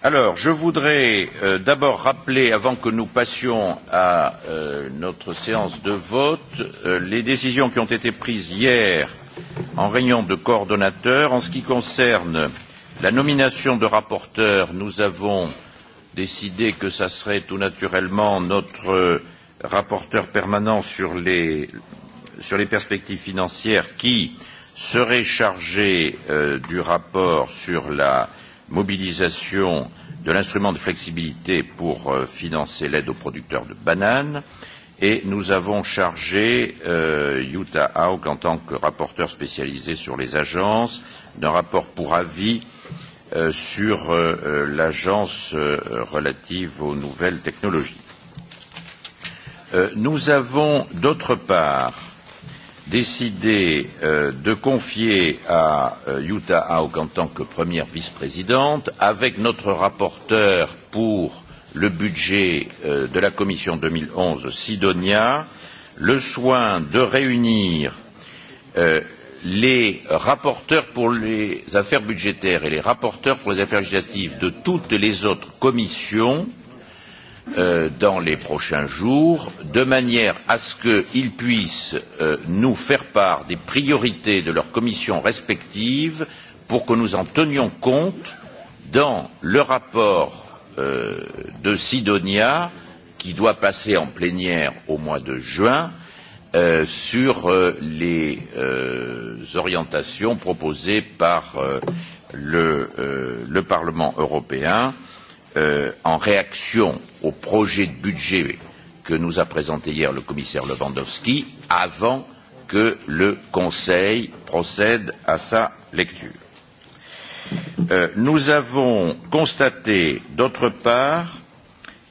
Alors, je voudrais euh, d'abord rappeler, avant que nous passions à euh, notre séance de vote, euh, les décisions qui ont été prises hier en réunion de coordonnateurs. En ce qui concerne la nomination de rapporteurs, nous avons décidé que ça serait tout naturellement notre euh, rapporteur permanent sur les, sur les perspectives financières qui serait chargé euh, du rapport sur la mobilisation de l'instrument de flexibilité pour euh, financer l'aide aux producteurs de bananes et nous avons chargé euh, Utah Hawk en tant que rapporteur spécialisé sur les agences d'un rapport pour avis euh, euh, sur euh, euh, l'agence euh, relative aux nouvelles technologies. Euh, nous avons, d'autre part, décidé euh, de confier à euh, Utah Hawk en tant que première vice-présidente, avec notre rapporteur pour le budget euh, de la Commission 2011, Sidonia, le soin de réunir euh, les rapporteurs pour les affaires budgétaires et les rapporteurs pour les affaires législatives de toutes les autres commissions euh, dans les prochains jours, de manière à ce qu'ils puissent euh, nous faire part des priorités de leurs commissions respectives pour que nous en tenions compte dans le rapport euh, de Sidonia qui doit passer en plénière au mois de juin euh, sur euh, les euh, orientations proposées par euh, le, euh, le Parlement européen euh, en réaction au projet de budget que nous a présenté hier le commissaire Lewandowski avant que le Conseil procède à sa lecture. Euh, nous avons constaté, d'autre part,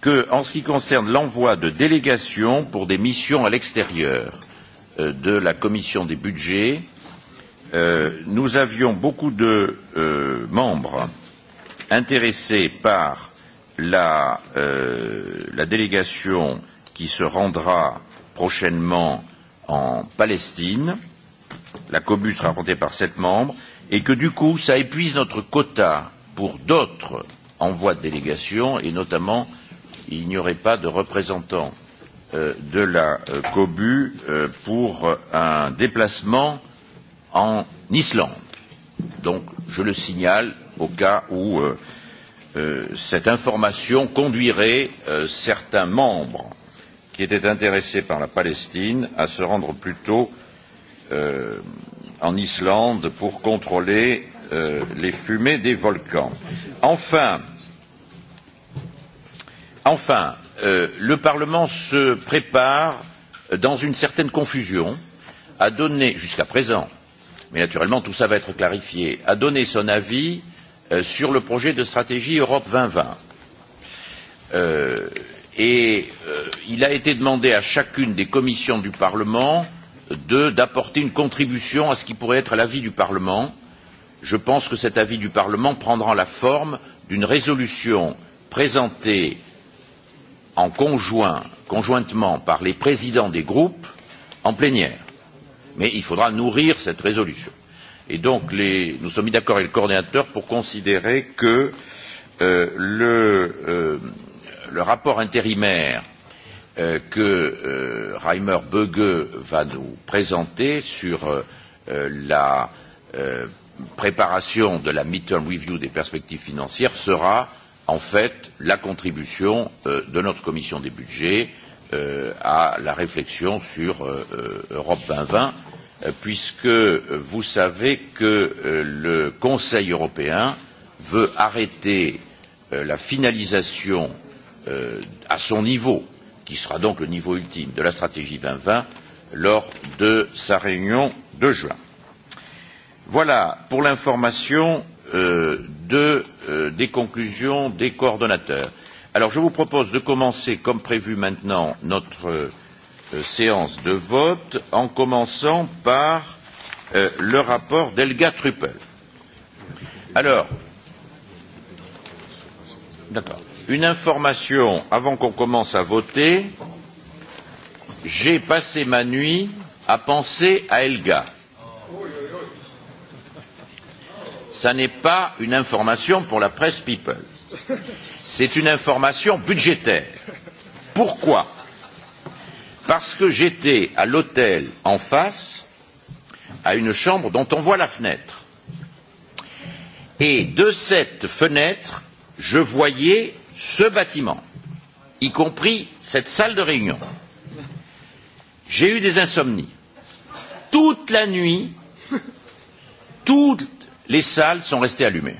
que, en ce qui concerne l'envoi de délégations pour des missions à l'extérieur euh, de la commission des budgets, euh, nous avions beaucoup de euh, membres intéressés par la, euh, la délégation qui se rendra prochainement en Palestine. La COBU sera portée par sept membres et que du coup, ça épuise notre quota pour d'autres envois de délégation et notamment euh, il n'y aurait pas de représentants euh, de la euh, COBU euh, pour euh, un déplacement en Islande. Donc, je le signale au cas où euh, euh, cette information conduirait euh, certains membres qui étaient intéressés par la Palestine à se rendre plutôt euh, en Islande pour contrôler euh, les fumées des volcans. Enfin, Enfin, euh, le Parlement se prépare euh, dans une certaine confusion à donner, jusqu'à présent, mais naturellement tout ça va être clarifié, à donner son avis euh, sur le projet de stratégie Europe 2020. Euh, et euh, il a été demandé à chacune des commissions du Parlement d'apporter une contribution à ce qui pourrait être l'avis du Parlement. Je pense que cet avis du Parlement prendra la forme d'une résolution présentée euh, en conjoint, conjointement par les présidents des groupes en plénière. Mais il faudra nourrir cette résolution. Et donc, les, nous sommes mis d'accord avec le coordinateur pour considérer que euh, le, euh, le rapport intérimaire euh, que euh, Reimer Böge va nous présenter sur euh, la euh, préparation de la midterm review des perspectives financières sera en fait la contribution euh, de notre commission des budgets euh, à la réflexion sur euh, euh Europe 2020, euh, puisque vous savez que euh, le Conseil européen veut arrêter euh, la finalisation euh, à son niveau, qui sera donc le niveau ultime de la stratégie 2020, lors de sa réunion de juin. Voilà pour l'information euh, de euh, des conclusions des coordonnateurs. Alors je vous propose de commencer, comme prévu maintenant, notre euh, euh, séance de vote en commençant par euh, le rapport d'Elga Truppel. Alors, d'accord. Une information avant qu'on commence à voter. J'ai passé ma nuit à penser à Elga. Euh, ça n'est pas une information pour la presse People. C'est une information budgétaire. Pourquoi Parce que j'étais à l'hôtel en face, à une chambre dont on voit la fenêtre. Et de cette fenêtre, je voyais ce bâtiment, y compris cette salle de réunion. J'ai eu des insomnies. Toute la nuit, toute les salles sont restées allumées.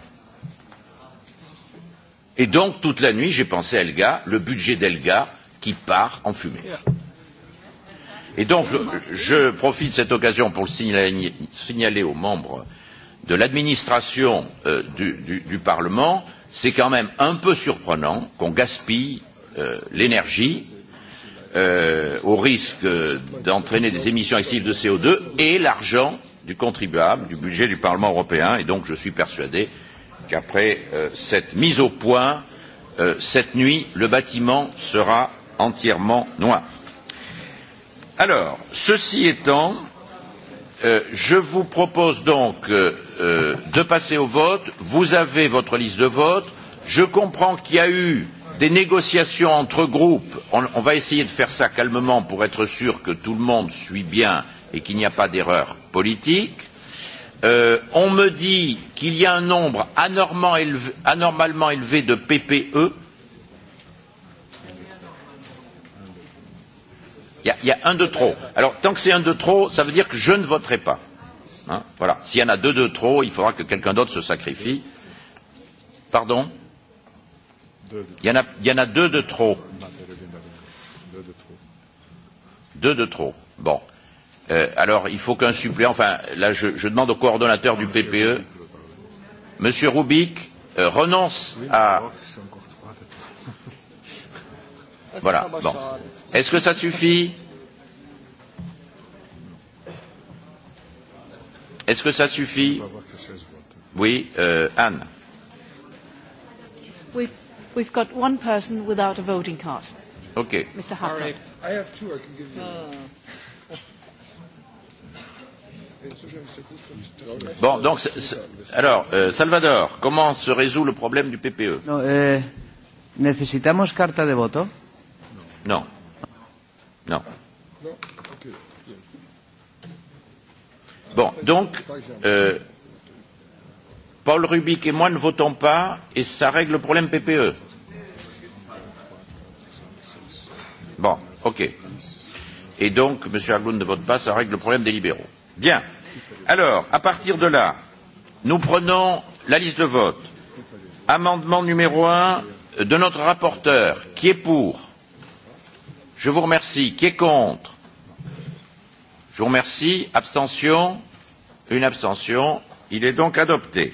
Et donc, toute la nuit, j'ai pensé à Elga, le budget d'Elga qui part en fumée. Et donc, je profite de cette occasion pour le signaler, signaler aux membres de l'administration euh, du, du, du Parlement, c'est quand même un peu surprenant qu'on gaspille euh, l'énergie euh, au risque euh, d'entraîner des émissions excessives de CO2 et l'argent du contribuable, du budget du Parlement européen, et donc je suis persuadé qu'après euh, cette mise au point, euh, cette nuit, le bâtiment sera entièrement noir. Alors, ceci étant, euh, je vous propose donc euh, euh de passer au vote. Vous avez votre liste de vote. Je comprends qu'il y a eu des négociations entre groupes. On, on va essayer de faire ça calmement pour être sûr que tout le monde suit bien et qu'il n'y a pas d'erreur politique. Euh, on me dit qu'il y a un nombre anormalement élevé, anormalement élevé de PPE. Il y, a, il y a un de trop. Alors, tant que c'est un de trop, ça veut dire que je ne voterai pas. Hein, voilà. S'il y en a deux de trop, il faudra que quelqu'un d'autre se sacrifie. Pardon il y, en a, il y en a deux de trop. Deux de trop. Bon. Euh, alors, il faut qu'un suppléant. Enfin, là, je, je demande au coordonnateur du PPE. Monsieur e. Roubik euh, renonce à. Voilà. Ah, bon. Est-ce que ça suffit Est-ce que ça suffit Oui, euh, Anne. We've, we've got one person without a voting card. Okay. Mr. Hartnett. I have two. I can give you. Uh. Bon, donc, alors, euh, Salvador, comment se résout le problème du PPE no, eh, ¿Necesitamos carta de voto Non. Non. Bon, donc, euh, Paul Rubic et moi ne votons pas et ça règle le problème PPE. Bon, ok. Et donc, M. Aglund ne vote pas, ça règle le problème des libéraux. Bien. Alors, à partir de là, nous prenons la liste de vote. Amendement numéro 1 de notre rapporteur. Qui est pour Je vous remercie. Qui est contre Je vous remercie. Abstention Une abstention. Il est donc adopté.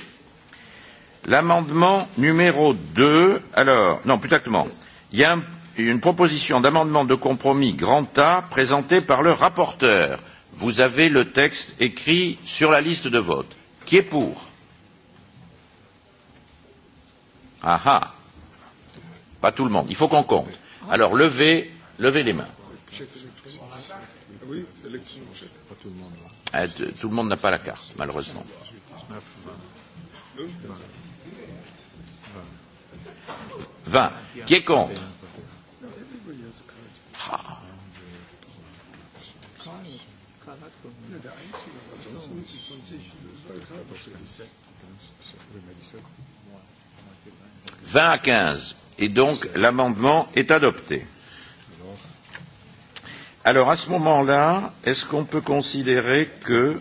L'amendement numéro 2, alors, non, plus exactement, il y a un, une proposition d'amendement de compromis grand A présentée par le rapporteur. Vous avez le texte écrit sur la liste de vote. Qui est pour Ah ah Pas tout le monde. Il faut qu'on compte. Alors levez, levez les mains. Oui, l'élection. Pas tout le monde. Ah, tout le monde n'a pas la carte, malheureusement. 20. Qui est contre 20 à 15. Et donc, l'amendement est adopté. Alors, à ce moment-là, est-ce qu'on peut considérer que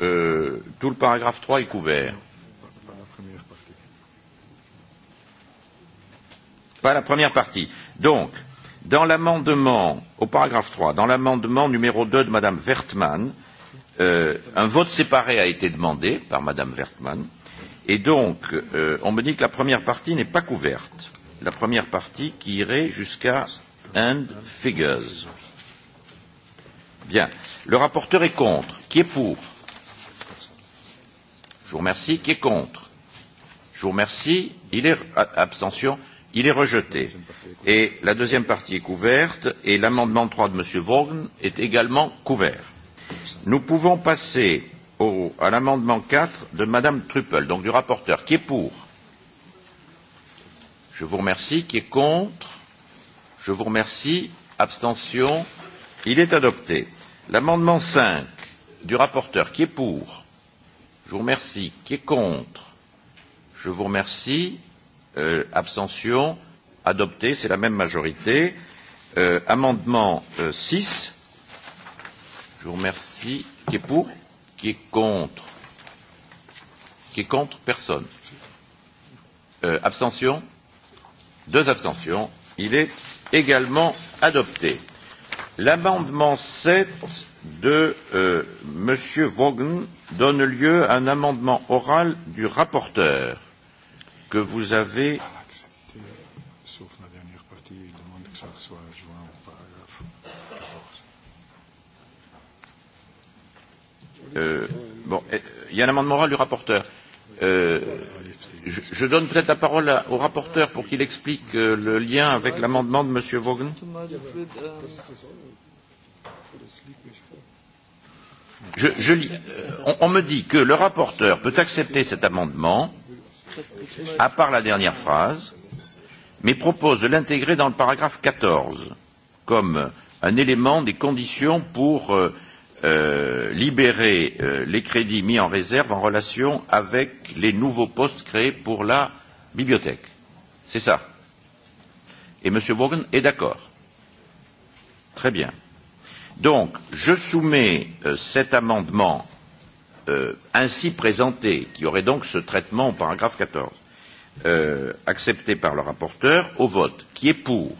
euh, tout le paragraphe 3 est couvert Pas la première partie. Donc, dans l'amendement, au paragraphe 3, dans l'amendement numéro 2 de Mme Vertman, euh, un vote séparé a été demandé par Mme Vertman. Et donc, euh, on me dit que la première partie n'est pas couverte. La première partie qui irait jusqu'à and figures. Bien. Le rapporteur est contre. Qui est pour Je vous remercie. Qui est contre Je vous remercie. Il est abstention. Il est rejeté. Et la deuxième partie est couverte et l'amendement 3 de M. Vaughan est également couvert. Nous pouvons passer au, à l'amendement 4 de Madame Truppel, donc du rapporteur. Qui est pour Je vous remercie. Qui est contre Je vous remercie. Abstention Il est adopté. L'amendement 5 du rapporteur. Qui est pour Je vous remercie. Qui est contre Je vous remercie. Euh, abstention Adopté. C'est la même majorité. Euh, amendement euh, 6. Je vous remercie. Qui est pour Qui est contre Qui est contre Personne. Euh, abstention Deux abstentions. Il est également adopté. L'amendement 7 de euh, M. Vaughan donne lieu à un amendement oral du rapporteur que vous avez Euh, bon, il y a un amendement oral du rapporteur. Euh, je, je donne peut-être la parole à, au rapporteur pour qu'il explique euh, le lien avec l'amendement de M. Vaughan. Je, je lis, euh, on, on me dit que le rapporteur peut accepter cet amendement, à part la dernière phrase, mais propose de l'intégrer dans le paragraphe 14 comme un élément des conditions pour euh, euh, libérer euh, les crédits mis en réserve en relation avec les nouveaux postes créés pour la bibliothèque. C'est ça. Et M. Vaughan est d'accord. Très bien. Donc, je soumets euh, cet amendement euh, ainsi présenté, qui aurait donc ce traitement au paragraphe 14, euh, accepté par le rapporteur, au vote. Qui est pour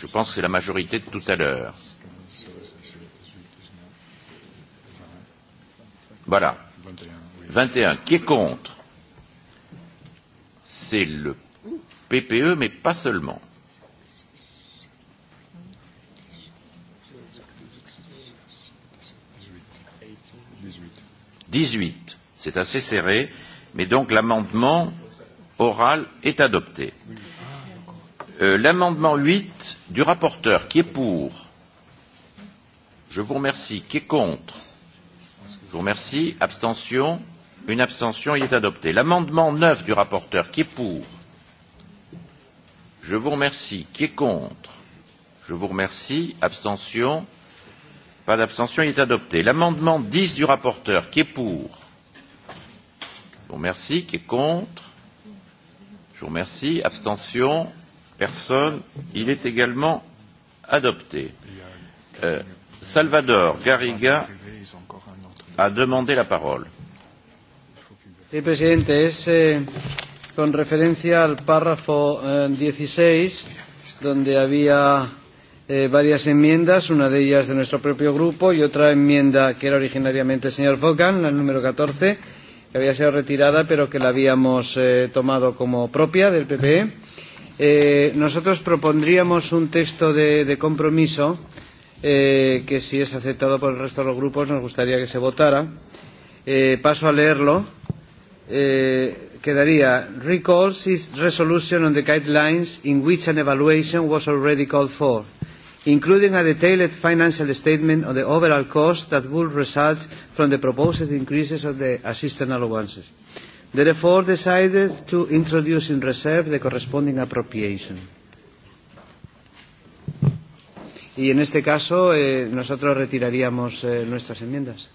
Je pense que c'est la majorité de tout à l'heure. Voilà. 21. Qui est contre C'est le PPE, mais pas seulement. Dix-huit. C'est assez serré, mais donc l'amendement oral est adopté. Oui. Euh, L'amendement 8 du rapporteur, qui est pour Je vous remercie. Qui est contre Je vous remercie. Abstention Une abstention, il est adopté. L'amendement 9 du rapporteur, qui est pour Je vous remercie. Qui est contre Je vous remercie. Abstention Pas d'abstention, il est adopté. L'amendement 10 du rapporteur, qui est pour Je vous remercie. Qui est contre Je vous remercie. Abstention Personne. Il est également adopté. Euh, Salvador Garriga a demandé la parole. Sí, presidente, es eh, con referencia al párrafo eh, 16, donde había eh, varias enmiendas, una de ellas de nuestro propio grupo y otra enmienda que era originariamente el señor Fogan, la número 14, que había sido retirada pero que la habíamos eh, tomado como propia del PPE Eh, nosotros propondríamos un texto de, de compromiso eh, que, si es aceptado por el resto de los grupos, nos gustaría que se votara. Eh, paso a leerlo. Eh, quedaría recalls its resolution on the guidelines in which an evaluation was already called for, including a detailed financial statement on the overall cost that would result from the proposed increases of the assistance allowances. Uh, therefore decided to introduce in reserve the corresponding appropriation. Y en este caso eh, nosotros retiraríamos eh, nuestras enmiendas.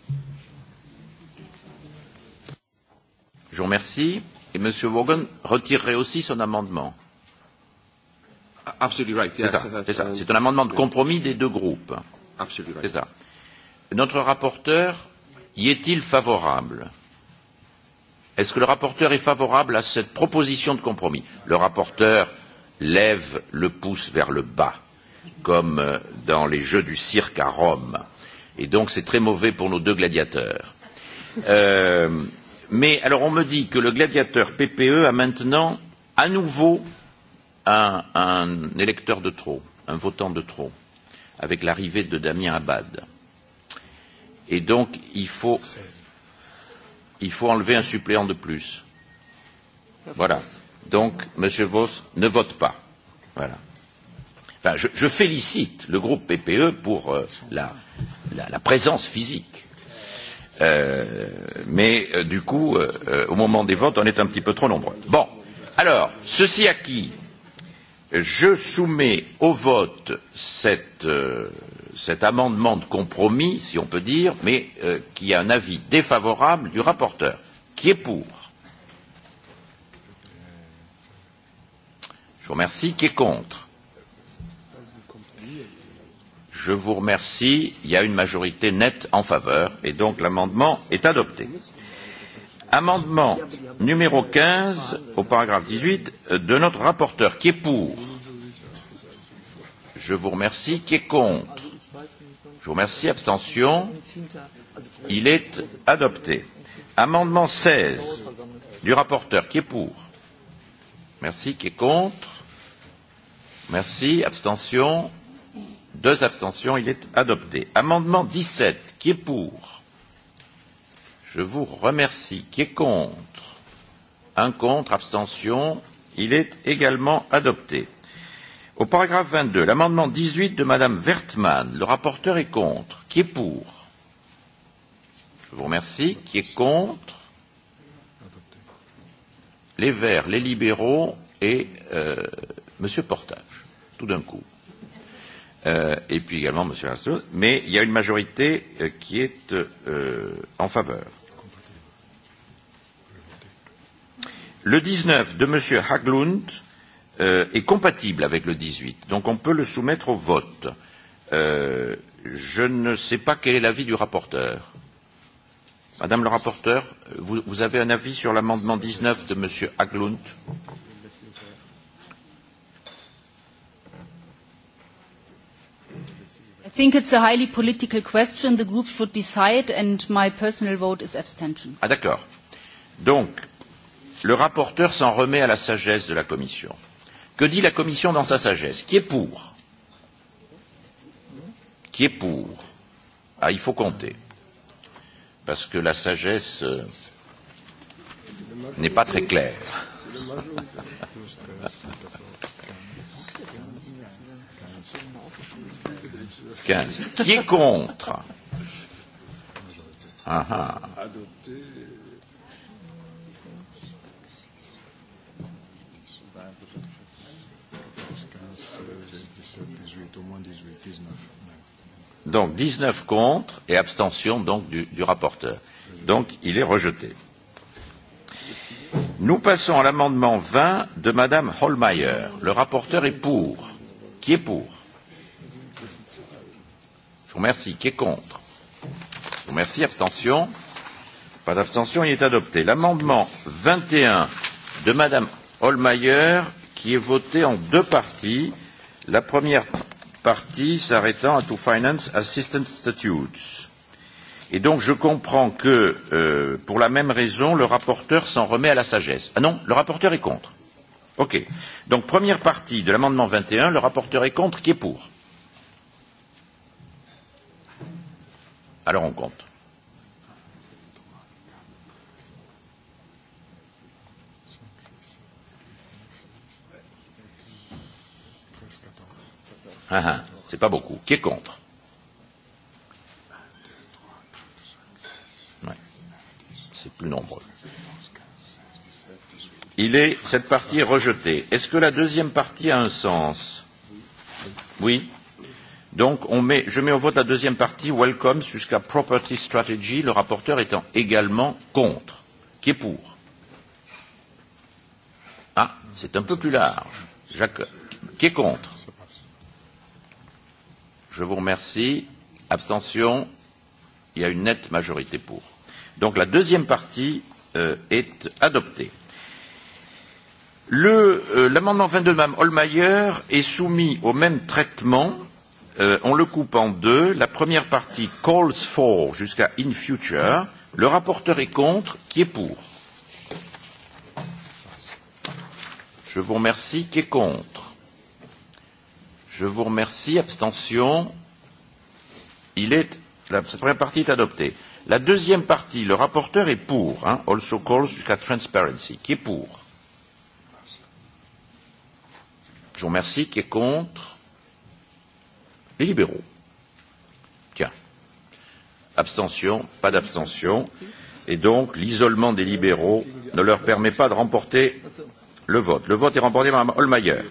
Je vous remercie. Et M. Vaughan retirerait aussi son amendement. Absolutely right. Yes, c'est ça. Uh, c'est un amendement de compromis des deux groupes. Absolutely right. C'est ça. Notre rapporteur y est-il favorable? Est-ce que le rapporteur est favorable à cette proposition de compromis Le rapporteur lève le pouce vers le bas, comme euh, dans les Jeux du cirque à Rome. Et donc c'est très mauvais pour nos deux gladiateurs. Euh, mais alors on me dit que le gladiateur PPE a maintenant à nouveau un, un électeur de trop, un votant de trop, avec l'arrivée de Damien Abad. Et donc il faut. 16 il faut enlever un suppléant de plus. Voilà. Donc, M. Voss ne vote pas. Voilà. Enfin, je, je félicite le groupe PPE pour euh, la, la, la présence physique. Euh, mais euh, du coup, euh, euh, au moment des votes, on est un petit peu trop nombreux. Bon. Alors, ceci acquis, je soumets au vote cette, euh, cet amendement de compromis, si on peut dire, mais euh, qui a un avis défavorable du rapporteur. Qui est pour Je vous remercie. Qui est contre Je vous remercie. Il y a une majorité nette en faveur et donc l'amendement est adopté. Amendement numéro 15 au paragraphe 18 de notre rapporteur. Qui est pour Je vous remercie. Qui est contre Je vous remercie. Abstention. Il est adopté. Amendement 16 du rapporteur. Qui est pour Merci. Qui est contre Merci. Abstention. Deux abstentions. Il est adopté. Amendement 17. Qui est pour Je vous remercie. Qui est contre Un contre. Abstention. Il est également adopté. Au paragraphe 22, l'amendement 18 de Madame Wertmann, le rapporteur est contre. Qui est pour Je vous remercie. Qui est contre Les Verts, les Libéraux et euh, Monsieur Portage, tout d'un coup. Euh, et puis également Monsieur Aston. Mais il y a une majorité euh, qui est euh, en faveur. Le 19 de Monsieur Haglund, euh, euh, est compatible avec le 18. Donc on peut le soumettre au vote. Euh, je ne sais pas quel est l'avis du rapporteur. Madame le rapporteur, vous, vous avez un avis sur l'amendement 19 de Monsieur Haglund I think it's a highly political question. The group should decide, and my personal vote is abstention. Ah d'accord. Donc, le rapporteur s'en remet à la sagesse de la Commission. Que dit la Commission dans sa sagesse Qui est pour Qui est pour Ah, il faut compter. Parce que la sagesse euh, n'est pas très claire. <laughs> Quinze. Qui est contre ah, ah. Adopté. est au moins 18, 19. Donc 19 contre et abstention donc du, du rapporteur. Donc il est rejeté. Nous passons à l'amendement 20 de Madame Holmeyer. Le rapporteur est pour. Qui est pour Je vous remercie. Qui est contre Je vous remercie. Abstention Pas d'abstention, il est adopté. L'amendement 21 de Madame Holmeyer qui est voté en deux parties. La première partie s'arrêtant à To Finance Assistance Statutes. Et donc je comprends que, euh, pour la même raison, le rapporteur s'en remet à la sagesse. Ah non, le rapporteur est contre. OK. Donc première partie de l'amendement 21, le rapporteur est contre, qui est pour Alors on compte. Ah, ah, c'est pas beaucoup. Qui est contre ouais. C'est plus nombreux. Il est, cette partie est rejetée. Est-ce que la deuxième partie a un sens Oui. Donc, on met, je mets au vote la deuxième partie, Welcome, jusqu'à Property Strategy, le rapporteur étant également contre. Qui est pour Ah, c'est un peu plus large. Jacques, qui est contre Je vous remercie. Abstention. Il y a une nette majorité pour. Donc la deuxième partie euh, est adoptée. Euh, l'amendement euh, 22 de Mme Holmeyer est soumis au même traitement. Euh, on le coupe en deux. La première partie calls for jusqu'à in future. Le rapporteur est contre. Qui est pour Je vous remercie. Qui est contre Je vous remercie. Abstention. Il est, la première partie est adoptée. La deuxième partie, le rapporteur est pour, hein, also calls jusqu'à transparency, qui est pour. Je vous remercie, qui est contre. Les libéraux. Tiens. Abstention, pas d'abstention. Et donc, l'isolement des libéraux ne leur permet pas de remporter le vote. Le vote est remporté par Mme Holmeyer.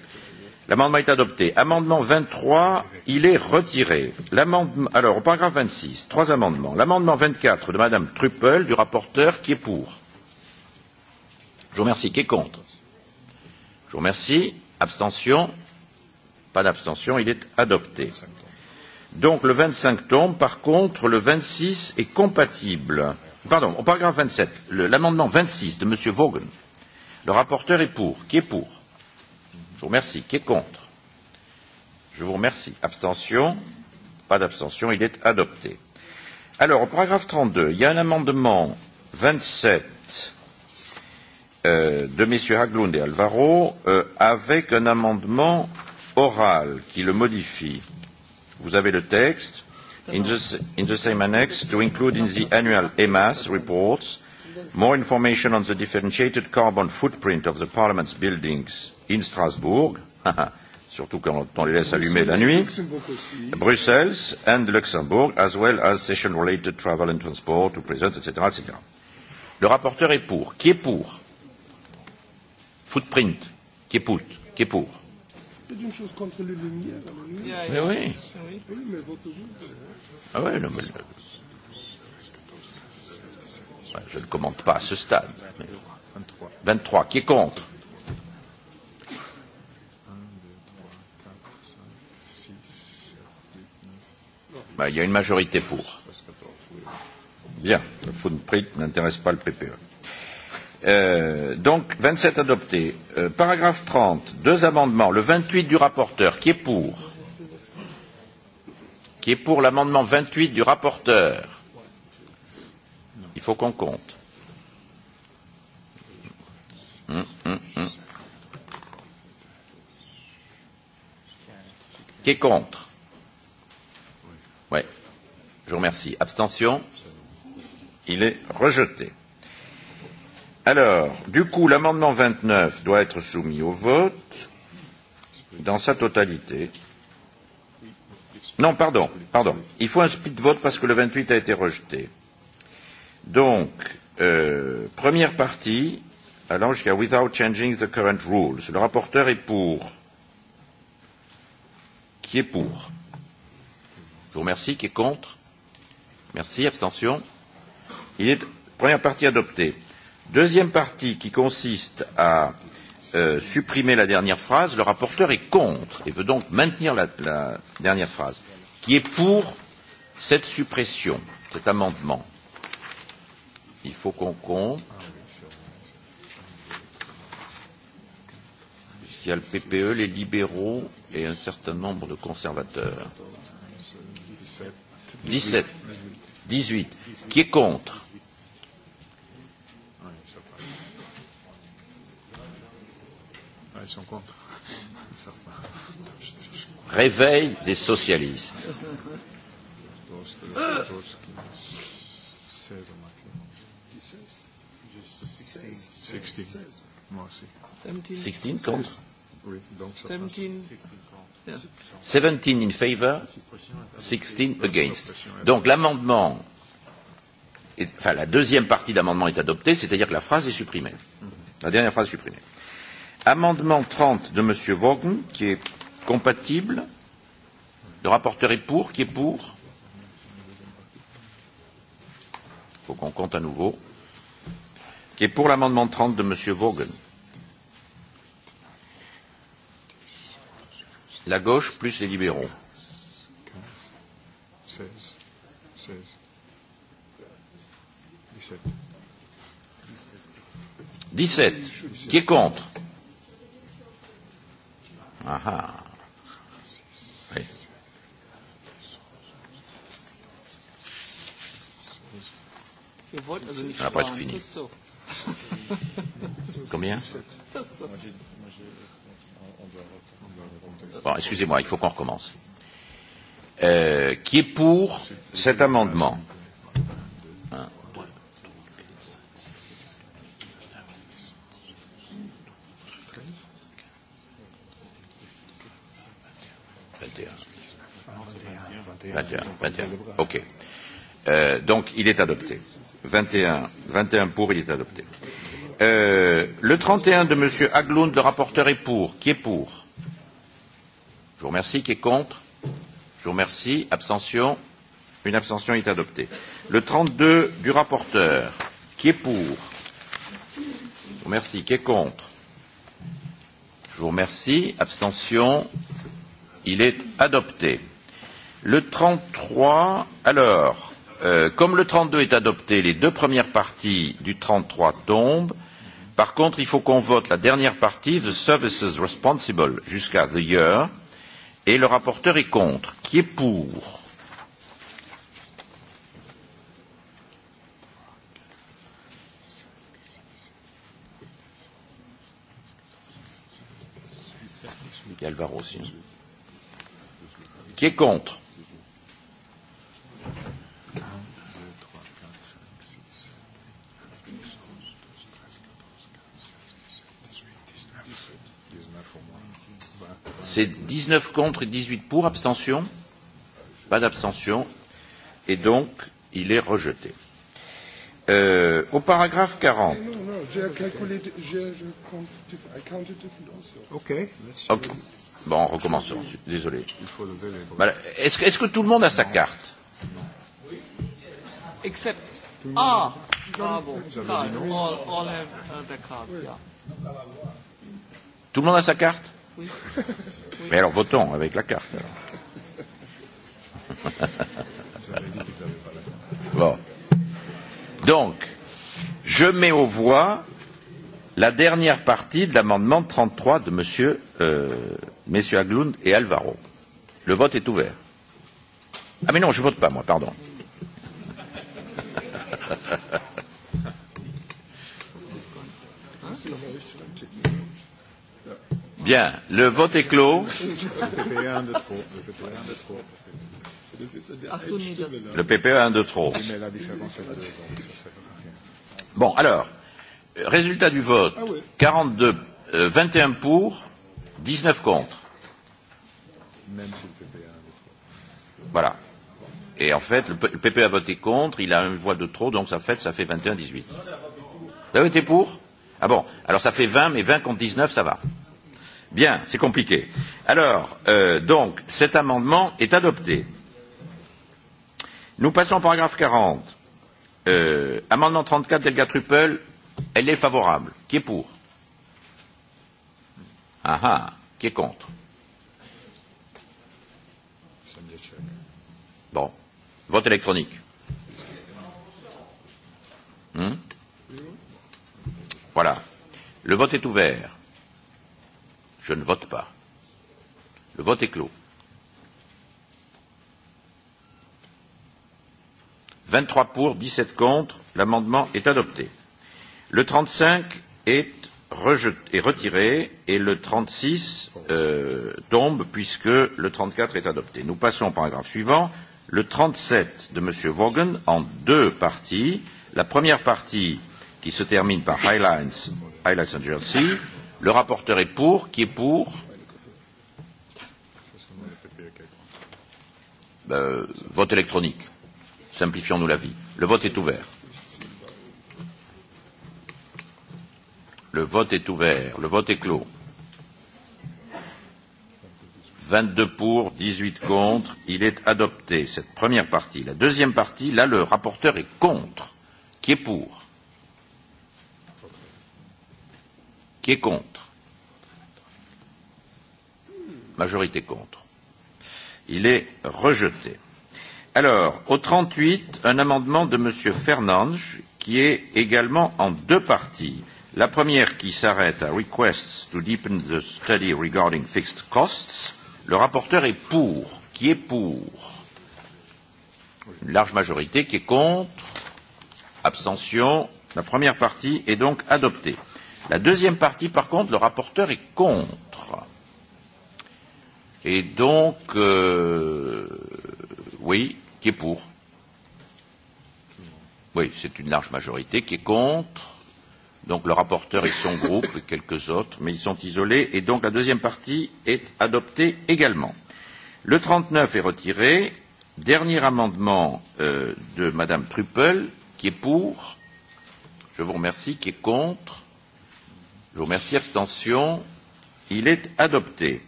L'amendement est adopté. Amendement 23, il est retiré. L'amendement, alors, au paragraphe 26, trois amendements. L'amendement 24 de Madame Truppel, du rapporteur, qui est pour Je vous remercie. Qui est contre Je vous remercie. Abstention Pas d'abstention. Il est adopté. Donc le 25 tombe. Par contre, le 26 est compatible. Pardon, au paragraphe 27, l'amendement 26 de M. Vaughan, le rapporteur est pour. Qui est pour Je vous remercie. Qui est contre Je vous remercie. Abstention Pas d'abstention. Il est adopté. Alors, au paragraphe 32, il y a un amendement 27 euh, de messieurs Haglund et Alvaro euh, avec un amendement oral qui le modifie. Vous avez le texte. In the, in the same annex, to include in the annual EMAS reports more information on the differentiated carbon footprint of the Parliament's buildings in Strasbourg, <laughs> surtout quand on, on les laisse allumer la nuit, Bruxelles and Luxembourg, as well as session-related travel and transport to prisons, etc., etc. Le rapporteur est pour. Qui est pour Footprint. Qui est pour Qui est pour C'est une chose contre les lumières. Les lumières. Mais eh oui. Oui, mais votre euh, Ah ouais, non, mais... Le... Je ne commente pas à ce stade. Mais... 23. 23. Qui est contre Bah, il y a une majorité pour. Bien, le footprint n'intéresse pas le PPE. Euh, donc, 27 adoptés. Euh, paragraphe 30, deux amendements. Le 28 du rapporteur, qui est pour Qui est pour l'amendement 28 du rapporteur Il faut qu'on compte. Hum, hum, hum. Qui est contre Je vous remercie. Abstention Il est rejeté. Alors, du coup, l'amendement 29 doit être soumis au vote dans sa totalité. Non, pardon, pardon. Il faut un split vote parce que le 28 a été rejeté. Donc, euh, première partie, allant jusqu'à Without changing the current rules. Le rapporteur est pour. Qui est pour Je vous remercie. Qui est contre Merci. Abstention. Il est première partie adoptée. Deuxième partie qui consiste à euh, supprimer la dernière phrase. Le rapporteur est contre et veut donc maintenir la, la dernière phrase. Qui est pour cette suppression, cet amendement Il faut qu'on compte. Il y a le PPE, les libéraux et un certain nombre de conservateurs. 17. 18. Qui est contre ah, Ils sont contre. Réveil des socialistes. Sixteen contre. Oui, donc 17 contre. 17 in favor, 16 against. Donc l'amendement, enfin la deuxième partie de l'amendement est adoptée, c'est-à-dire que la phrase est supprimée. La dernière phrase est supprimée. Amendement 30 de M. Vaughan, qui est compatible. Le rapporteur est pour, qui est pour Il faut qu'on compte à nouveau. Qui est pour l'amendement 30 de M. Vaughan La gauche plus les libéraux. Okay. 16, 16, 17. 17. Qui est contre ah, ah. Oui. On n'a pas fini. Combien Bon, excusez-moi, il faut qu'on recommence. Euh, qui est pour cet amendement OK. Euh, donc, il est adopté. 21, 21 pour, il est adopté. Euh, le 31 de M. Haglund, le rapporteur, est pour. Qui est pour Je vous remercie. Qui est contre Je vous remercie. Abstention Une abstention est adoptée. Le 32 du rapporteur. Qui est pour Je vous remercie. Qui est contre Je vous remercie. Abstention Il est adopté. Le 33, alors, euh, comme le 32 est adopté, les deux premières parties du 33 tombent. Par contre, il faut qu'on vote la dernière partie, The Services Responsible, jusqu'à The Year, Et le rapporteur est contre. Qui est pour Il y a Alvaro aussi. Qui est contre C'est 19 contre et 18 pour. Abstention Pas d'abstention. Et donc, il est rejeté. Euh, au paragraphe 40. Non, non, j'ai calculé, j'ai compté Ok. okay. Bon, recommençons. Désolé. Voilà. Est-ce est que tout le monde a sa carte Oui. Except. Ah Ah bon. All, all have uh, the cards, yeah. Tout le monde a sa carte oui. oui. Mais alors votons avec la carte. Alors. bon. Donc, je mets aux voix la dernière partie de l'amendement 33 de Monsieur, euh, Messieurs Aglund et Alvaro. Le vote est ouvert. Ah mais non, je vote pas moi, pardon. <laughs> Bien, le vote est clos. Le PPE a un de trop. Bon, alors, résultat du vote. 42, ah euh, 21 pour, 19 contre. Même si le PPE a un de trop. Voilà. Et en fait, le PPE e a voté contre, il a une voix de trop, donc ça fait, ça fait 21-18. Vous avez été pour Ah bon, alors ça fait 20, mais 20 contre 19, ça va. Bien, c'est compliqué. Alors, euh, donc, cet amendement est adopté. Nous passons au paragraphe 40. Euh, amendement 34 d'Elga Truppel, elle est favorable. Qui est pour Ah ah, qui est contre Bon, vote électronique. Hmm voilà. Le vote est ouvert. Je ne vote pas. Le vote est clos. 23 pour, 17 contre. L'amendement est adopté. Le 35 est, rejeté, est retiré et le 36 euh, tombe puisque le 34 est adopté. Nous passons au paragraphe suivant. Le 37 de M. Vaughan en deux parties. La première partie qui se termine par Highlights, Highlights and Jersey Le rapporteur est pour. Qui est pour euh, Vote électronique. Simplifions-nous la vie. Le vote est ouvert. Le vote est ouvert. Le vote est clos. 22 pour, 18 contre. Il est adopté, cette première partie. La deuxième partie, là, le rapporteur est contre. Qui est pour Qui est contre Majorité contre. Il est rejeté. Alors, au 38, un amendement de M. Fernandes qui est également en deux parties. La première qui s'arrête à Requests to deepen the study regarding fixed costs. Le rapporteur est pour. Qui est pour Une large majorité. Qui est contre Abstention. La première partie est donc adoptée. La deuxième partie, par contre, le rapporteur est contre. Et donc, euh, oui, qui est pour Oui, c'est une large majorité qui est contre. Donc le rapporteur et son groupe et quelques autres, mais ils sont isolés. Et donc la deuxième partie est adoptée également. Le 39 est retiré. Dernier amendement euh, de Madame Truppel, qui est pour. Je vous remercie. Qui est contre Je vous remercie. Abstention. Il est adopté.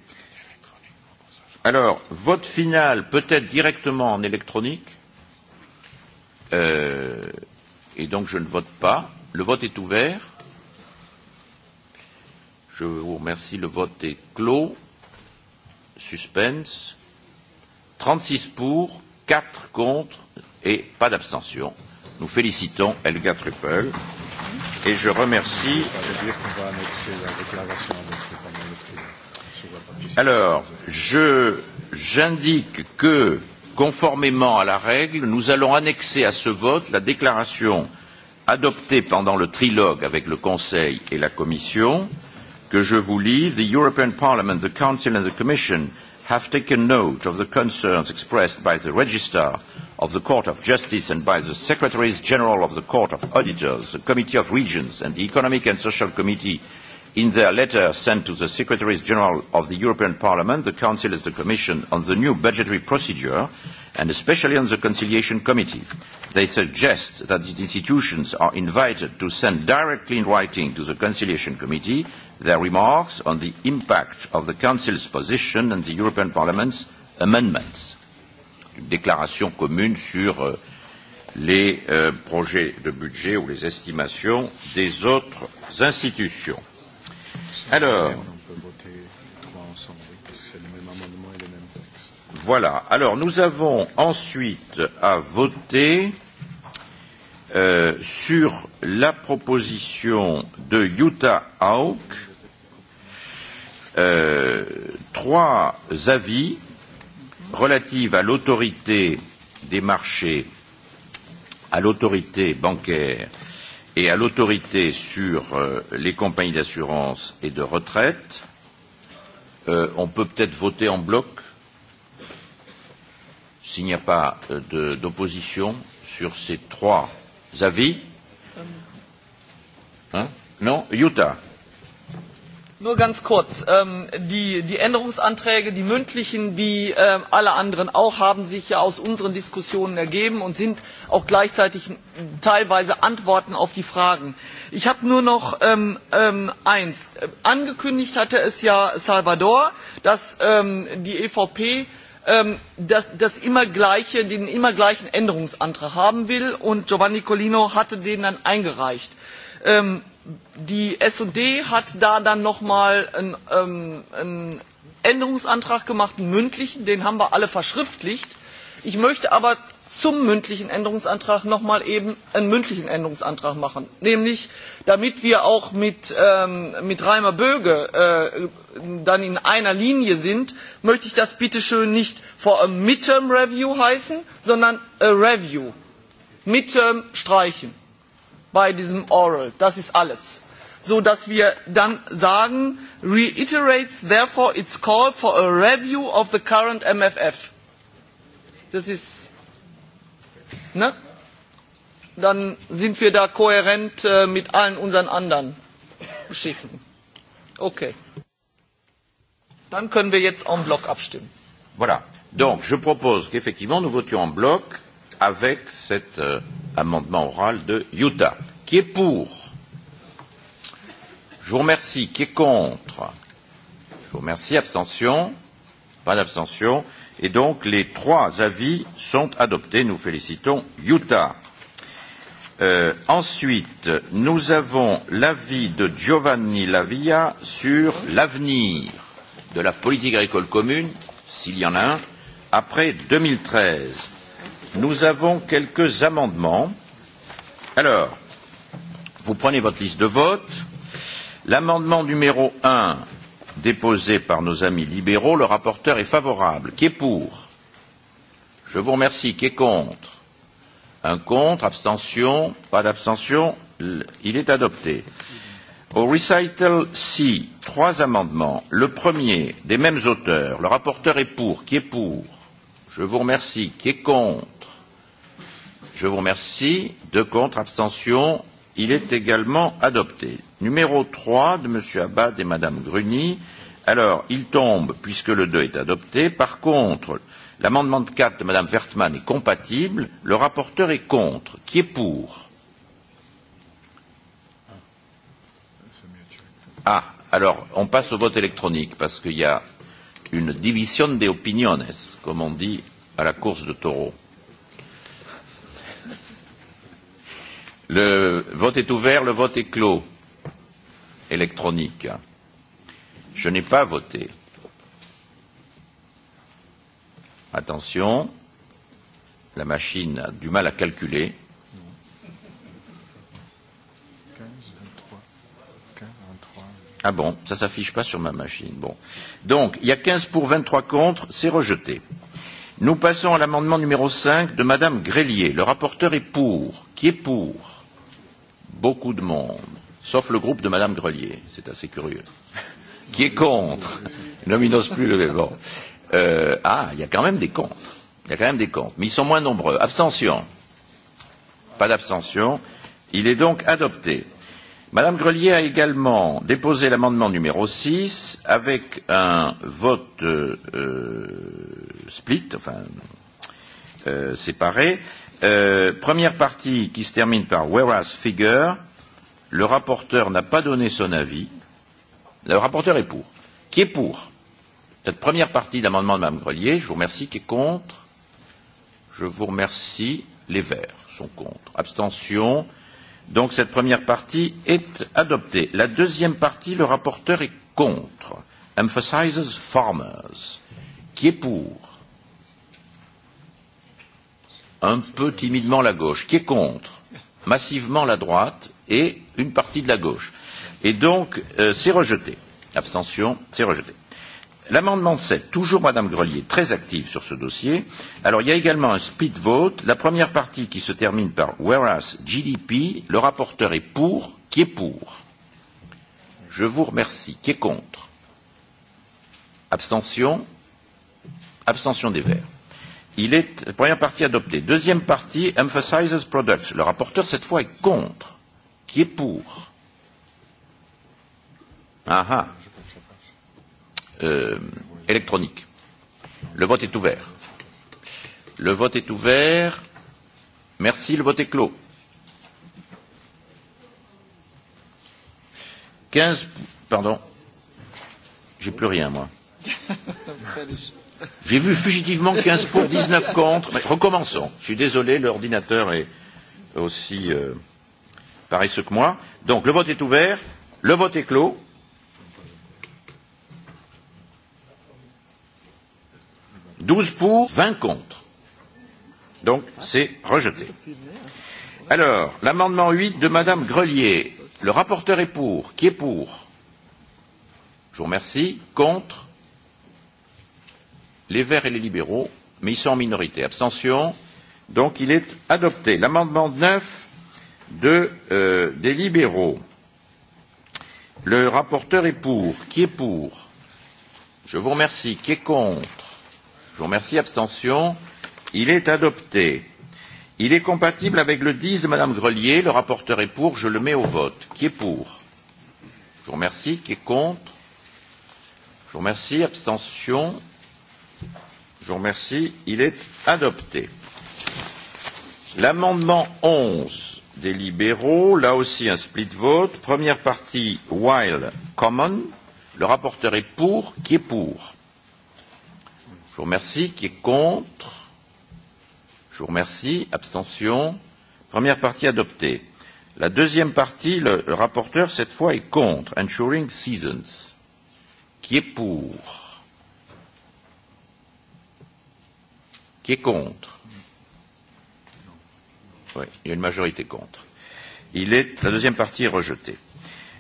Alors, vote final peut-être directement en électronique. Euh, et donc, je ne vote pas. Le vote est ouvert. Je vous remercie. Le vote est clos. Suspense. 36 pour, 4 contre et pas d'abstention. Nous félicitons Helga Truppel et je remercie. Alors, je, j'indique que, conformément à la règle, nous allons annexer à ce vote la déclaration adoptée pendant le trilogue avec le Conseil et la Commission, que je vous lis. The European Parliament, the Council and the Commission have taken note of the concerns expressed by the Registrar of the Court of Justice and by the Secretaries General of the Court of Auditors, the Committee of Regions and the Economic and Social Committee in their letter sent to the Secretaries General of the European Parliament, the Council and the Commission on the new budgetary procedure and especially on the Conciliation Committee. They suggest that the institutions are invited to send directly in writing to the Conciliation Committee their remarks on the impact of the Council's position and the European Parliament's amendments une déclaration commune sur euh, les euh, projets de budget ou les estimations des autres institutions. Alors, voilà. Alors, nous avons ensuite à voter euh, sur la proposition de Utah Hawk euh, trois avis relative à l'autorité des marchés, à l'autorité bancaire et à l'autorité sur euh, les compagnies d'assurance et de retraite. Euh, on peut peut-être voter en bloc s'il n'y a pas euh, d'opposition sur ces trois avis. Hein non Utah Nur ganz kurz. Ähm, die, die Änderungsanträge, die mündlichen, wie äh, alle anderen auch, haben sich ja aus unseren Diskussionen ergeben und sind auch gleichzeitig teilweise Antworten auf die Fragen. Ich habe nur noch ähm, ähm, eins. Angekündigt hatte es ja Salvador, dass ähm, die EVP ähm, das, das immer gleiche, den immer gleichen Änderungsantrag haben will und Giovanni Colino hatte den dann eingereicht. Ähm, die S&D hat da dann nochmal einen, ähm, einen Änderungsantrag gemacht, einen mündlichen, den haben wir alle verschriftlicht. Ich möchte aber zum mündlichen Änderungsantrag nochmal eben einen mündlichen Änderungsantrag machen. Nämlich, damit wir auch mit, ähm, mit Reimer Böge äh, dann in einer Linie sind, möchte ich das bitteschön nicht vor einem Midterm Review heißen, sondern a Review. Midterm streichen bei diesem Oral. Das ist alles. So dass wir dann sagen, reiterates therefore its call for a review of the current MFF. Das ist, ne? Dann sind wir da kohärent äh, mit allen unseren anderen Geschichten. Okay. Dann können wir jetzt en bloc abstimmen. Voilà. Donc, je propose qu'effectivement nous votions en bloc avec cet euh, amendement oral de Utah. Qui est pour Je vous remercie. Qui est contre Je vous remercie. Abstention Pas d'abstention. Et donc, les trois avis sont adoptés. Nous félicitons Utah. Euh, ensuite, nous avons l'avis de Giovanni Lavia sur l'avenir de la politique agricole commune, s'il y en a un, après 2013. Nous avons quelques amendements. Alors, vous prenez votre liste de vote. L'amendement numéro 1, déposé par nos amis libéraux, le rapporteur est favorable. Qui est pour Je vous remercie. Qui est contre Un contre Abstention Pas d'abstention Il est adopté. Au recital C, trois amendements. Le premier, des mêmes auteurs. Le rapporteur est pour. Qui est pour Je vous remercie. Qui est contre Je vous remercie. Deux contre, abstention. Il est également adopté. Numéro 3 de M. Abad et Mme Gruny. Alors, il tombe puisque le 2 est adopté. Par contre, l'amendement 4 de Mme Vertman est compatible. Le rapporteur est contre. Qui est pour Ah, alors, on passe au vote électronique parce qu'il y a une division de opiniones, comme on dit à la course de taureau. Le vote est ouvert, le vote est clos. Électronique. Je n'ai pas voté. Attention, la machine a du mal à calculer. Ah bon, ça s'affiche pas sur ma machine. Bon. Donc, il y a 15 pour 23 contre, c'est rejeté. Nous passons à l'amendement numéro 5 de Madame Grélier. Le rapporteur est pour. Qui est pour beaucoup de monde, sauf le groupe de Madame Grelier, c'est assez curieux, qui est contre. L'homme, il n'ose plus lever. Bon. Euh, ah, il y a quand même des contre. Il y a quand même des contre, mais ils sont moins nombreux. Abstention. Pas d'abstention. Il est donc adopté. Madame Grelier a également déposé l'amendement numéro 6 avec un vote euh, split, enfin euh, séparé. Euh, Euh, première partie qui se termine par Whereas Figure. Le rapporteur n'a pas donné son avis. Le rapporteur est pour. Qui est pour Cette première partie de l'amendement de Mme Grelier, je vous remercie. Qui est contre Je vous remercie. Les Verts sont contre. Abstention. Donc cette première partie est adoptée. La deuxième partie, le rapporteur est contre. Emphasizes farmers. Qui est pour un peu timidement la gauche, qui est contre massivement la droite et une partie de la gauche. Et donc, euh, c'est rejeté. Abstention, c'est rejeté. L'amendement 7, toujours Madame Grelier, très active sur ce dossier. Alors, il y a également un split vote. La première partie qui se termine par Whereas GDP, le rapporteur est pour, qui est pour Je vous remercie. Qui est contre Abstention Abstention des Verts. Il est, première partie adoptée. Deuxième partie, emphasizes products. Le rapporteur, cette fois, est contre. Qui est pour Ah ah. Euh, électronique. Le vote est ouvert. Le vote est ouvert. Merci, le vote est clos. 15, pardon, j'ai plus rien, moi. <laughs> J'ai vu fugitivement 15 pour, 19 contre. Mais recommençons. Je suis désolé, l'ordinateur est aussi euh, paresseux que moi. Donc, le vote est ouvert. Le vote est clos. Douze pour, vingt contre. Donc, c'est rejeté. Alors, l'amendement 8 de Madame Grelier. Le rapporteur est pour. Qui est pour Je vous remercie. Contre les Verts et les libéraux, mais ils sont en minorité. Abstention. Donc il est adopté. L'amendement 9 de, euh, des libéraux. Le rapporteur est pour. Qui est pour Je vous remercie. Qui est contre Je vous remercie. Abstention. Il est adopté. Il est compatible avec le 10 de Madame Grelier. Le rapporteur est pour. Je le mets au vote. Qui est pour Je vous remercie. Qui est contre Je vous remercie. Abstention. Je vous remercie. Il est adopté. L'amendement 11 des libéraux, là aussi un split vote. Première partie, while common. Le rapporteur est pour. Qui est pour Je vous remercie. Qui est contre Je vous remercie. Abstention. Première partie adoptée. La deuxième partie, le, le rapporteur cette fois est contre. Ensuring seasons. Qui est pour Qui est contre Oui, il y a une majorité contre. Il est, la deuxième partie est rejetée.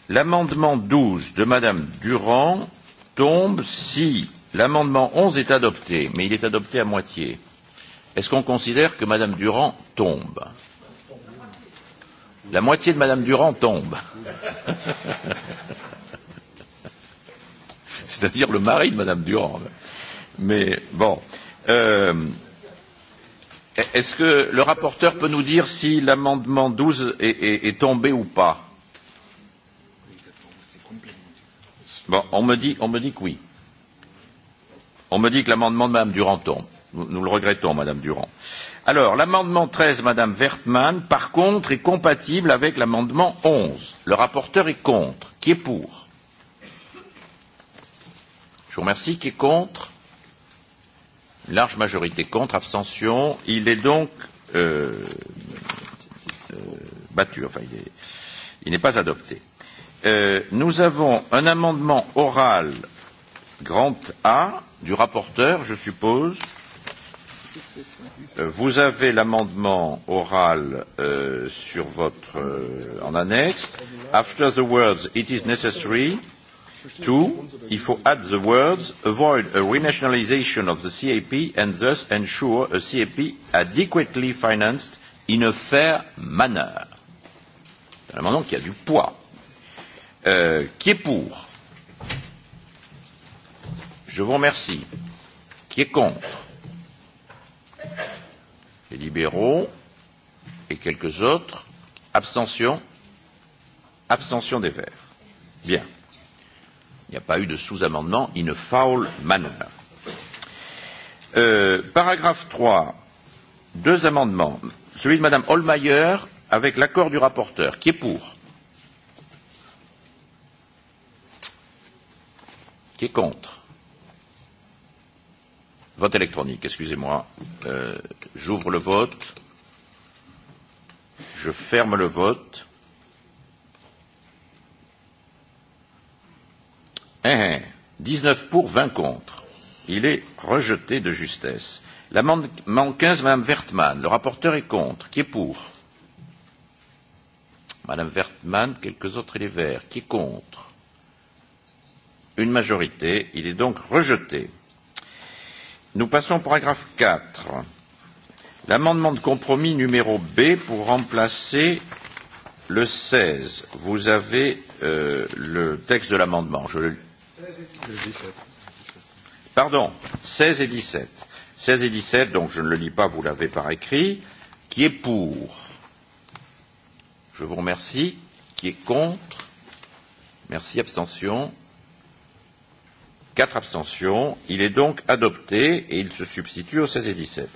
L'amendement 12 de Madame Durand tombe si l'amendement 11 est adopté, mais il est adopté à moitié. Est-ce qu'on considère que Madame Durand tombe La moitié de Madame Durand tombe. <laughs> C'est-à-dire le mari de Madame Durand. Mais bon. Euh, Est-ce que le rapporteur peut nous dire si l'amendement 12 est, est, est tombé ou pas Bon, on me, dit, on me dit que oui. On me dit que l'amendement de Mme Durand tombe. Nous, nous le regrettons, Mme Durand. Alors, l'amendement 13, Mme Wertmann, par contre, est compatible avec l'amendement 11. Le rapporteur est contre. Qui est pour Je vous remercie. Qui est contre large majorité contre, abstention. Il est donc euh, euh, battu, enfin il n'est pas adopté. Euh, nous avons un amendement oral grand A du rapporteur, je suppose. Euh, vous avez l'amendement oral euh, sur votre euh, en annexe. After the words "It is necessary", Two, il faut add the words avoid a renationalization of the CAP and thus ensure a CAP adequately financed in a fair manner. C'est un amendement qui a du poids. Euh, qui est pour Je vous remercie. Qui est contre Les libéraux et quelques autres. Abstention Abstention des Verts. Bien. Il n'y a pas eu de sous-amendement, in a foul manner. Euh, paragraphe 3, deux amendements. Celui de Madame Holmeyer avec l'accord du rapporteur. Qui est pour Qui est contre Vote électronique, excusez-moi. Euh, J'ouvre le vote. Je ferme le vote. 1, eh, 19 eh, pour, 20 contre. Il est rejeté de justesse. L'amendement 15, Madame Vertman, le rapporteur est contre. Qui est pour Madame Vertman, quelques autres et les Verts. Qui est contre Une majorité. Il est donc rejeté. Nous passons au paragraphe 4. L'amendement de compromis numéro B pour remplacer le 16. Vous avez euh, le texte de l'amendement. Je le Pardon, 16 et 17. 16 et 17, donc je ne le lis pas, vous l'avez par écrit. Qui est pour Je vous remercie. Qui est contre Merci, abstention. Quatre abstentions. Il est donc adopté et il se substitue aux 16 et 17.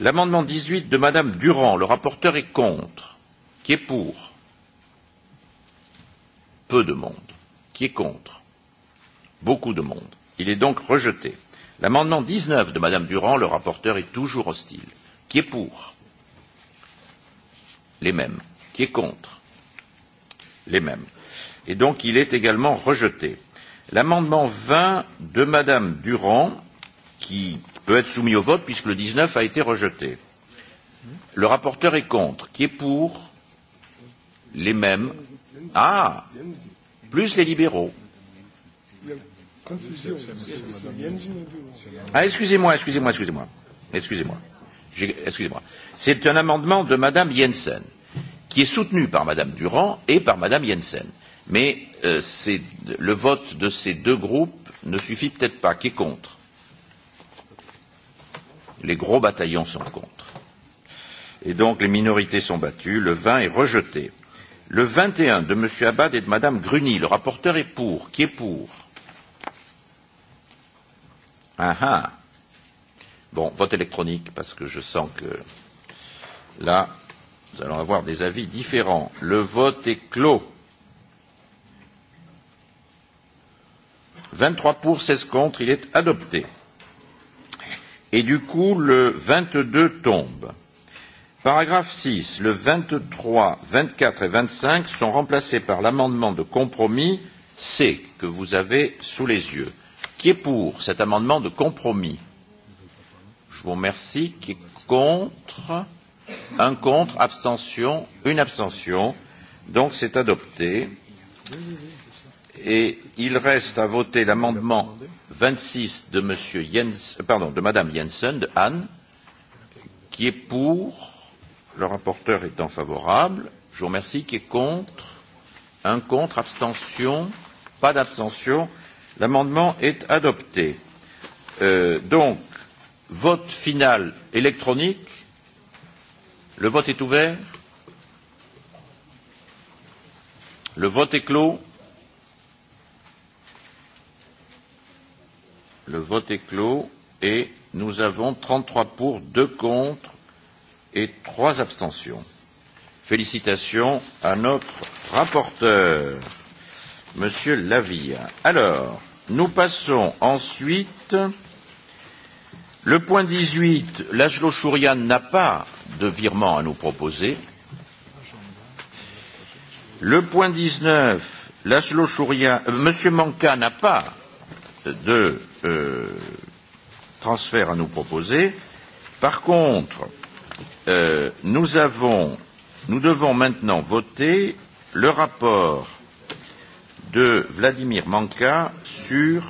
L'amendement 18 de Madame Durand, le rapporteur est contre. Qui est pour Peu de monde. Qui est contre beaucoup de monde. Il est donc rejeté. L'amendement 19 de Madame Durand, le rapporteur, est toujours hostile. Qui est pour Les mêmes. Qui est contre Les mêmes. Et donc il est également rejeté. L'amendement 20 de Madame Durand, qui peut être soumis au vote puisque le 19 a été rejeté. Le rapporteur est contre. Qui est pour Les mêmes. Ah Plus les libéraux. Confusion. Ah, excusez-moi, excusez-moi, excusez-moi. Excusez-moi. Excusez-moi. C'est un amendement de Madame Jensen, qui est soutenu par Madame Durand et par Madame Jensen. Mais euh, le vote de ces deux groupes ne suffit peut-être pas. Qui est contre Les gros bataillons sont contre. Et donc les minorités sont battues. Le 20 est rejeté. Le 21 de M. Abad et de Mme Gruny, le rapporteur est pour. Qui est pour Ah ah. Bon, vote électronique, parce que je sens que là, nous allons avoir des avis différents. Le vote est clos. 23 pour, 16 contre, il est adopté. Et du coup, le 22 tombe. Paragraphe 6, le 23, 24 et 25 sont remplacés par l'amendement de compromis C que vous avez sous les yeux. Qui est pour cet amendement de compromis Je vous remercie. Qui est contre Un contre, abstention, une abstention. Donc c'est adopté. Et il reste à voter l'amendement 26 de, Monsieur Jens, euh, pardon, de Madame Jensen, de Anne, qui est pour, le rapporteur étant favorable. Je vous remercie. Qui est contre Un contre, abstention, pas d'abstention. L'amendement est adopté. Euh, donc, vote final électronique. Le vote est ouvert. Le vote est clos. Le vote est clos et nous avons 33 pour, 2 contre et 3 abstentions. Félicitations à notre rapporteur, Monsieur Lavia. Alors, Nous passons ensuite. Le point 18, Lajlo Chourian n'a pas de virement à nous proposer. Le point 19, Laszlo Chourian, euh, Monsieur Manca n'a pas de euh, transfert à nous proposer. Par contre, euh, nous, avons, nous devons maintenant voter le rapport de Vladimir Manka sur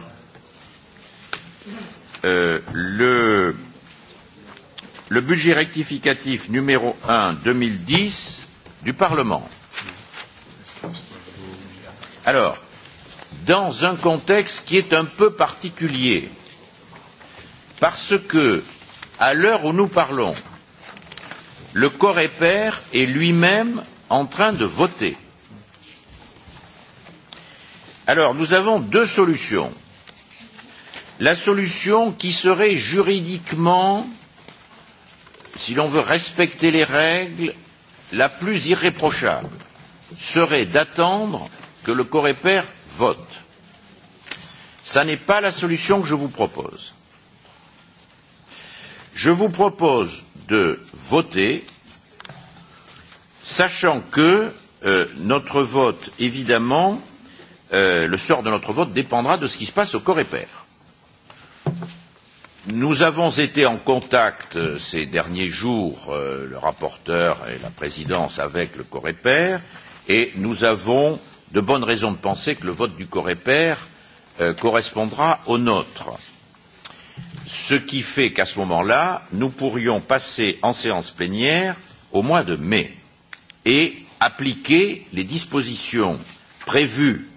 euh, le, le budget rectificatif numéro 1 2010 du Parlement. Alors, dans un contexte qui est un peu particulier, parce que, à l'heure où nous parlons, le Corépère est lui-même en train de voter. Alors, nous avons deux solutions. La solution qui serait juridiquement, si l'on veut respecter les règles, la plus irréprochable serait d'attendre que le Corépère vote. Ce n'est pas la solution que je vous propose. Je vous propose de voter, sachant que euh, notre vote, évidemment, euh, le sort de notre vote dépendra de ce qui se passe au Coreper. Nous avons été en contact euh, ces derniers jours, euh, le rapporteur et la présidence, avec le Coreper, et nous avons de bonnes raisons de penser que le vote du Coreper euh, correspondra au nôtre. Ce qui fait qu'à ce moment-là, nous pourrions passer en séance plénière au mois de mai et appliquer les dispositions prévues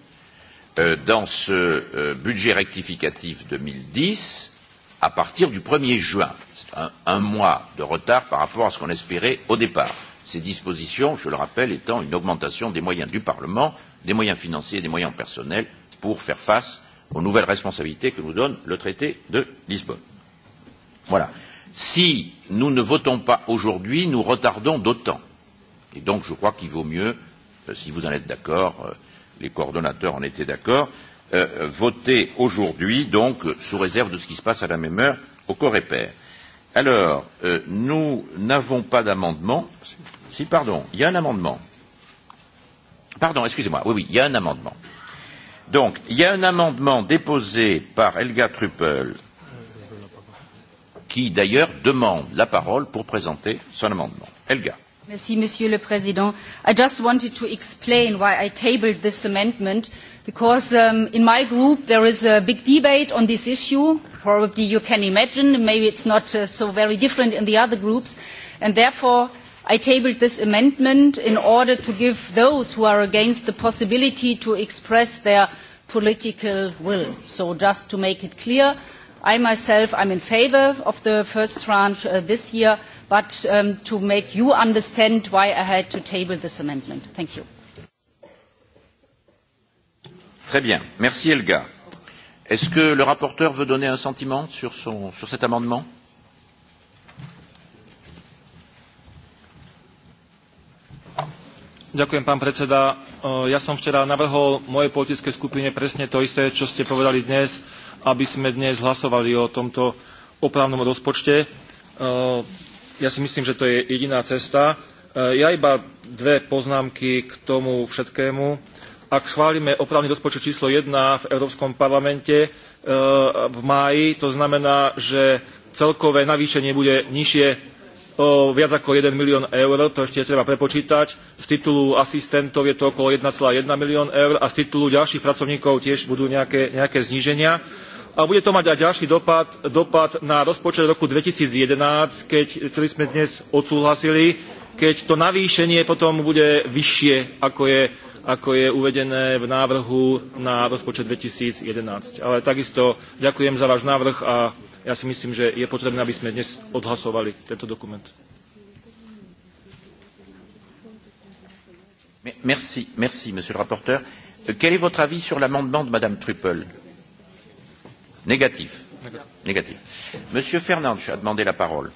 euh, dans ce euh, budget rectificatif 2010 à partir du 1er juin. C'est un, un mois de retard par rapport à ce qu'on espérait au départ. Ces dispositions, je le rappelle, étant une augmentation des moyens du Parlement, des moyens financiers et des moyens personnels pour faire face aux nouvelles responsabilités que nous donne le traité de Lisbonne. Voilà. Si nous ne votons pas aujourd'hui, nous retardons d'autant. Et donc, je crois qu'il vaut mieux, euh, si vous en êtes d'accord, euh, les coordonnateurs en étaient d'accord, euh, voter aujourd'hui, donc, sous réserve de ce qui se passe à la même heure au Coreper. Alors, euh, nous n'avons pas d'amendement. Si, pardon, il y a un amendement. Pardon, excusez-moi. Oui, oui, il y a un amendement. Donc, il y a un amendement déposé par Helga Truppel, qui d'ailleurs demande la parole pour présenter son amendement. Helga. Merci, Monsieur le Président. I just wanted to explain why I tabled this amendment, because um, in my group there is a big debate on this issue. Probably you can imagine, maybe it's not uh, so very different in the other groups, and therefore I tabled this amendment in order to give those who are against the possibility to express their political will. So just to make it clear, I myself, I'm in favor of the first tranche uh, this year, but um, to make you understand why I had to table this amendment. Thank you. Très bien. Merci Elga. Est-ce que le rapporteur veut donner un sentiment sur, son, sur cet amendement Ďakujem, pán predseda. Ja som včera navrhol mojej politickej skupine presne to isté, čo ste povedali dnes, aby sme dnes hlasovali o tomto opravnom rozpočte ja si myslím, že to je jediná cesta. E, ja iba dve poznámky k tomu všetkému. Ak schválime opravný rozpočet číslo 1 v Európskom parlamente e, v máji, to znamená, že celkové navýšenie bude nižšie o viac ako 1 milión eur, to ešte treba prepočítať. Z titulu asistentov je to okolo 1,1 milión eur a z titulu ďalších pracovníkov tiež budú nejaké, nejaké zníženia a bude to mať aj ďalší dopad, dopad na rozpočet roku 2011, keď, ktorý sme dnes odsúhlasili, keď to navýšenie potom bude vyššie, ako je, ako je uvedené v návrhu na rozpočet 2011. Ale takisto ďakujem za váš návrh a ja si myslím, že je potrebné, aby sme dnes odhlasovali tento dokument. Merci, merci, monsieur le rapporteur. Quel est votre avis sur l'amendement de Madame Truppel Negatif. Negativo. Monsieur Fernandes a demandé la parole.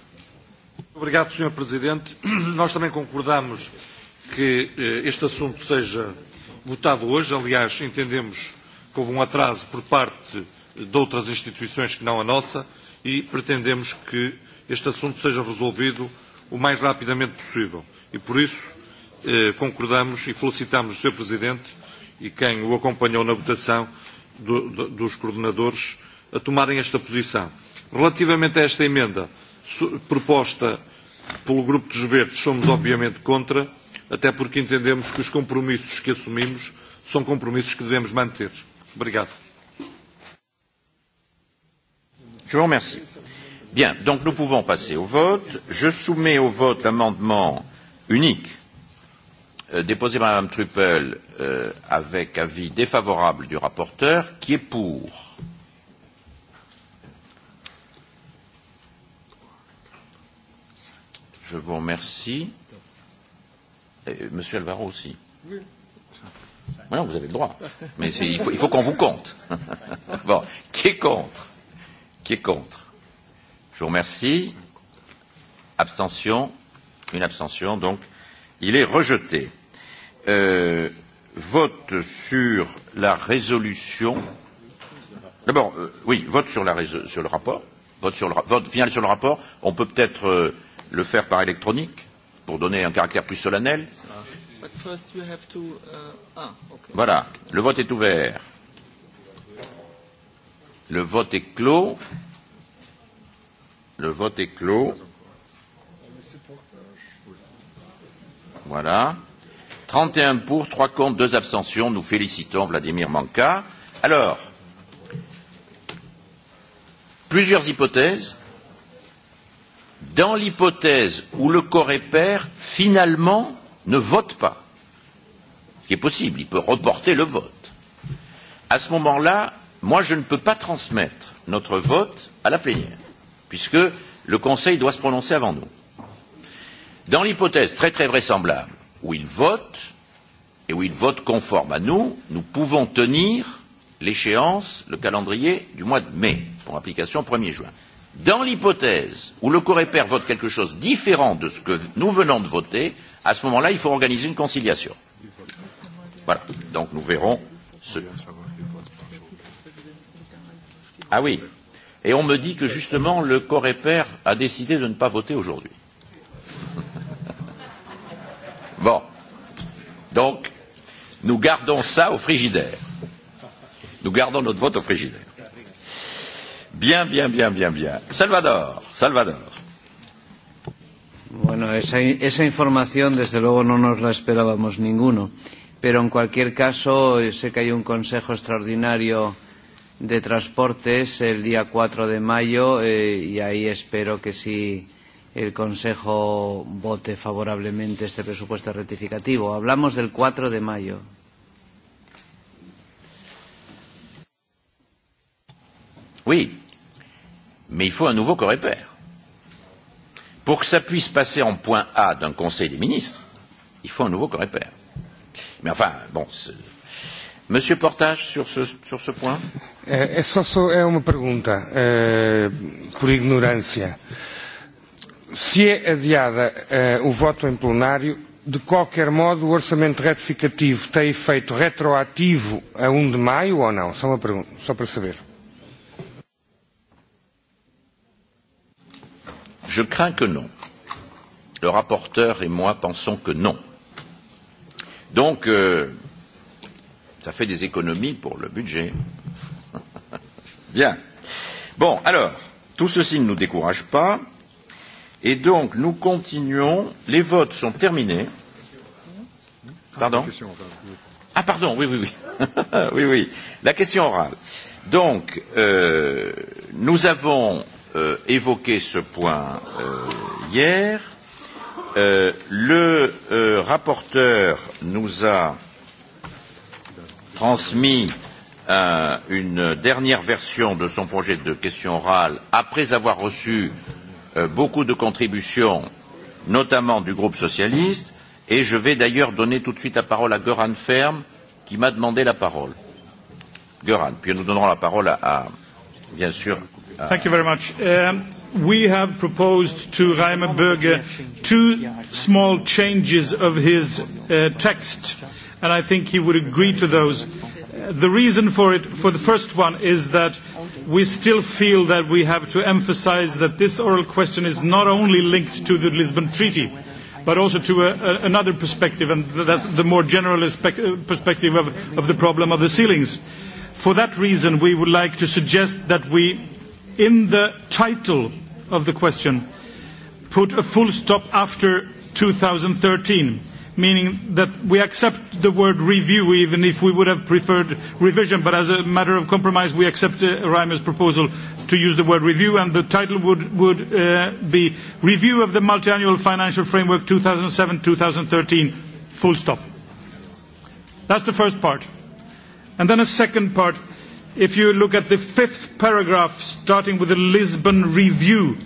Obrigado, Sr. Presidente. <clears throat> Nós também concordamos que eh, este assunto seja votado hoje. Aliás, entendemos que houve um atraso por parte de outras instituições que não a nossa e pretendemos que este assunto seja resolvido o mais rapidamente possível. E por isso eh, concordamos e felicitamos o Sr. Presidente e quem o acompanhou na votação do, do, dos coordenadores a tomarem esta posição. Relativamente a esta emenda proposta pelo Grupo dos Verdes, somos obviamente contra, até porque entendemos que os compromissos que assumimos são compromissos que devemos manter. Obrigado. Je vous remercie. Bien, donc nous pouvons passer au vote. Je soumets au vote l'amendement unique euh, déposé par Mme Truppel euh, avec avis défavorable du rapporteur, qui est pour Je vous remercie. Et Monsieur Alvaro aussi. Oui. Ouais, non, vous avez le droit. Mais il faut, il faut qu'on vous compte. <laughs> bon, qui est contre Qui est contre Je vous remercie. Abstention. Une abstention, donc il est rejeté. Euh, vote sur la résolution. D'abord, euh, oui, vote sur, la résol... sur le rapport. Vote, sur le... vote final sur le rapport. On peut peut-être euh, le faire par électronique pour donner un caractère plus solennel. Uh, ah, voilà, le vote est ouvert. Le vote est clos. Le vote est clos. Voilà. 31 pour, 3 contre, 2 abstentions. Nous félicitons Vladimir Manka. Alors, plusieurs hypothèses dans l'hypothèse où le Coreper finalement ne vote pas, ce qui est possible, il peut reporter le vote, à ce moment-là, moi je ne peux pas transmettre notre vote à la plénière, puisque le Conseil doit se prononcer avant nous. Dans l'hypothèse très très vraisemblable où il vote, et où il vote conforme à nous, nous pouvons tenir l'échéance, le calendrier du mois de mai, pour application 1er juin. Dans l'hypothèse où le Coreper vote quelque chose de différent de ce que nous venons de voter, à ce moment-là, il faut organiser une conciliation. Voilà. Donc nous verrons ce. Ah oui. Et on me dit que justement le Coreper a décidé de ne pas voter aujourd'hui. <laughs> bon. Donc nous gardons ça au frigidaire. Nous gardons notre vote au frigidaire. Bien, bien, bien, bien, bien. Salvador, Salvador. Bueno, esa, esa información desde luego no nos la esperábamos ninguno, pero en cualquier caso eh, sé que hay un Consejo Extraordinario de Transportes el día 4 de mayo eh, y ahí espero que si el Consejo vote favorablemente este presupuesto rectificativo. Hablamos del 4 de mayo. Oui, mais il faut un nouveau Coreper. Pour que ça puisse passer en point A d'un Conseil des ministres, il faut un nouveau Coreper. Mais enfin, bon. Monsieur Portage, sur ce, sur ce point É eh, só, só é uma pergunta, é, eh, por ignorância. Se é adiada é, eh, o voto em plenário, de qualquer modo o orçamento retificativo tem efeito retroativo a 1 de maio ou não? Só uma pergunta, só para saber. Je crains que non. Le rapporteur et moi pensons que non. Donc, euh, ça fait des économies pour le budget. <laughs> Bien. Bon, alors, tout ceci ne nous décourage pas. Et donc, nous continuons. Les votes sont terminés. Pardon Ah, pardon, oui, oui, oui. <laughs> oui, oui. La question orale. Donc, euh, nous avons euh, évoqué ce point euh, hier. Euh, le euh, rapporteur nous a transmis euh, une dernière version de son projet de question orale après avoir reçu euh, beaucoup de contributions, notamment du groupe socialiste, et je vais d'ailleurs donner tout de suite la parole à Göran Ferm, qui m'a demandé la parole. Göran, puis nous donnerons la parole à, à, bien sûr. Euh, Thank you very much. Um, we have proposed to Reimer Berger two small changes of his uh, text, and I think he would agree to those. Uh, the reason for it, for the first one, is that we still feel that we have to emphasize that this oral question is not only linked to the Lisbon Treaty, but also to a, a, another perspective, and that's the more general uh, perspective of, of the problem of the ceilings. Uh, For that reason, we would like to suggest that we, in the title of the question, put a full stop after 2013, meaning that we accept the word review, even if we would have preferred revision. But as a matter of compromise, we accept uh, Reimer's proposal to use the word review, and the title would, would uh, be Review of the Multiannual Financial Framework 2007-2013, full stop. That's the first part. And then a second part, if you look at the fifth paragraph, starting with the Lisbon Review,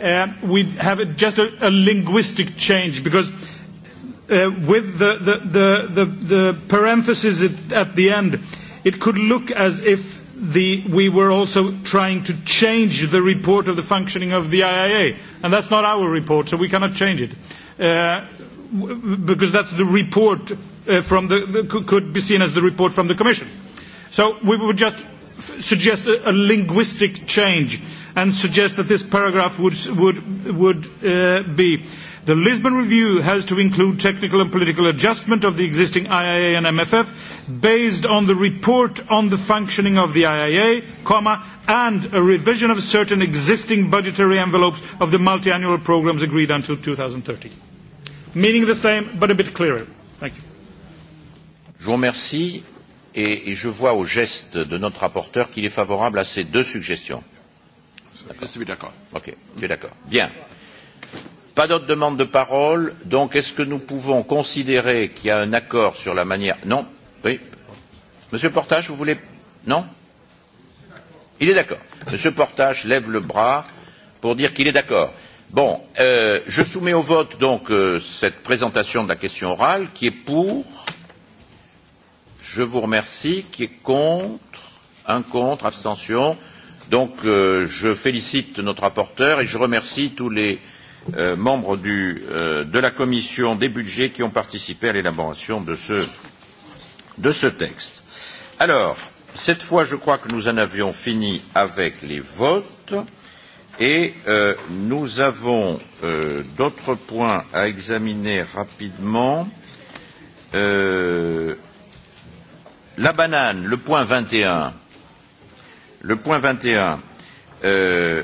uh, we have a, just a, a linguistic change because uh, with the, the, the, the, the parenthesis at, at the end, it could look as if the, we were also trying to change the report of the functioning of the IIA. And that's not our report, so we cannot change it. Uh, because that's the report uh, from the, could, could be seen as the report from the Commission. So we would just suggest a, a linguistic change and suggest that this paragraph would, would, would uh, be the Lisbon Review has to include technical and political adjustment of the existing IIA and MFF based on the report on the functioning of the IIA, comma, and a revision of certain existing budgetary envelopes of the multiannual programs agreed until 2030. Meaning the same, but a bit clearer. Thank you. Je vous remercie et, et je vois au geste de notre rapporteur qu'il est favorable à ces deux suggestions. Je suis d'accord. Ok, tu es d'accord. Bien. Pas d'autres demandes de parole, donc est-ce que nous pouvons considérer qu'il y a un accord sur la manière Non Oui Monsieur Portage, vous voulez Non Il est d'accord. Monsieur Portage lève le bras pour dire qu'il est d'accord. Bon, euh, je soumets au vote donc euh, cette présentation de la question orale qui est pour Je vous remercie. Qui est contre Un contre, abstention. Donc euh, je félicite notre rapporteur et je remercie tous les euh, membres du, euh, de la commission des budgets qui ont participé à l'élaboration de ce, de ce texte. Alors, cette fois, je crois que nous en avions fini avec les votes et euh, nous avons euh, d'autres points à examiner rapidement. Euh, la banane, le point 21. Le point 21. Euh,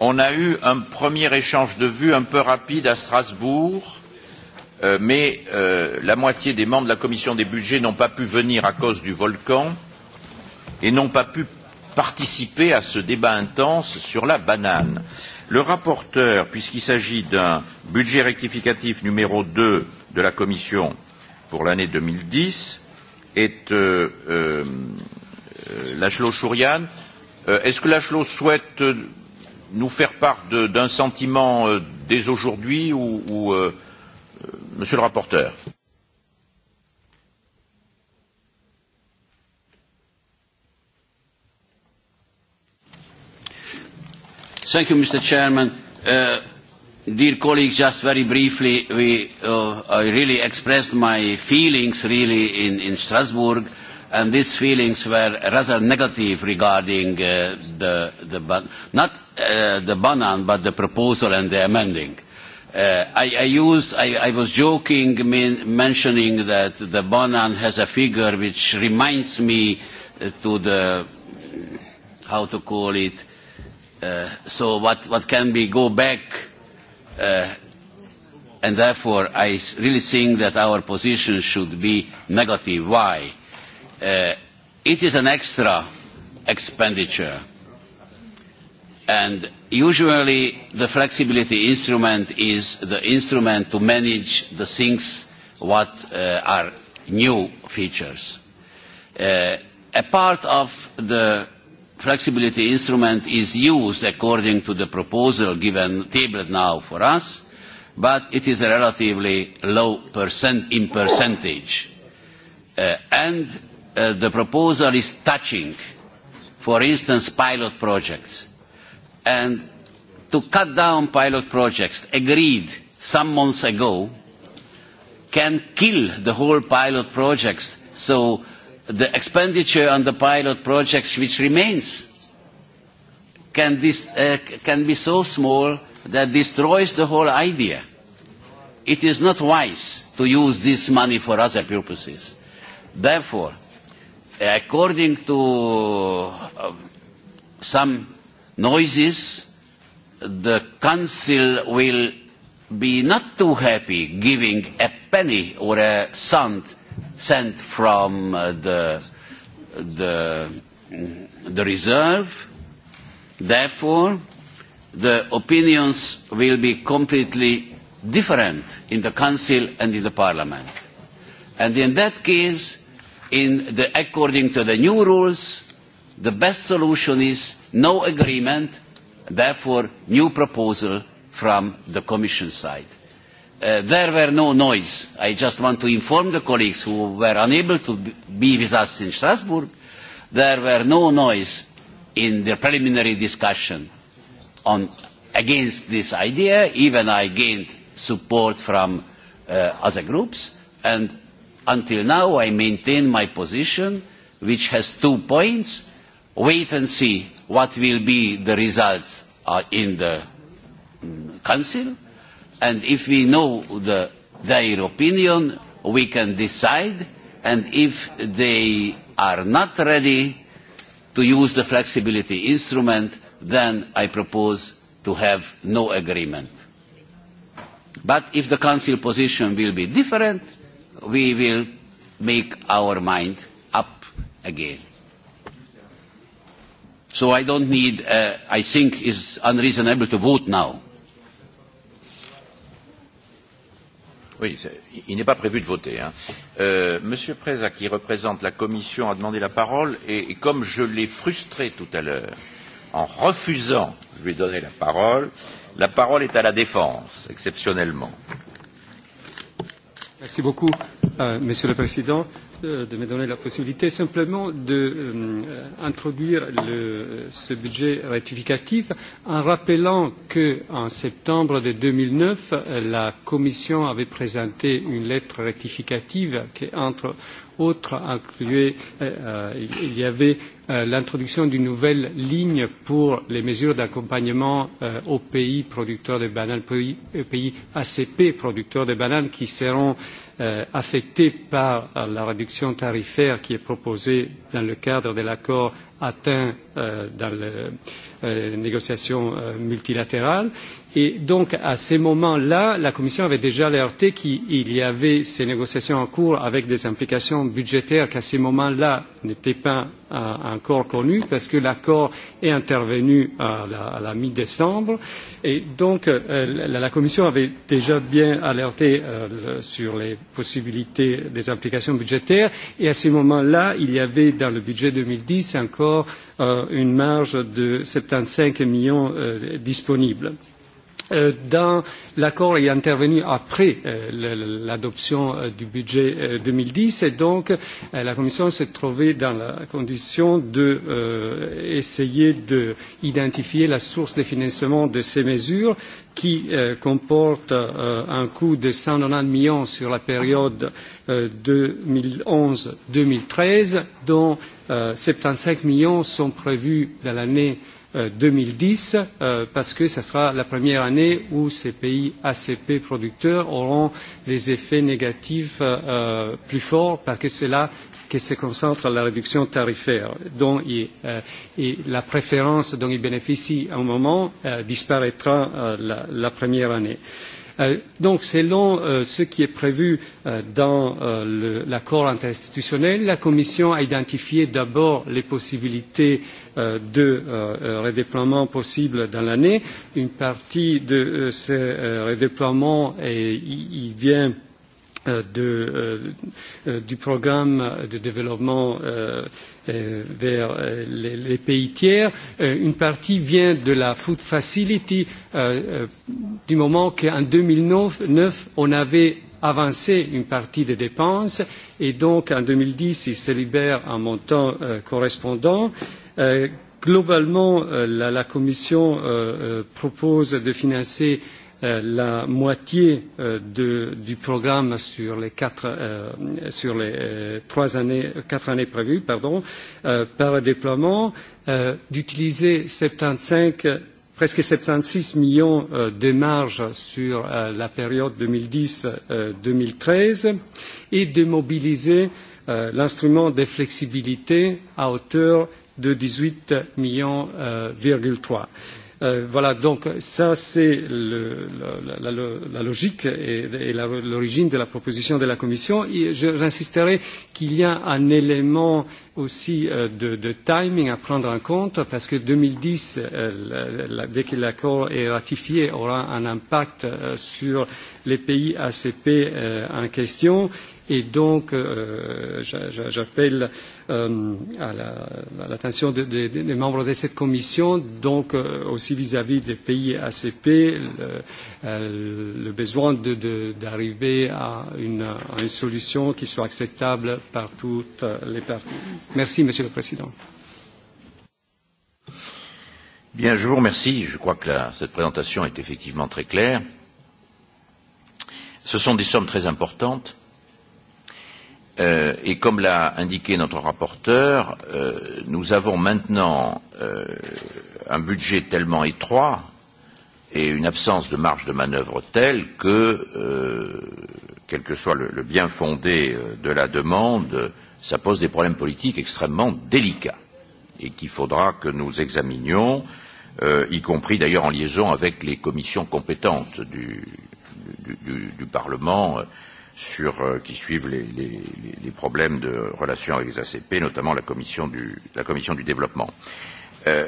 on a eu un premier échange de vues un peu rapide à Strasbourg, euh, mais euh, la moitié des membres de la commission des budgets n'ont pas pu venir à cause du volcan et n'ont pas pu participer à ce débat intense sur la banane. Le rapporteur, puisqu'il s'agit d'un budget rectificatif numéro 2 de la Commission pour l'année 2010, est euh, euh, Lachlo Chourian. Euh, Est-ce que Lachlo souhaite nous faire part d'un sentiment euh, dès aujourd'hui ou, ou euh, euh Monsieur le rapporteur Thank you, Mr. Chairman. Uh, Dear colleagues, just very briefly, we, uh, I really expressed my feelings really in, in Strasbourg, and these feelings were rather negative regarding uh, the, the ban not uh, the banan, but the proposal and the amending. Uh, I, I, used, I, I was joking, mean, mentioning that the banan has a figure which reminds me uh, to the, how to call it, uh, so what, what can we go back Uh, and therefore, I really think that our position should be negative. Why? Uh, it is an extra expenditure. And usually the flexibility instrument is the instrument to manage the things what uh, are new features. Uh, a part of the flexibility instrument is used according to the proposal given tabled now for us, but it is a relatively low percent in percentage. Uh, and uh, the proposal is touching, for instance, pilot projects. And to cut down pilot projects agreed some months ago can kill the whole pilot projects. So the expenditure on the pilot projects which remains can, this, uh, can be so small that destroys the whole idea. It is not wise to use this money for other purposes. Therefore, according to uh, some noises, the Council will be not too happy giving a penny or a cent sent from uh, the, the, the reserve. Therefore, the opinions will be completely different in the Council and in the Parliament. And in that case, in the, according to the new rules, the best solution is no agreement, therefore new proposal from the Commission side. Uh, there were no noise. I just want to inform the colleagues who were unable to be with us in Strasbourg, there were no noise in the preliminary discussion on, against this idea. Even I gained support from uh, other groups, and until now I maintain my position, which has two points. Wait and see what will be the results uh, in the mm, Council, And if we know the, their opinion, we can decide. And if they are not ready to use the flexibility instrument, then I propose to have no agreement. But if the Council position will be different, we will make our mind up again. So I don't need, uh, I think it's unreasonable to vote now. Oui, il n'est pas prévu de voter. Hein. Euh, Monsieur Preza, qui représente la Commission, a demandé la parole et, et comme je l'ai frustré tout à l'heure en refusant de lui donner la parole, la parole est à la Défense, exceptionnellement. Merci beaucoup, euh, Monsieur le Président. Euh, Euh, de me donner la possibilité simplement d'introduire euh, ce budget rectificatif en rappelant qu'en septembre de 2009, la Commission avait présenté une lettre rectificative qui, entre autres, incluait, euh, euh, il y avait euh, l'introduction d'une nouvelle ligne pour les mesures d'accompagnement euh, aux pays producteurs de bananes, pays, euh, pays ACP producteurs de bananes qui seront euh, euh, affectées par euh, la réduction tarifaire qui est proposée dans le cadre de l'accord atteint euh, dans les euh, négociations euh, multilatérales Et donc, à ces moments-là, la Commission avait déjà alerté qu'il y avait ces négociations en cours avec des implications budgétaires qu'à ces moments-là n'étaient pas euh, encore connues parce que l'accord est intervenu à la, à la mi-décembre. Et donc, euh, la, la Commission avait déjà bien alerté euh, le, sur les possibilités des implications budgétaires. Et à ces moments-là, il y avait dans le budget 2010 encore euh, une marge de 75 millions euh, disponibles euh, dans l'accord est intervenu après euh, l'adoption euh, du budget euh, 2010 et donc euh, la Commission s'est trouvée dans la condition de euh, essayer d'identifier la source de financement de ces mesures qui euh, comporte euh, un coût de 190 millions sur la période euh, 2011-2013, dont euh, 75 millions sont prévus dans l'année 2012 euh, 2010, euh, parce que ce sera la première année où ces pays ACP producteurs auront des effets négatifs euh, euh, plus forts, parce que c'est là que se concentre la réduction tarifaire, dont il, euh, et la préférence dont ils bénéficient à un moment euh, disparaîtra euh, la, la première année. Euh, donc, selon euh, ce qui est prévu euh, dans euh, l'accord interinstitutionnel, la Commission a identifié d'abord les possibilités euh, euh, de euh, euh, redéploiements possibles dans l'année. Une partie de euh, ces euh, redéploiements est, y, y vient euh, de, euh, euh, du programme de développement euh, vers les, les pays tiers. Une partie vient de la Food Facility, euh, du moment qu'en 2009, on avait avancé une partie des dépenses et donc en 2010, il se libère un montant euh, correspondant. Euh, Euh, globalement, euh, la, la Commission euh, euh, propose de financer euh, la moitié euh, de, du programme sur les, quatre, euh, sur les euh, trois années, quatre années prévues pardon, euh, par le déploiement, euh, d'utiliser 75 presque 76 millions euh, de marge sur euh, la période 2010-2013 euh, et de mobiliser euh, l'instrument de flexibilité à hauteur de 18,3 millions. Euh, euh, voilà, donc ça c'est le, la, la, la logique et, et l'origine de la proposition de la Commission. J'insisterai qu'il y a un élément aussi euh, de, de timing à prendre en compte parce que 2010, euh, la, la, dès que l'accord est ratifié, aura un impact euh, sur les pays ACP euh, en question Et donc, euh, j'appelle euh, à l'attention la, des, des, des membres de cette commission, donc euh, aussi vis-à-vis -vis des pays ACP, le, euh, le besoin d'arriver à une, à une solution qui soit acceptable par toutes les parties. Merci, Monsieur le Président. Bien, je vous remercie. Je crois que la, cette présentation est effectivement très claire. Ce sont des sommes très importantes Euh, et comme l'a indiqué notre rapporteur, euh, nous avons maintenant euh, un budget tellement étroit et une absence de marge de manœuvre telle que, euh, quel que soit le, le bien fondé euh, de la demande, ça pose des problèmes politiques extrêmement délicats et qu'il faudra que nous examinions, euh, y compris d'ailleurs en liaison avec les commissions compétentes du, du, du, du Parlement. Euh, sur, euh, qui suivent les, les, les problèmes de relations avec les ACP, notamment la commission du, la commission du développement. Euh,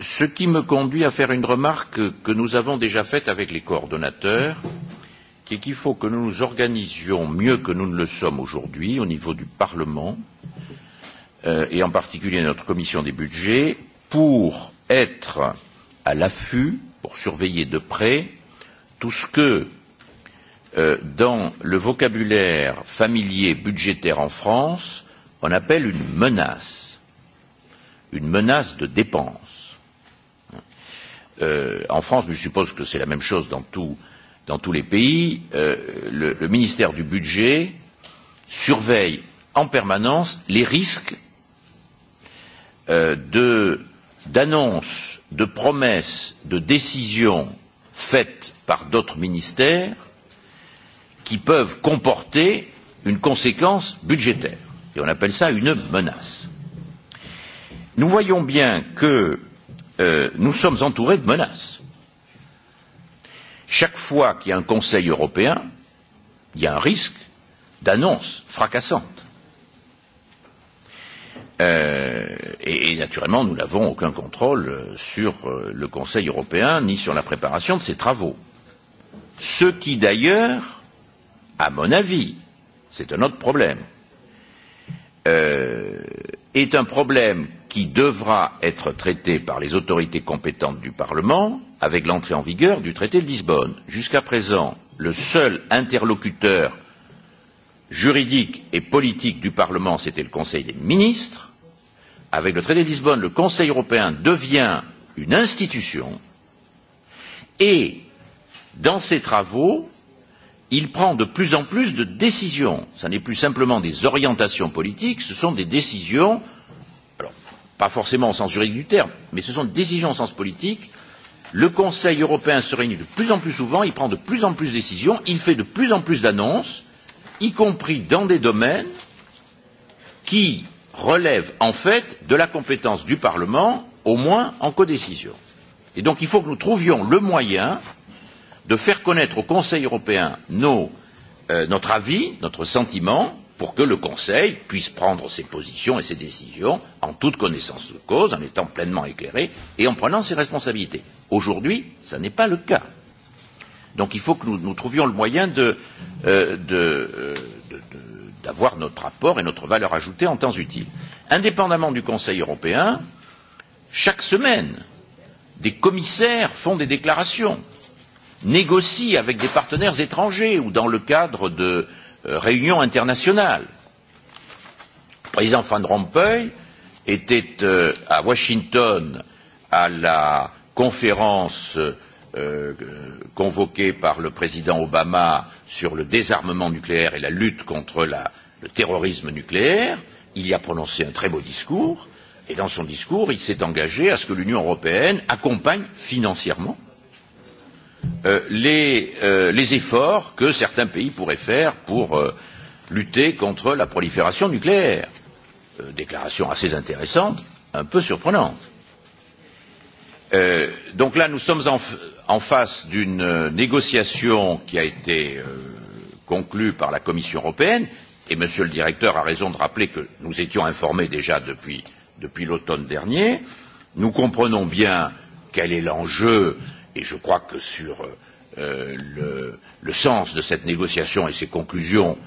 ce qui me conduit à faire une remarque que nous avons déjà faite avec les coordonnateurs, qui est qu'il faut que nous nous organisions mieux que nous ne le sommes aujourd'hui au niveau du Parlement, euh, et en particulier notre commission des budgets, pour être à l'affût, pour surveiller de près tout ce que euh, euh, dans le vocabulaire familier budgétaire en France, on appelle une menace, une menace de dépense. Euh, en France, mais je suppose que c'est la même chose dans, tout, dans tous les pays, euh, le, le ministère du budget surveille en permanence les risques euh, d'annonces, de, de promesses, de décisions faites par d'autres ministères qui peuvent comporter une conséquence budgétaire. Et on appelle ça une menace. Nous voyons bien que euh, nous sommes entourés de menaces. Chaque fois qu'il y a un Conseil européen, il y a un risque d'annonces fracassantes. Euh, et, et naturellement, nous n'avons aucun contrôle euh, sur euh, le Conseil européen ni sur la préparation de ses travaux. Ce qui, d'ailleurs, à mon avis, c'est un autre problème, euh, est un problème qui devra être traité par les autorités compétentes du Parlement avec l'entrée en vigueur du traité de Lisbonne. Jusqu'à présent, le seul interlocuteur juridique et politique du Parlement, c'était le Conseil des ministres. Avec le traité de Lisbonne, le Conseil européen devient une institution et, dans ses travaux, il prend de plus en plus de décisions. Ce n'est plus simplement des orientations politiques, ce sont des décisions, alors pas forcément au sens juridique du terme, mais ce sont des décisions au sens politique. Le Conseil européen se réunit de plus en plus souvent, il prend de plus en plus de décisions, il fait de plus en plus d'annonces, y compris dans des domaines qui relèvent en fait de la compétence du Parlement, au moins en codécision. Et donc il faut que nous trouvions le moyen euh, de faire connaître au Conseil européen nos, euh, notre avis, notre sentiment, pour que le Conseil puisse prendre ses positions et ses décisions en toute connaissance de cause, en étant pleinement éclairé et en prenant ses responsabilités. Aujourd'hui, ça n'est pas le cas. Donc il faut que nous, nous trouvions le moyen de, euh, de, euh, de, de, d'avoir notre apport et notre valeur ajoutée en temps utile. Indépendamment du Conseil européen, chaque semaine, des commissaires font des déclarations négocie avec des partenaires étrangers ou dans le cadre de euh, réunions internationales. Le président Van Rompuy était euh, à Washington à la conférence euh, convoquée par le président Obama sur le désarmement nucléaire et la lutte contre la, le terrorisme nucléaire. Il y a prononcé un très beau discours et dans son discours, il s'est engagé à ce que l'Union européenne accompagne financièrement euh, euh, les, euh, les efforts que certains pays pourraient faire pour euh, lutter contre la prolifération nucléaire. Euh, déclaration assez intéressante, un peu surprenante. Euh, donc là, nous sommes en, en face d'une euh, négociation qui a été euh, conclue par la Commission européenne, et Monsieur le Directeur a raison de rappeler que nous étions informés déjà depuis, depuis l'automne dernier. Nous comprenons bien quel est l'enjeu euh, et je crois que sur euh, le, le sens de cette négociation et ses conclusions,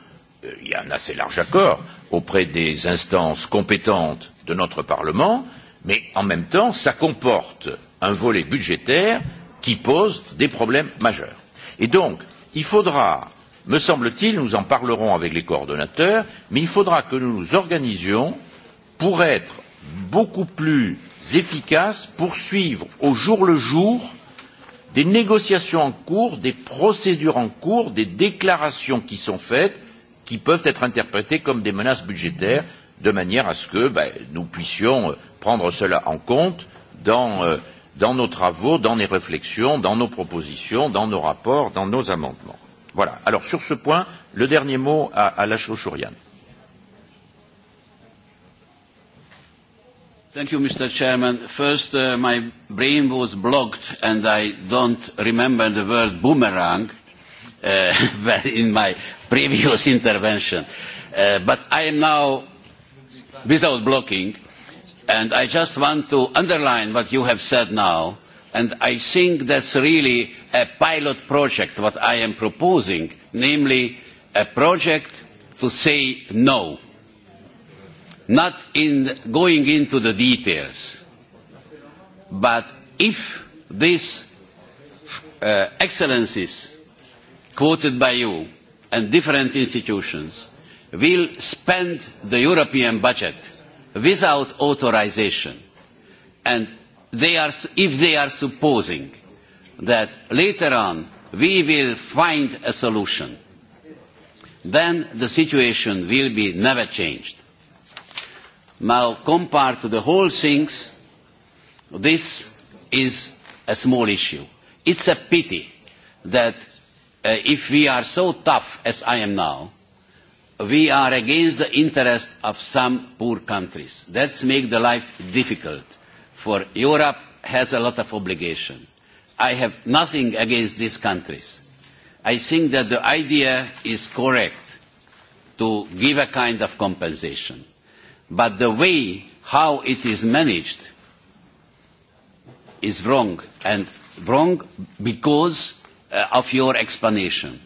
euh, il y a un assez large accord auprès des instances compétentes de notre Parlement, mais en même temps, ça comporte un volet budgétaire qui pose des problèmes majeurs. Et donc, il faudra, me semble-t-il, nous en parlerons avec les coordonnateurs, mais il faudra que nous nous organisions pour être beaucoup plus efficaces, pour suivre au jour le jour des négociations en cours, des procédures en cours, des déclarations qui sont faites, qui peuvent être interprétées comme des menaces budgétaires, de manière à ce que ben, nous puissions euh, prendre cela en compte dans, euh, dans nos travaux, dans les réflexions, dans nos propositions, dans nos rapports, dans nos amendements. Voilà. Alors sur ce point, le dernier mot à, à Lachaud Chourian. Thank you, Mr. Chairman. First, uh, my brain was blocked and I don't remember the word boomerang uh, <laughs> in my previous <laughs> intervention. Uh, but I am now without blocking and I just want to underline what you have said now and I think that's really a pilot project what I am proposing, namely a project to say no not in going into the details, but if these uh, excellencies quoted by you and different institutions will spend the European budget without authorization, and they are, if they are supposing that later on we will find a solution, then the situation will be never changed Now, compared to the whole things, this is a small issue. It's a pity that uh, if we are so tough as I am now, we are against the interest of some poor countries. That's make the life difficult. For Europe has a lot of obligation. I have nothing against these countries. I think that the idea is correct to give a kind of compensation but the way how it is managed is wrong, and wrong because uh, of your explanation.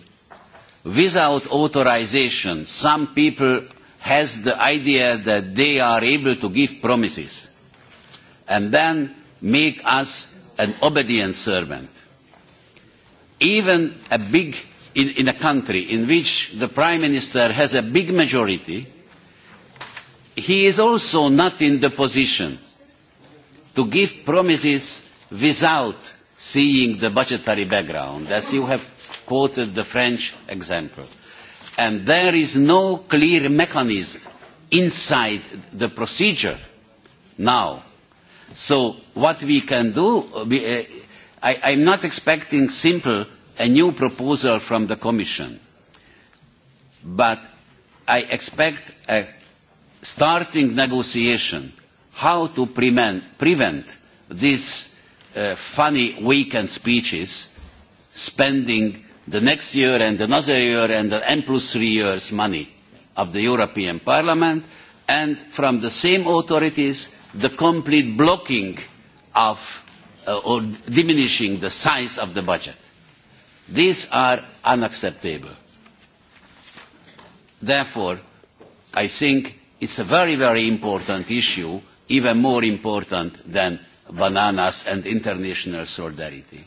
Without authorization, some people has the idea that they are able to give promises and then make us an obedient servant. Even a big, in, in a country in which the prime minister has a big majority, he is also not in the position to give promises without seeing the budgetary background, as you have quoted the French example. And there is no clear mechanism inside the procedure now. So what we can do, uh, we, uh, I, I'm not expecting simple a new proposal from the Commission, but I expect a starting negotiation how to prevent, prevent these uh, funny weekend speeches spending the next year and another year and the n plus three years money of the European Parliament and from the same authorities the complete blocking of uh, or diminishing the size of the budget. These are unacceptable. Therefore, I think it's a very, very important issue, even more important than bananas and international solidarity.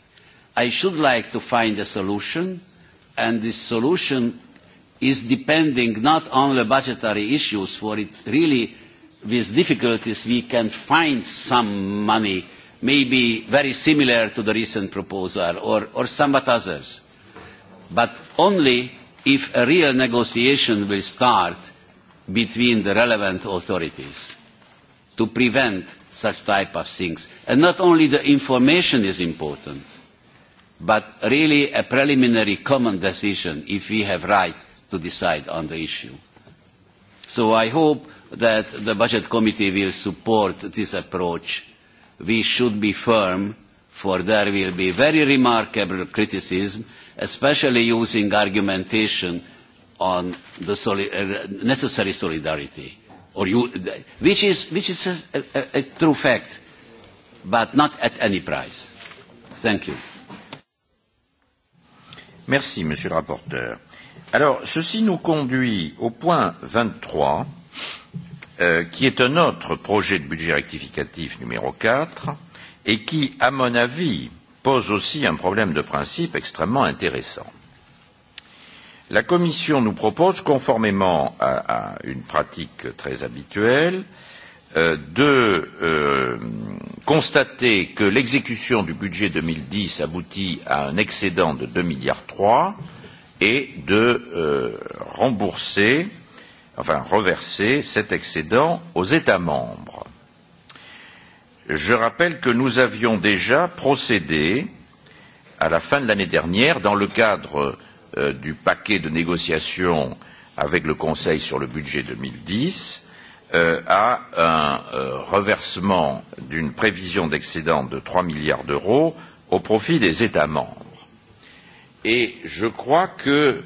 I should like to find a solution, and this solution is depending not on the budgetary issues, for it really, with difficulties, we can find some money, maybe very similar to the recent proposal, or, or somewhat others. But only if a real negotiation will start, between the relevant authorities to prevent such type of things. And not only the information is important, but really a preliminary common decision if we have right to decide on the issue. So I hope that the Budget Committee will support this approach. We should be firm, for there will be very remarkable criticism, especially using argumentation on the soli- uh, necessary solidarity, or you, which is, which is a, a, a true fact, but not at any price. Thank you. Merci, Monsieur le rapporteur. Alors, ceci nous conduit au point 23, euh, qui est un autre projet de budget rectificatif numéro 4, et qui, à mon avis, pose aussi un problème de principe extrêmement intéressant. La Commission nous propose, conformément à, à une pratique très habituelle, euh, de euh, constater que l'exécution du budget 2010 aboutit à un excédent de 2 milliards 3 et de euh, rembourser, enfin reverser cet excédent aux États membres. Je rappelle que nous avions déjà procédé à la fin de l'année dernière, dans le cadre euh, du paquet de négociations avec le Conseil sur le budget 2010 euh, à un euh, reversement d'une prévision d'excédent de 3 milliards d'euros au profit des États membres. Et je crois que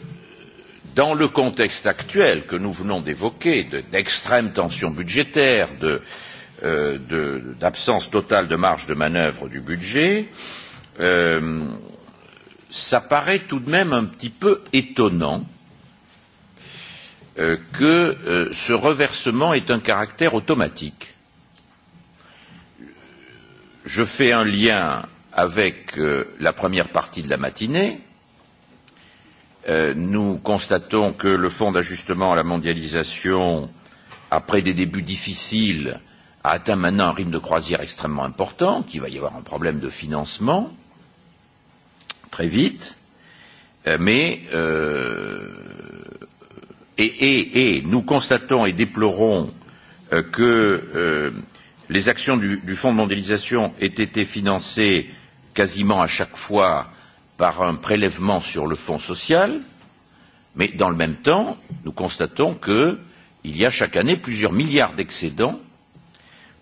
dans le contexte actuel que nous venons d'évoquer, d'extrême de, tension budgétaire, d'absence de, euh, de, totale de marge de manœuvre du budget, euh, ça paraît tout de même un petit peu étonnant euh, que euh, ce reversement ait un caractère automatique. Je fais un lien avec euh, la première partie de la matinée. Euh, nous constatons que le Fonds d'ajustement à la mondialisation, après des débuts difficiles, a atteint maintenant un rythme de croisière extrêmement important, qu'il va y avoir un problème de financement. Euh, très vite, euh, mais euh, et, et, et nous constatons et déplorons euh, que euh, les actions du, du Fonds de mondialisation aient été financées quasiment à chaque fois par un prélèvement sur le Fonds social, mais dans le même temps, nous constatons qu'il y a chaque année plusieurs milliards d'excédents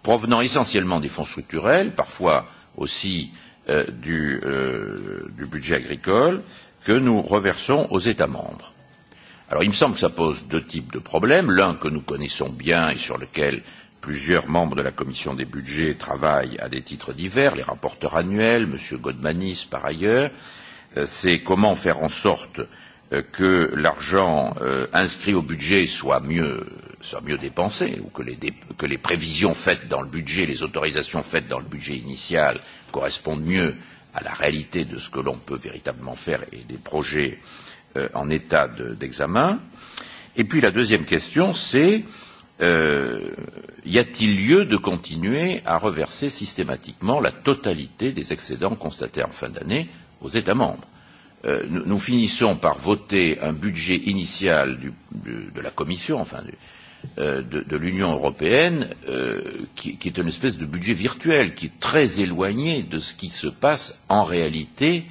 provenant essentiellement des fonds structurels, parfois aussi euh, euh, du, euh, du budget agricole que nous reversons aux États membres. Alors il me semble que ça pose deux types de problèmes. L'un que nous connaissons bien et sur lequel plusieurs membres de la commission des budgets travaillent à des titres divers, les rapporteurs annuels, M. Godmanis par ailleurs, euh, c'est comment faire en sorte euh, Euh, que l'argent euh, inscrit au budget soit mieux, soit mieux dépensé, ou que les, dé, que les prévisions faites dans le budget, les autorisations faites dans le budget initial correspondent mieux à la réalité de ce que l'on peut véritablement faire et des projets euh, en état d'examen. De, et puis la deuxième question, c'est euh, y a-t-il lieu de continuer à reverser systématiquement la totalité des excédents constatés en fin d'année aux États membres euh, nous, nous finissons par voter un budget initial du, du, de la Commission, enfin du, euh, de, de l'Union européenne, euh, qui, qui est une espèce de budget virtuel, qui est très éloigné de ce qui se passe en réalité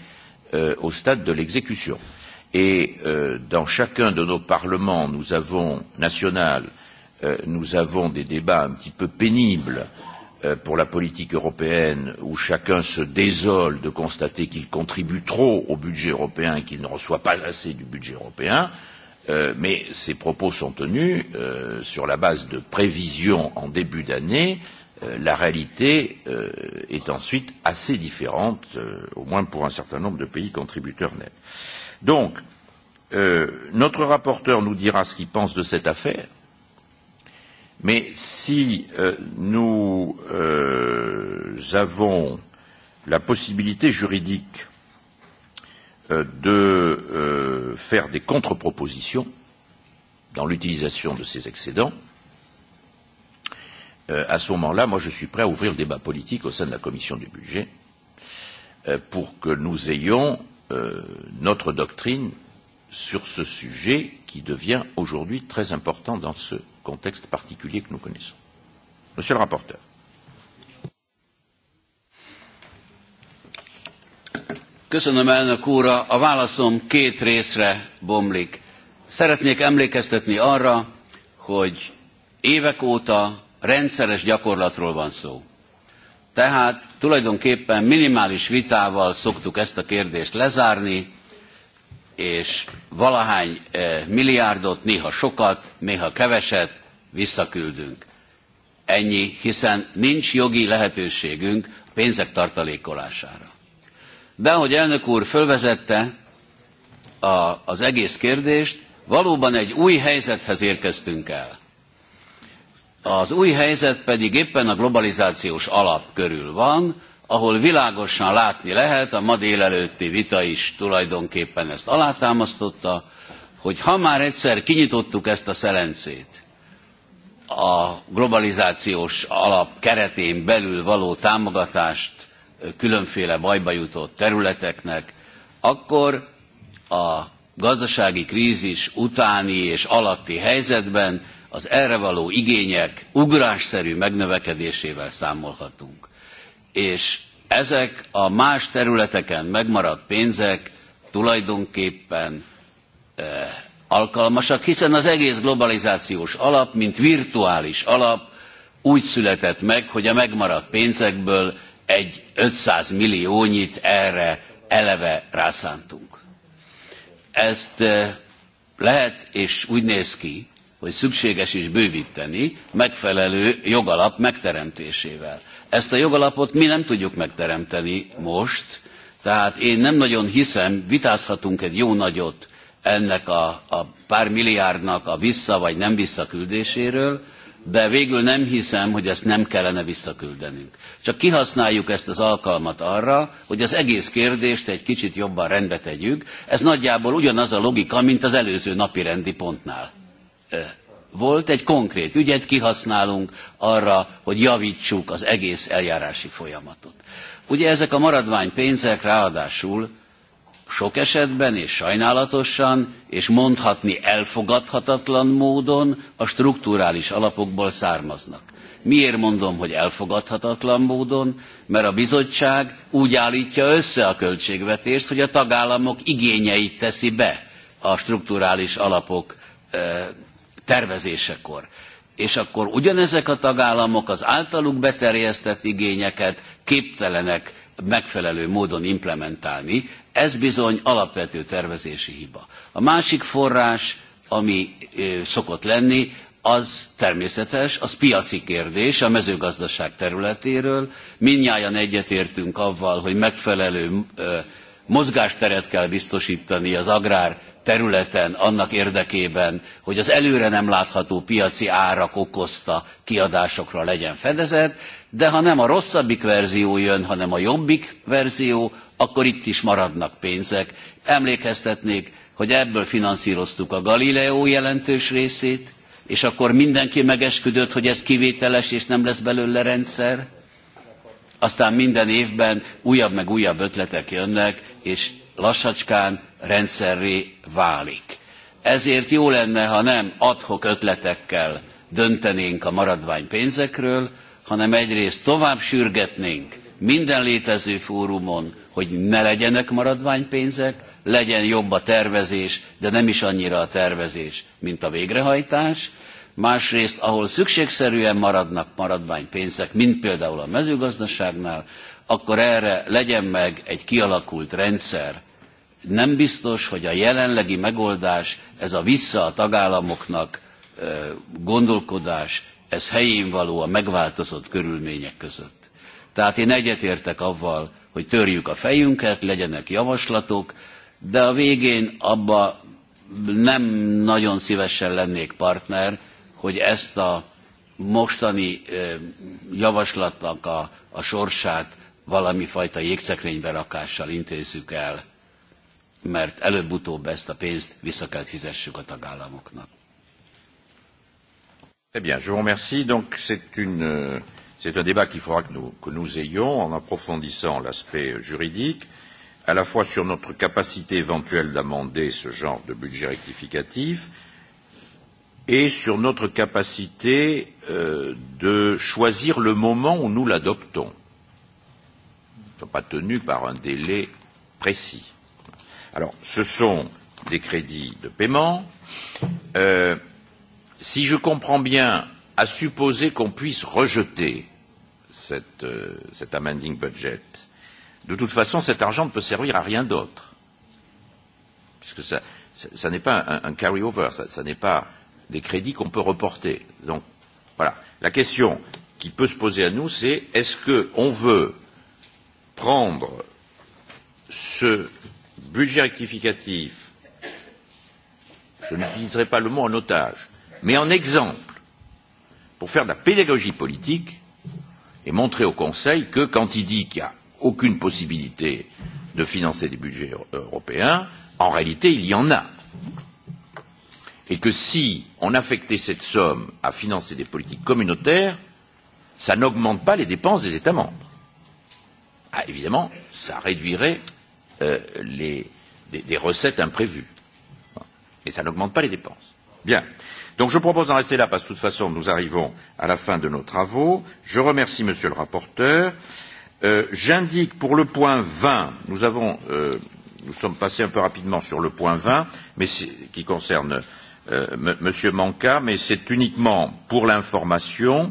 euh, au stade de l'exécution. Et euh, dans chacun de nos parlements, nous avons national, euh, nous avons des débats un petit peu pénibles euh, Euh, pour la politique européenne où chacun se désole de constater qu'il contribue trop au budget européen et qu'il ne reçoit pas assez du budget européen, euh, mais ces propos sont tenus euh, sur la base de prévisions en début d'année. Euh, la réalité euh, est ensuite assez différente, euh, au moins pour un certain nombre de pays contributeurs nets. Donc, euh, notre rapporteur nous dira ce qu'il pense de cette affaire, Mais si euh, nous euh, avons la possibilité juridique euh, de euh, faire des contre-propositions dans l'utilisation de ces excédents, euh, à ce moment-là, moi, je suis prêt à ouvrir le débat politique au sein de la commission du budget euh, pour que nous ayons euh, notre doctrine sur ce sujet qui devient aujourd'hui très important dans ce contexte particulier que nous connaissons. Monsieur le rapporteur. Köszönöm, elnök úr! A válaszom két részre bomlik. Szeretnék emlékeztetni arra, hogy évek óta rendszeres gyakorlatról van szó. Tehát tulajdonképpen minimális vitával szoktuk ezt a kérdést lezárni, és valahány e, milliárdot, néha sokat, néha keveset visszaküldünk. Ennyi, hiszen nincs jogi lehetőségünk pénzek tartalékolására. De ahogy elnök úr fölvezette a, az egész kérdést, valóban egy új helyzethez érkeztünk el. Az új helyzet pedig éppen a globalizációs alap körül van, ahol világosan látni lehet, a ma délelőtti vita is tulajdonképpen ezt alátámasztotta, hogy ha már egyszer kinyitottuk ezt a szelencét, a globalizációs alap keretén belül való támogatást különféle bajba jutott területeknek, akkor a gazdasági krízis utáni és alatti helyzetben az erre való igények ugrásszerű megnövekedésével számolhatunk és ezek a más területeken megmaradt pénzek tulajdonképpen e, alkalmasak, hiszen az egész globalizációs alap, mint virtuális alap úgy született meg, hogy a megmaradt pénzekből egy 500 milliónyit erre eleve rászántunk. Ezt e, lehet, és úgy néz ki, hogy szükséges is bővíteni megfelelő jogalap megteremtésével. Ezt a jogalapot mi nem tudjuk megteremteni most, tehát én nem nagyon hiszem, vitázhatunk egy jó nagyot ennek a, a pár milliárdnak a vissza vagy nem visszaküldéséről, de végül nem hiszem, hogy ezt nem kellene visszaküldenünk. Csak kihasználjuk ezt az alkalmat arra, hogy az egész kérdést egy kicsit jobban rendbe tegyük. Ez nagyjából ugyanaz a logika, mint az előző napi rendi pontnál volt, egy konkrét ügyet kihasználunk arra, hogy javítsuk az egész eljárási folyamatot. Ugye ezek a maradvány pénzek ráadásul sok esetben és sajnálatosan és mondhatni elfogadhatatlan módon a strukturális alapokból származnak. Miért mondom, hogy elfogadhatatlan módon? Mert a bizottság úgy állítja össze a költségvetést, hogy a tagállamok igényeit teszi be a strukturális alapok eh, tervezésekor. És akkor ugyanezek a tagállamok az általuk beterjesztett igényeket képtelenek megfelelő módon implementálni. Ez bizony alapvető tervezési hiba. A másik forrás, ami szokott lenni, az természetes, az piaci kérdés a mezőgazdaság területéről. Mindnyájan egyetértünk avval, hogy megfelelő mozgásteret kell biztosítani az agrár területen annak érdekében, hogy az előre nem látható piaci árak okozta kiadásokra legyen fedezet, de ha nem a rosszabbik verzió jön, hanem a jobbik verzió, akkor itt is maradnak pénzek. Emlékeztetnék, hogy ebből finanszíroztuk a Galileo jelentős részét, és akkor mindenki megesküdött, hogy ez kivételes, és nem lesz belőle rendszer. Aztán minden évben újabb meg újabb ötletek jönnek, és lassacskán rendszerré válik. Ezért jó lenne, ha nem adhok ötletekkel döntenénk a maradvány pénzekről, hanem egyrészt tovább sürgetnénk minden létező fórumon, hogy ne legyenek maradványpénzek, legyen jobb a tervezés, de nem is annyira a tervezés, mint a végrehajtás. Másrészt, ahol szükségszerűen maradnak maradványpénzek, mint például a mezőgazdaságnál, akkor erre legyen meg egy kialakult rendszer. Nem biztos, hogy a jelenlegi megoldás, ez a vissza a tagállamoknak gondolkodás, ez helyén való a megváltozott körülmények között. Tehát én egyetértek avval, hogy törjük a fejünket, legyenek javaslatok, de a végén abba nem nagyon szívesen lennék partner, hogy ezt a mostani javaslatnak a, a sorsát valami fajta jégszekrénybe rakással intézzük el, mert előbb-utóbb ezt a pénzt vissza kell fizessük a tagállamoknak. Très eh bien, je vous remercie. Donc c'est une euh, c'est un débat qu'il faudra que nous que nous ayons en approfondissant l'aspect juridique, à la fois sur notre capacité éventuelle d'amender ce genre de budget rectificatif et sur notre capacité euh, de choisir le moment où nous l'adoptons sont pas tenus par un délai précis. Alors, ce sont des crédits de paiement. Euh, si je comprends bien, à supposer qu'on puisse rejeter cette, euh, cet amending budget, de toute façon, cet argent ne peut servir à rien d'autre. Puisque ça, ça, ça n'est pas un, un carry-over, ça, ça n'est pas des crédits qu'on peut reporter. Donc, voilà. La question qui peut se poser à nous, c'est est-ce qu'on veut prendre ce budget rectificatif, je n'utiliserai pas le mot en otage, mais en exemple, pour faire de la pédagogie politique et montrer au Conseil que quand il dit qu'il n'y a aucune possibilité de financer des budgets européens, en réalité, il y en a. Et que si on affectait cette somme à financer des politiques communautaires, ça n'augmente pas les dépenses des États membres ah, évidemment, ça réduirait euh, les, des, des recettes imprévues. Mais ça n'augmente pas les dépenses. Bien. Donc je propose d'en rester là parce que de toute façon nous arrivons à la fin de nos travaux. Je remercie Monsieur le rapporteur. Euh, J'indique pour le point 20, nous avons, euh, nous sommes passés un peu rapidement sur le point 20, mais qui concerne euh, Monsieur Manca, mais c'est uniquement pour l'information. Euh,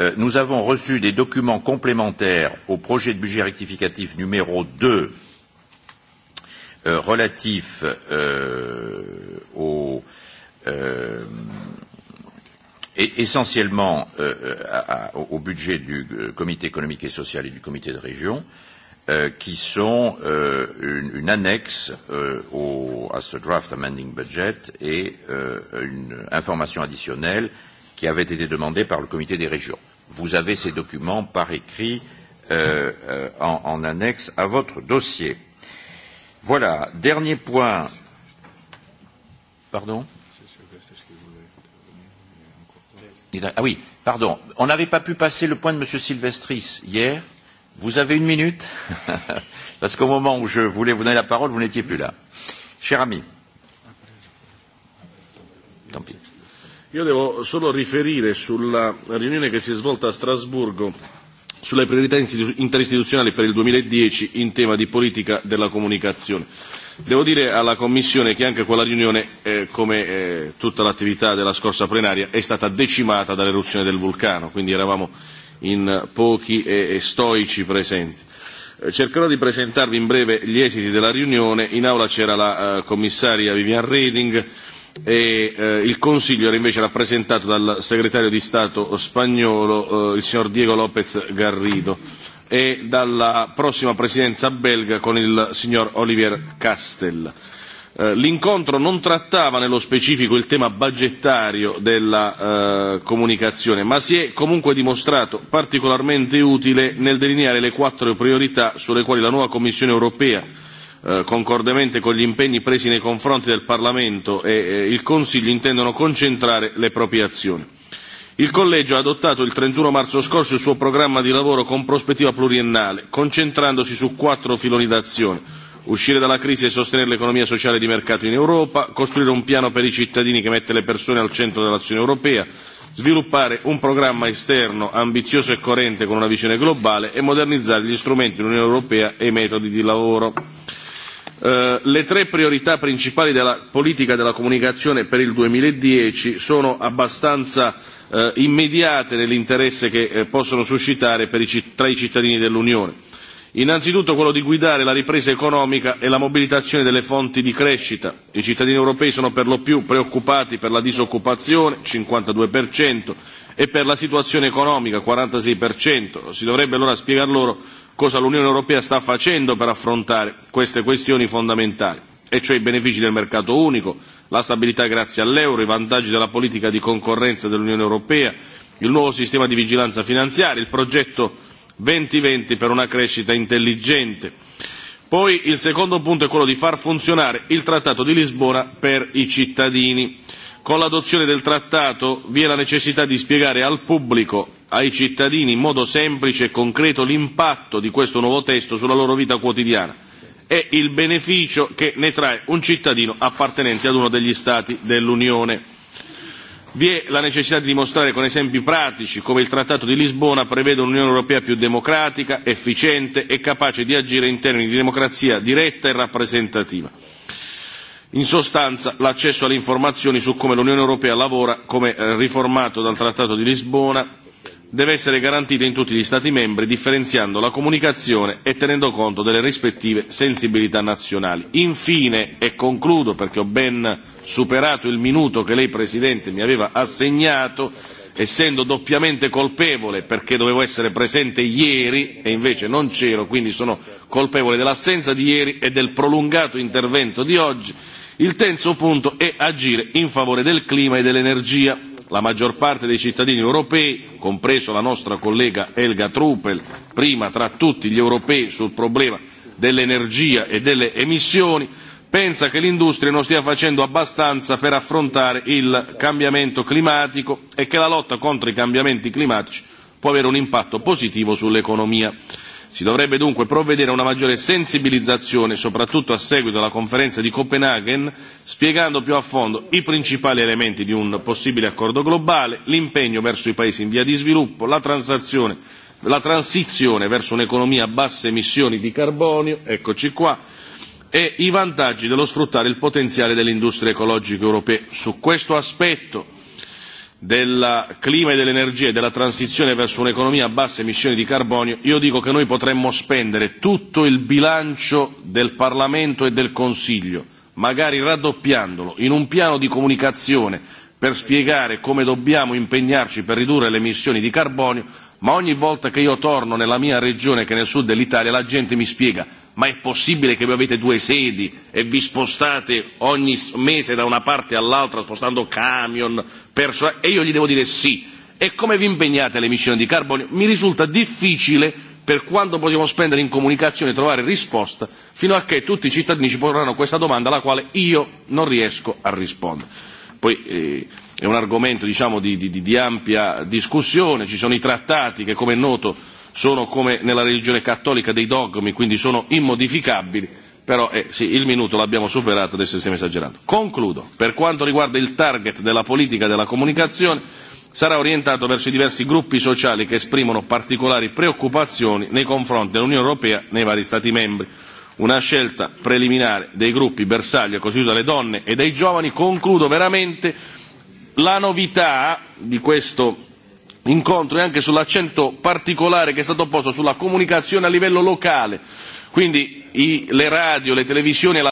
euh, nous avons reçu des documents complémentaires au projet de budget rectificatif numéro 2 euh, relatif euh, au, euh, et essentiellement euh, euh à, au budget du euh, comité économique et social et du comité de région, euh, qui sont euh, une, une annexe euh, au, à ce draft amending budget et euh, une information additionnelle qui avait été demandée par le comité des régions. Vous avez ces documents par écrit euh, euh, en, en annexe à votre dossier. Voilà, dernier point. Pardon Il a, Ah oui, pardon. On n'avait pas pu passer le point de M. Silvestris hier. Vous avez une minute <laughs> Parce qu'au moment où je voulais vous donner la parole, vous n'étiez plus là. Cher ami. Tant pis. Io devo solo riferire sulla riunione che si è svolta a Strasburgo sulle priorità interistituzionali per il 2010 in tema di politica della comunicazione. Devo dire alla Commissione che anche quella riunione, eh, come eh, tutta l'attività della scorsa plenaria, è stata decimata dall'eruzione del vulcano, quindi eravamo in pochi e, e stoici presenti. Eh, cercherò di presentarvi in breve gli esiti della riunione. In aula c'era la eh, commissaria Vivian Reding, e eh, il Consiglio era invece rappresentato dal segretario di Stato spagnolo, eh, il signor Diego López Garrido, e dalla prossima presidenza belga con il signor Olivier Castel. Eh, L'incontro non trattava nello specifico il tema budgettario della eh, comunicazione, ma si è comunque dimostrato particolarmente utile nel delineare le quattro priorità sulle quali la nuova Commissione europea eh, concordemente con gli impegni presi nei confronti del Parlamento e eh, il Consiglio, intendono concentrare le proprie azioni. Il Collegio ha adottato il 31 marzo scorso il suo programma di lavoro con prospettiva pluriennale, concentrandosi su quattro filoni d'azione uscire dalla crisi e sostenere l'economia sociale di mercato in Europa, costruire un piano per i cittadini che mette le persone al centro dell'azione europea, sviluppare un programma esterno ambizioso e coerente con una visione globale e modernizzare gli strumenti dell'Unione europea e i metodi di lavoro. Eh, le tre priorità principali della politica della comunicazione per il 2010 sono abbastanza eh, immediate nell'interesse che eh, possono suscitare per i, tra i cittadini dell'Unione. Innanzitutto quello di guidare la ripresa economica e la mobilitazione delle fonti di crescita. I cittadini europei sono per lo più preoccupati per la disoccupazione, 52%, e per la situazione economica, 46%. Si dovrebbe allora spiegar loro cosa l'Unione Europea sta facendo per affrontare queste questioni fondamentali, e cioè i benefici del mercato unico, la stabilità grazie all'euro, i vantaggi della politica di concorrenza dell'Unione Europea, il nuovo sistema di vigilanza finanziaria, il progetto 2020 per una crescita intelligente. Poi il secondo punto è quello di far funzionare il Trattato di Lisbona per i cittadini. Con l'adozione del Trattato vi è la necessità di spiegare al pubblico, ai cittadini, in modo semplice e concreto l'impatto di questo nuovo testo sulla loro vita quotidiana e il beneficio che ne trae un cittadino appartenente ad uno degli Stati dell'Unione. Vi è la necessità di dimostrare con esempi pratici come il Trattato di Lisbona prevede un'Unione Europea più democratica, efficiente e capace di agire in termini di democrazia diretta e rappresentativa In sostanza l'accesso alle informazioni su come l'Unione Europea lavora, come eh, riformato dal Trattato di Lisbona, deve essere garantita in tutti gli Stati membri, differenziando la comunicazione e tenendo conto delle rispettive sensibilità nazionali. Infine, e concludo perché ho ben superato il minuto che lei, Presidente, mi aveva assegnato, essendo doppiamente colpevole perché dovevo essere presente ieri e invece non c'ero, quindi sono colpevole dell'assenza di ieri e del prolungato intervento di oggi, il terzo punto è agire in favore del clima e dell'energia. La maggior parte dei cittadini europei, compreso la nostra collega Elga Truppel, prima tra tutti gli europei sul problema dell'energia e delle emissioni, pensa che l'industria non stia facendo abbastanza per affrontare il cambiamento climatico e che la lotta contro i cambiamenti climatici può avere un impatto positivo sull'economia. Si dovrebbe dunque provvedere a una maggiore sensibilizzazione, soprattutto a seguito della conferenza di Copenaghen, spiegando più a fondo i principali elementi di un possibile accordo globale, l'impegno verso i paesi in via di sviluppo, la transazione la transizione verso un'economia a basse emissioni di carbonio, eccoci qua, e i vantaggi dello sfruttare il potenziale dell'industria ecologica europea. Su questo aspetto del clima e dell'energia e della transizione verso un'economia a basse emissioni di carbonio, io dico che noi potremmo spendere tutto il bilancio del Parlamento e del Consiglio, magari raddoppiandolo, in un piano di comunicazione per spiegare come dobbiamo impegnarci per ridurre le emissioni di carbonio, ma ogni volta che io torno nella mia regione, che è nel sud dell'Italia, la gente mi spiega ma è possibile che voi avete due sedi e vi spostate ogni mese da una parte all'altra spostando camion, persone? E io gli devo dire sì. E come vi impegnate alle emissioni di carbonio? Mi risulta difficile per quanto possiamo spendere in comunicazione e trovare risposta fino a che tutti i cittadini ci porranno questa domanda alla quale io non riesco a rispondere. Poi, eh, è un argomento diciamo, di, di, di ampia discussione, ci sono i trattati che come è noto sono come nella religione cattolica dei dogmi, quindi sono immodificabili, però eh, sì, il minuto l'abbiamo superato, adesso stiamo esagerando. Concludo, per quanto riguarda il target della politica della comunicazione, sarà orientato verso i diversi gruppi sociali che esprimono particolari preoccupazioni nei confronti dell'Unione Europea nei vari Stati membri. Una scelta preliminare dei gruppi bersaglio costituita dalle donne e dai giovani. Concludo veramente la novità di questo incontro e anche sull'accento particolare che è stato posto sulla comunicazione a livello locale quindi i, le radio le televisioni e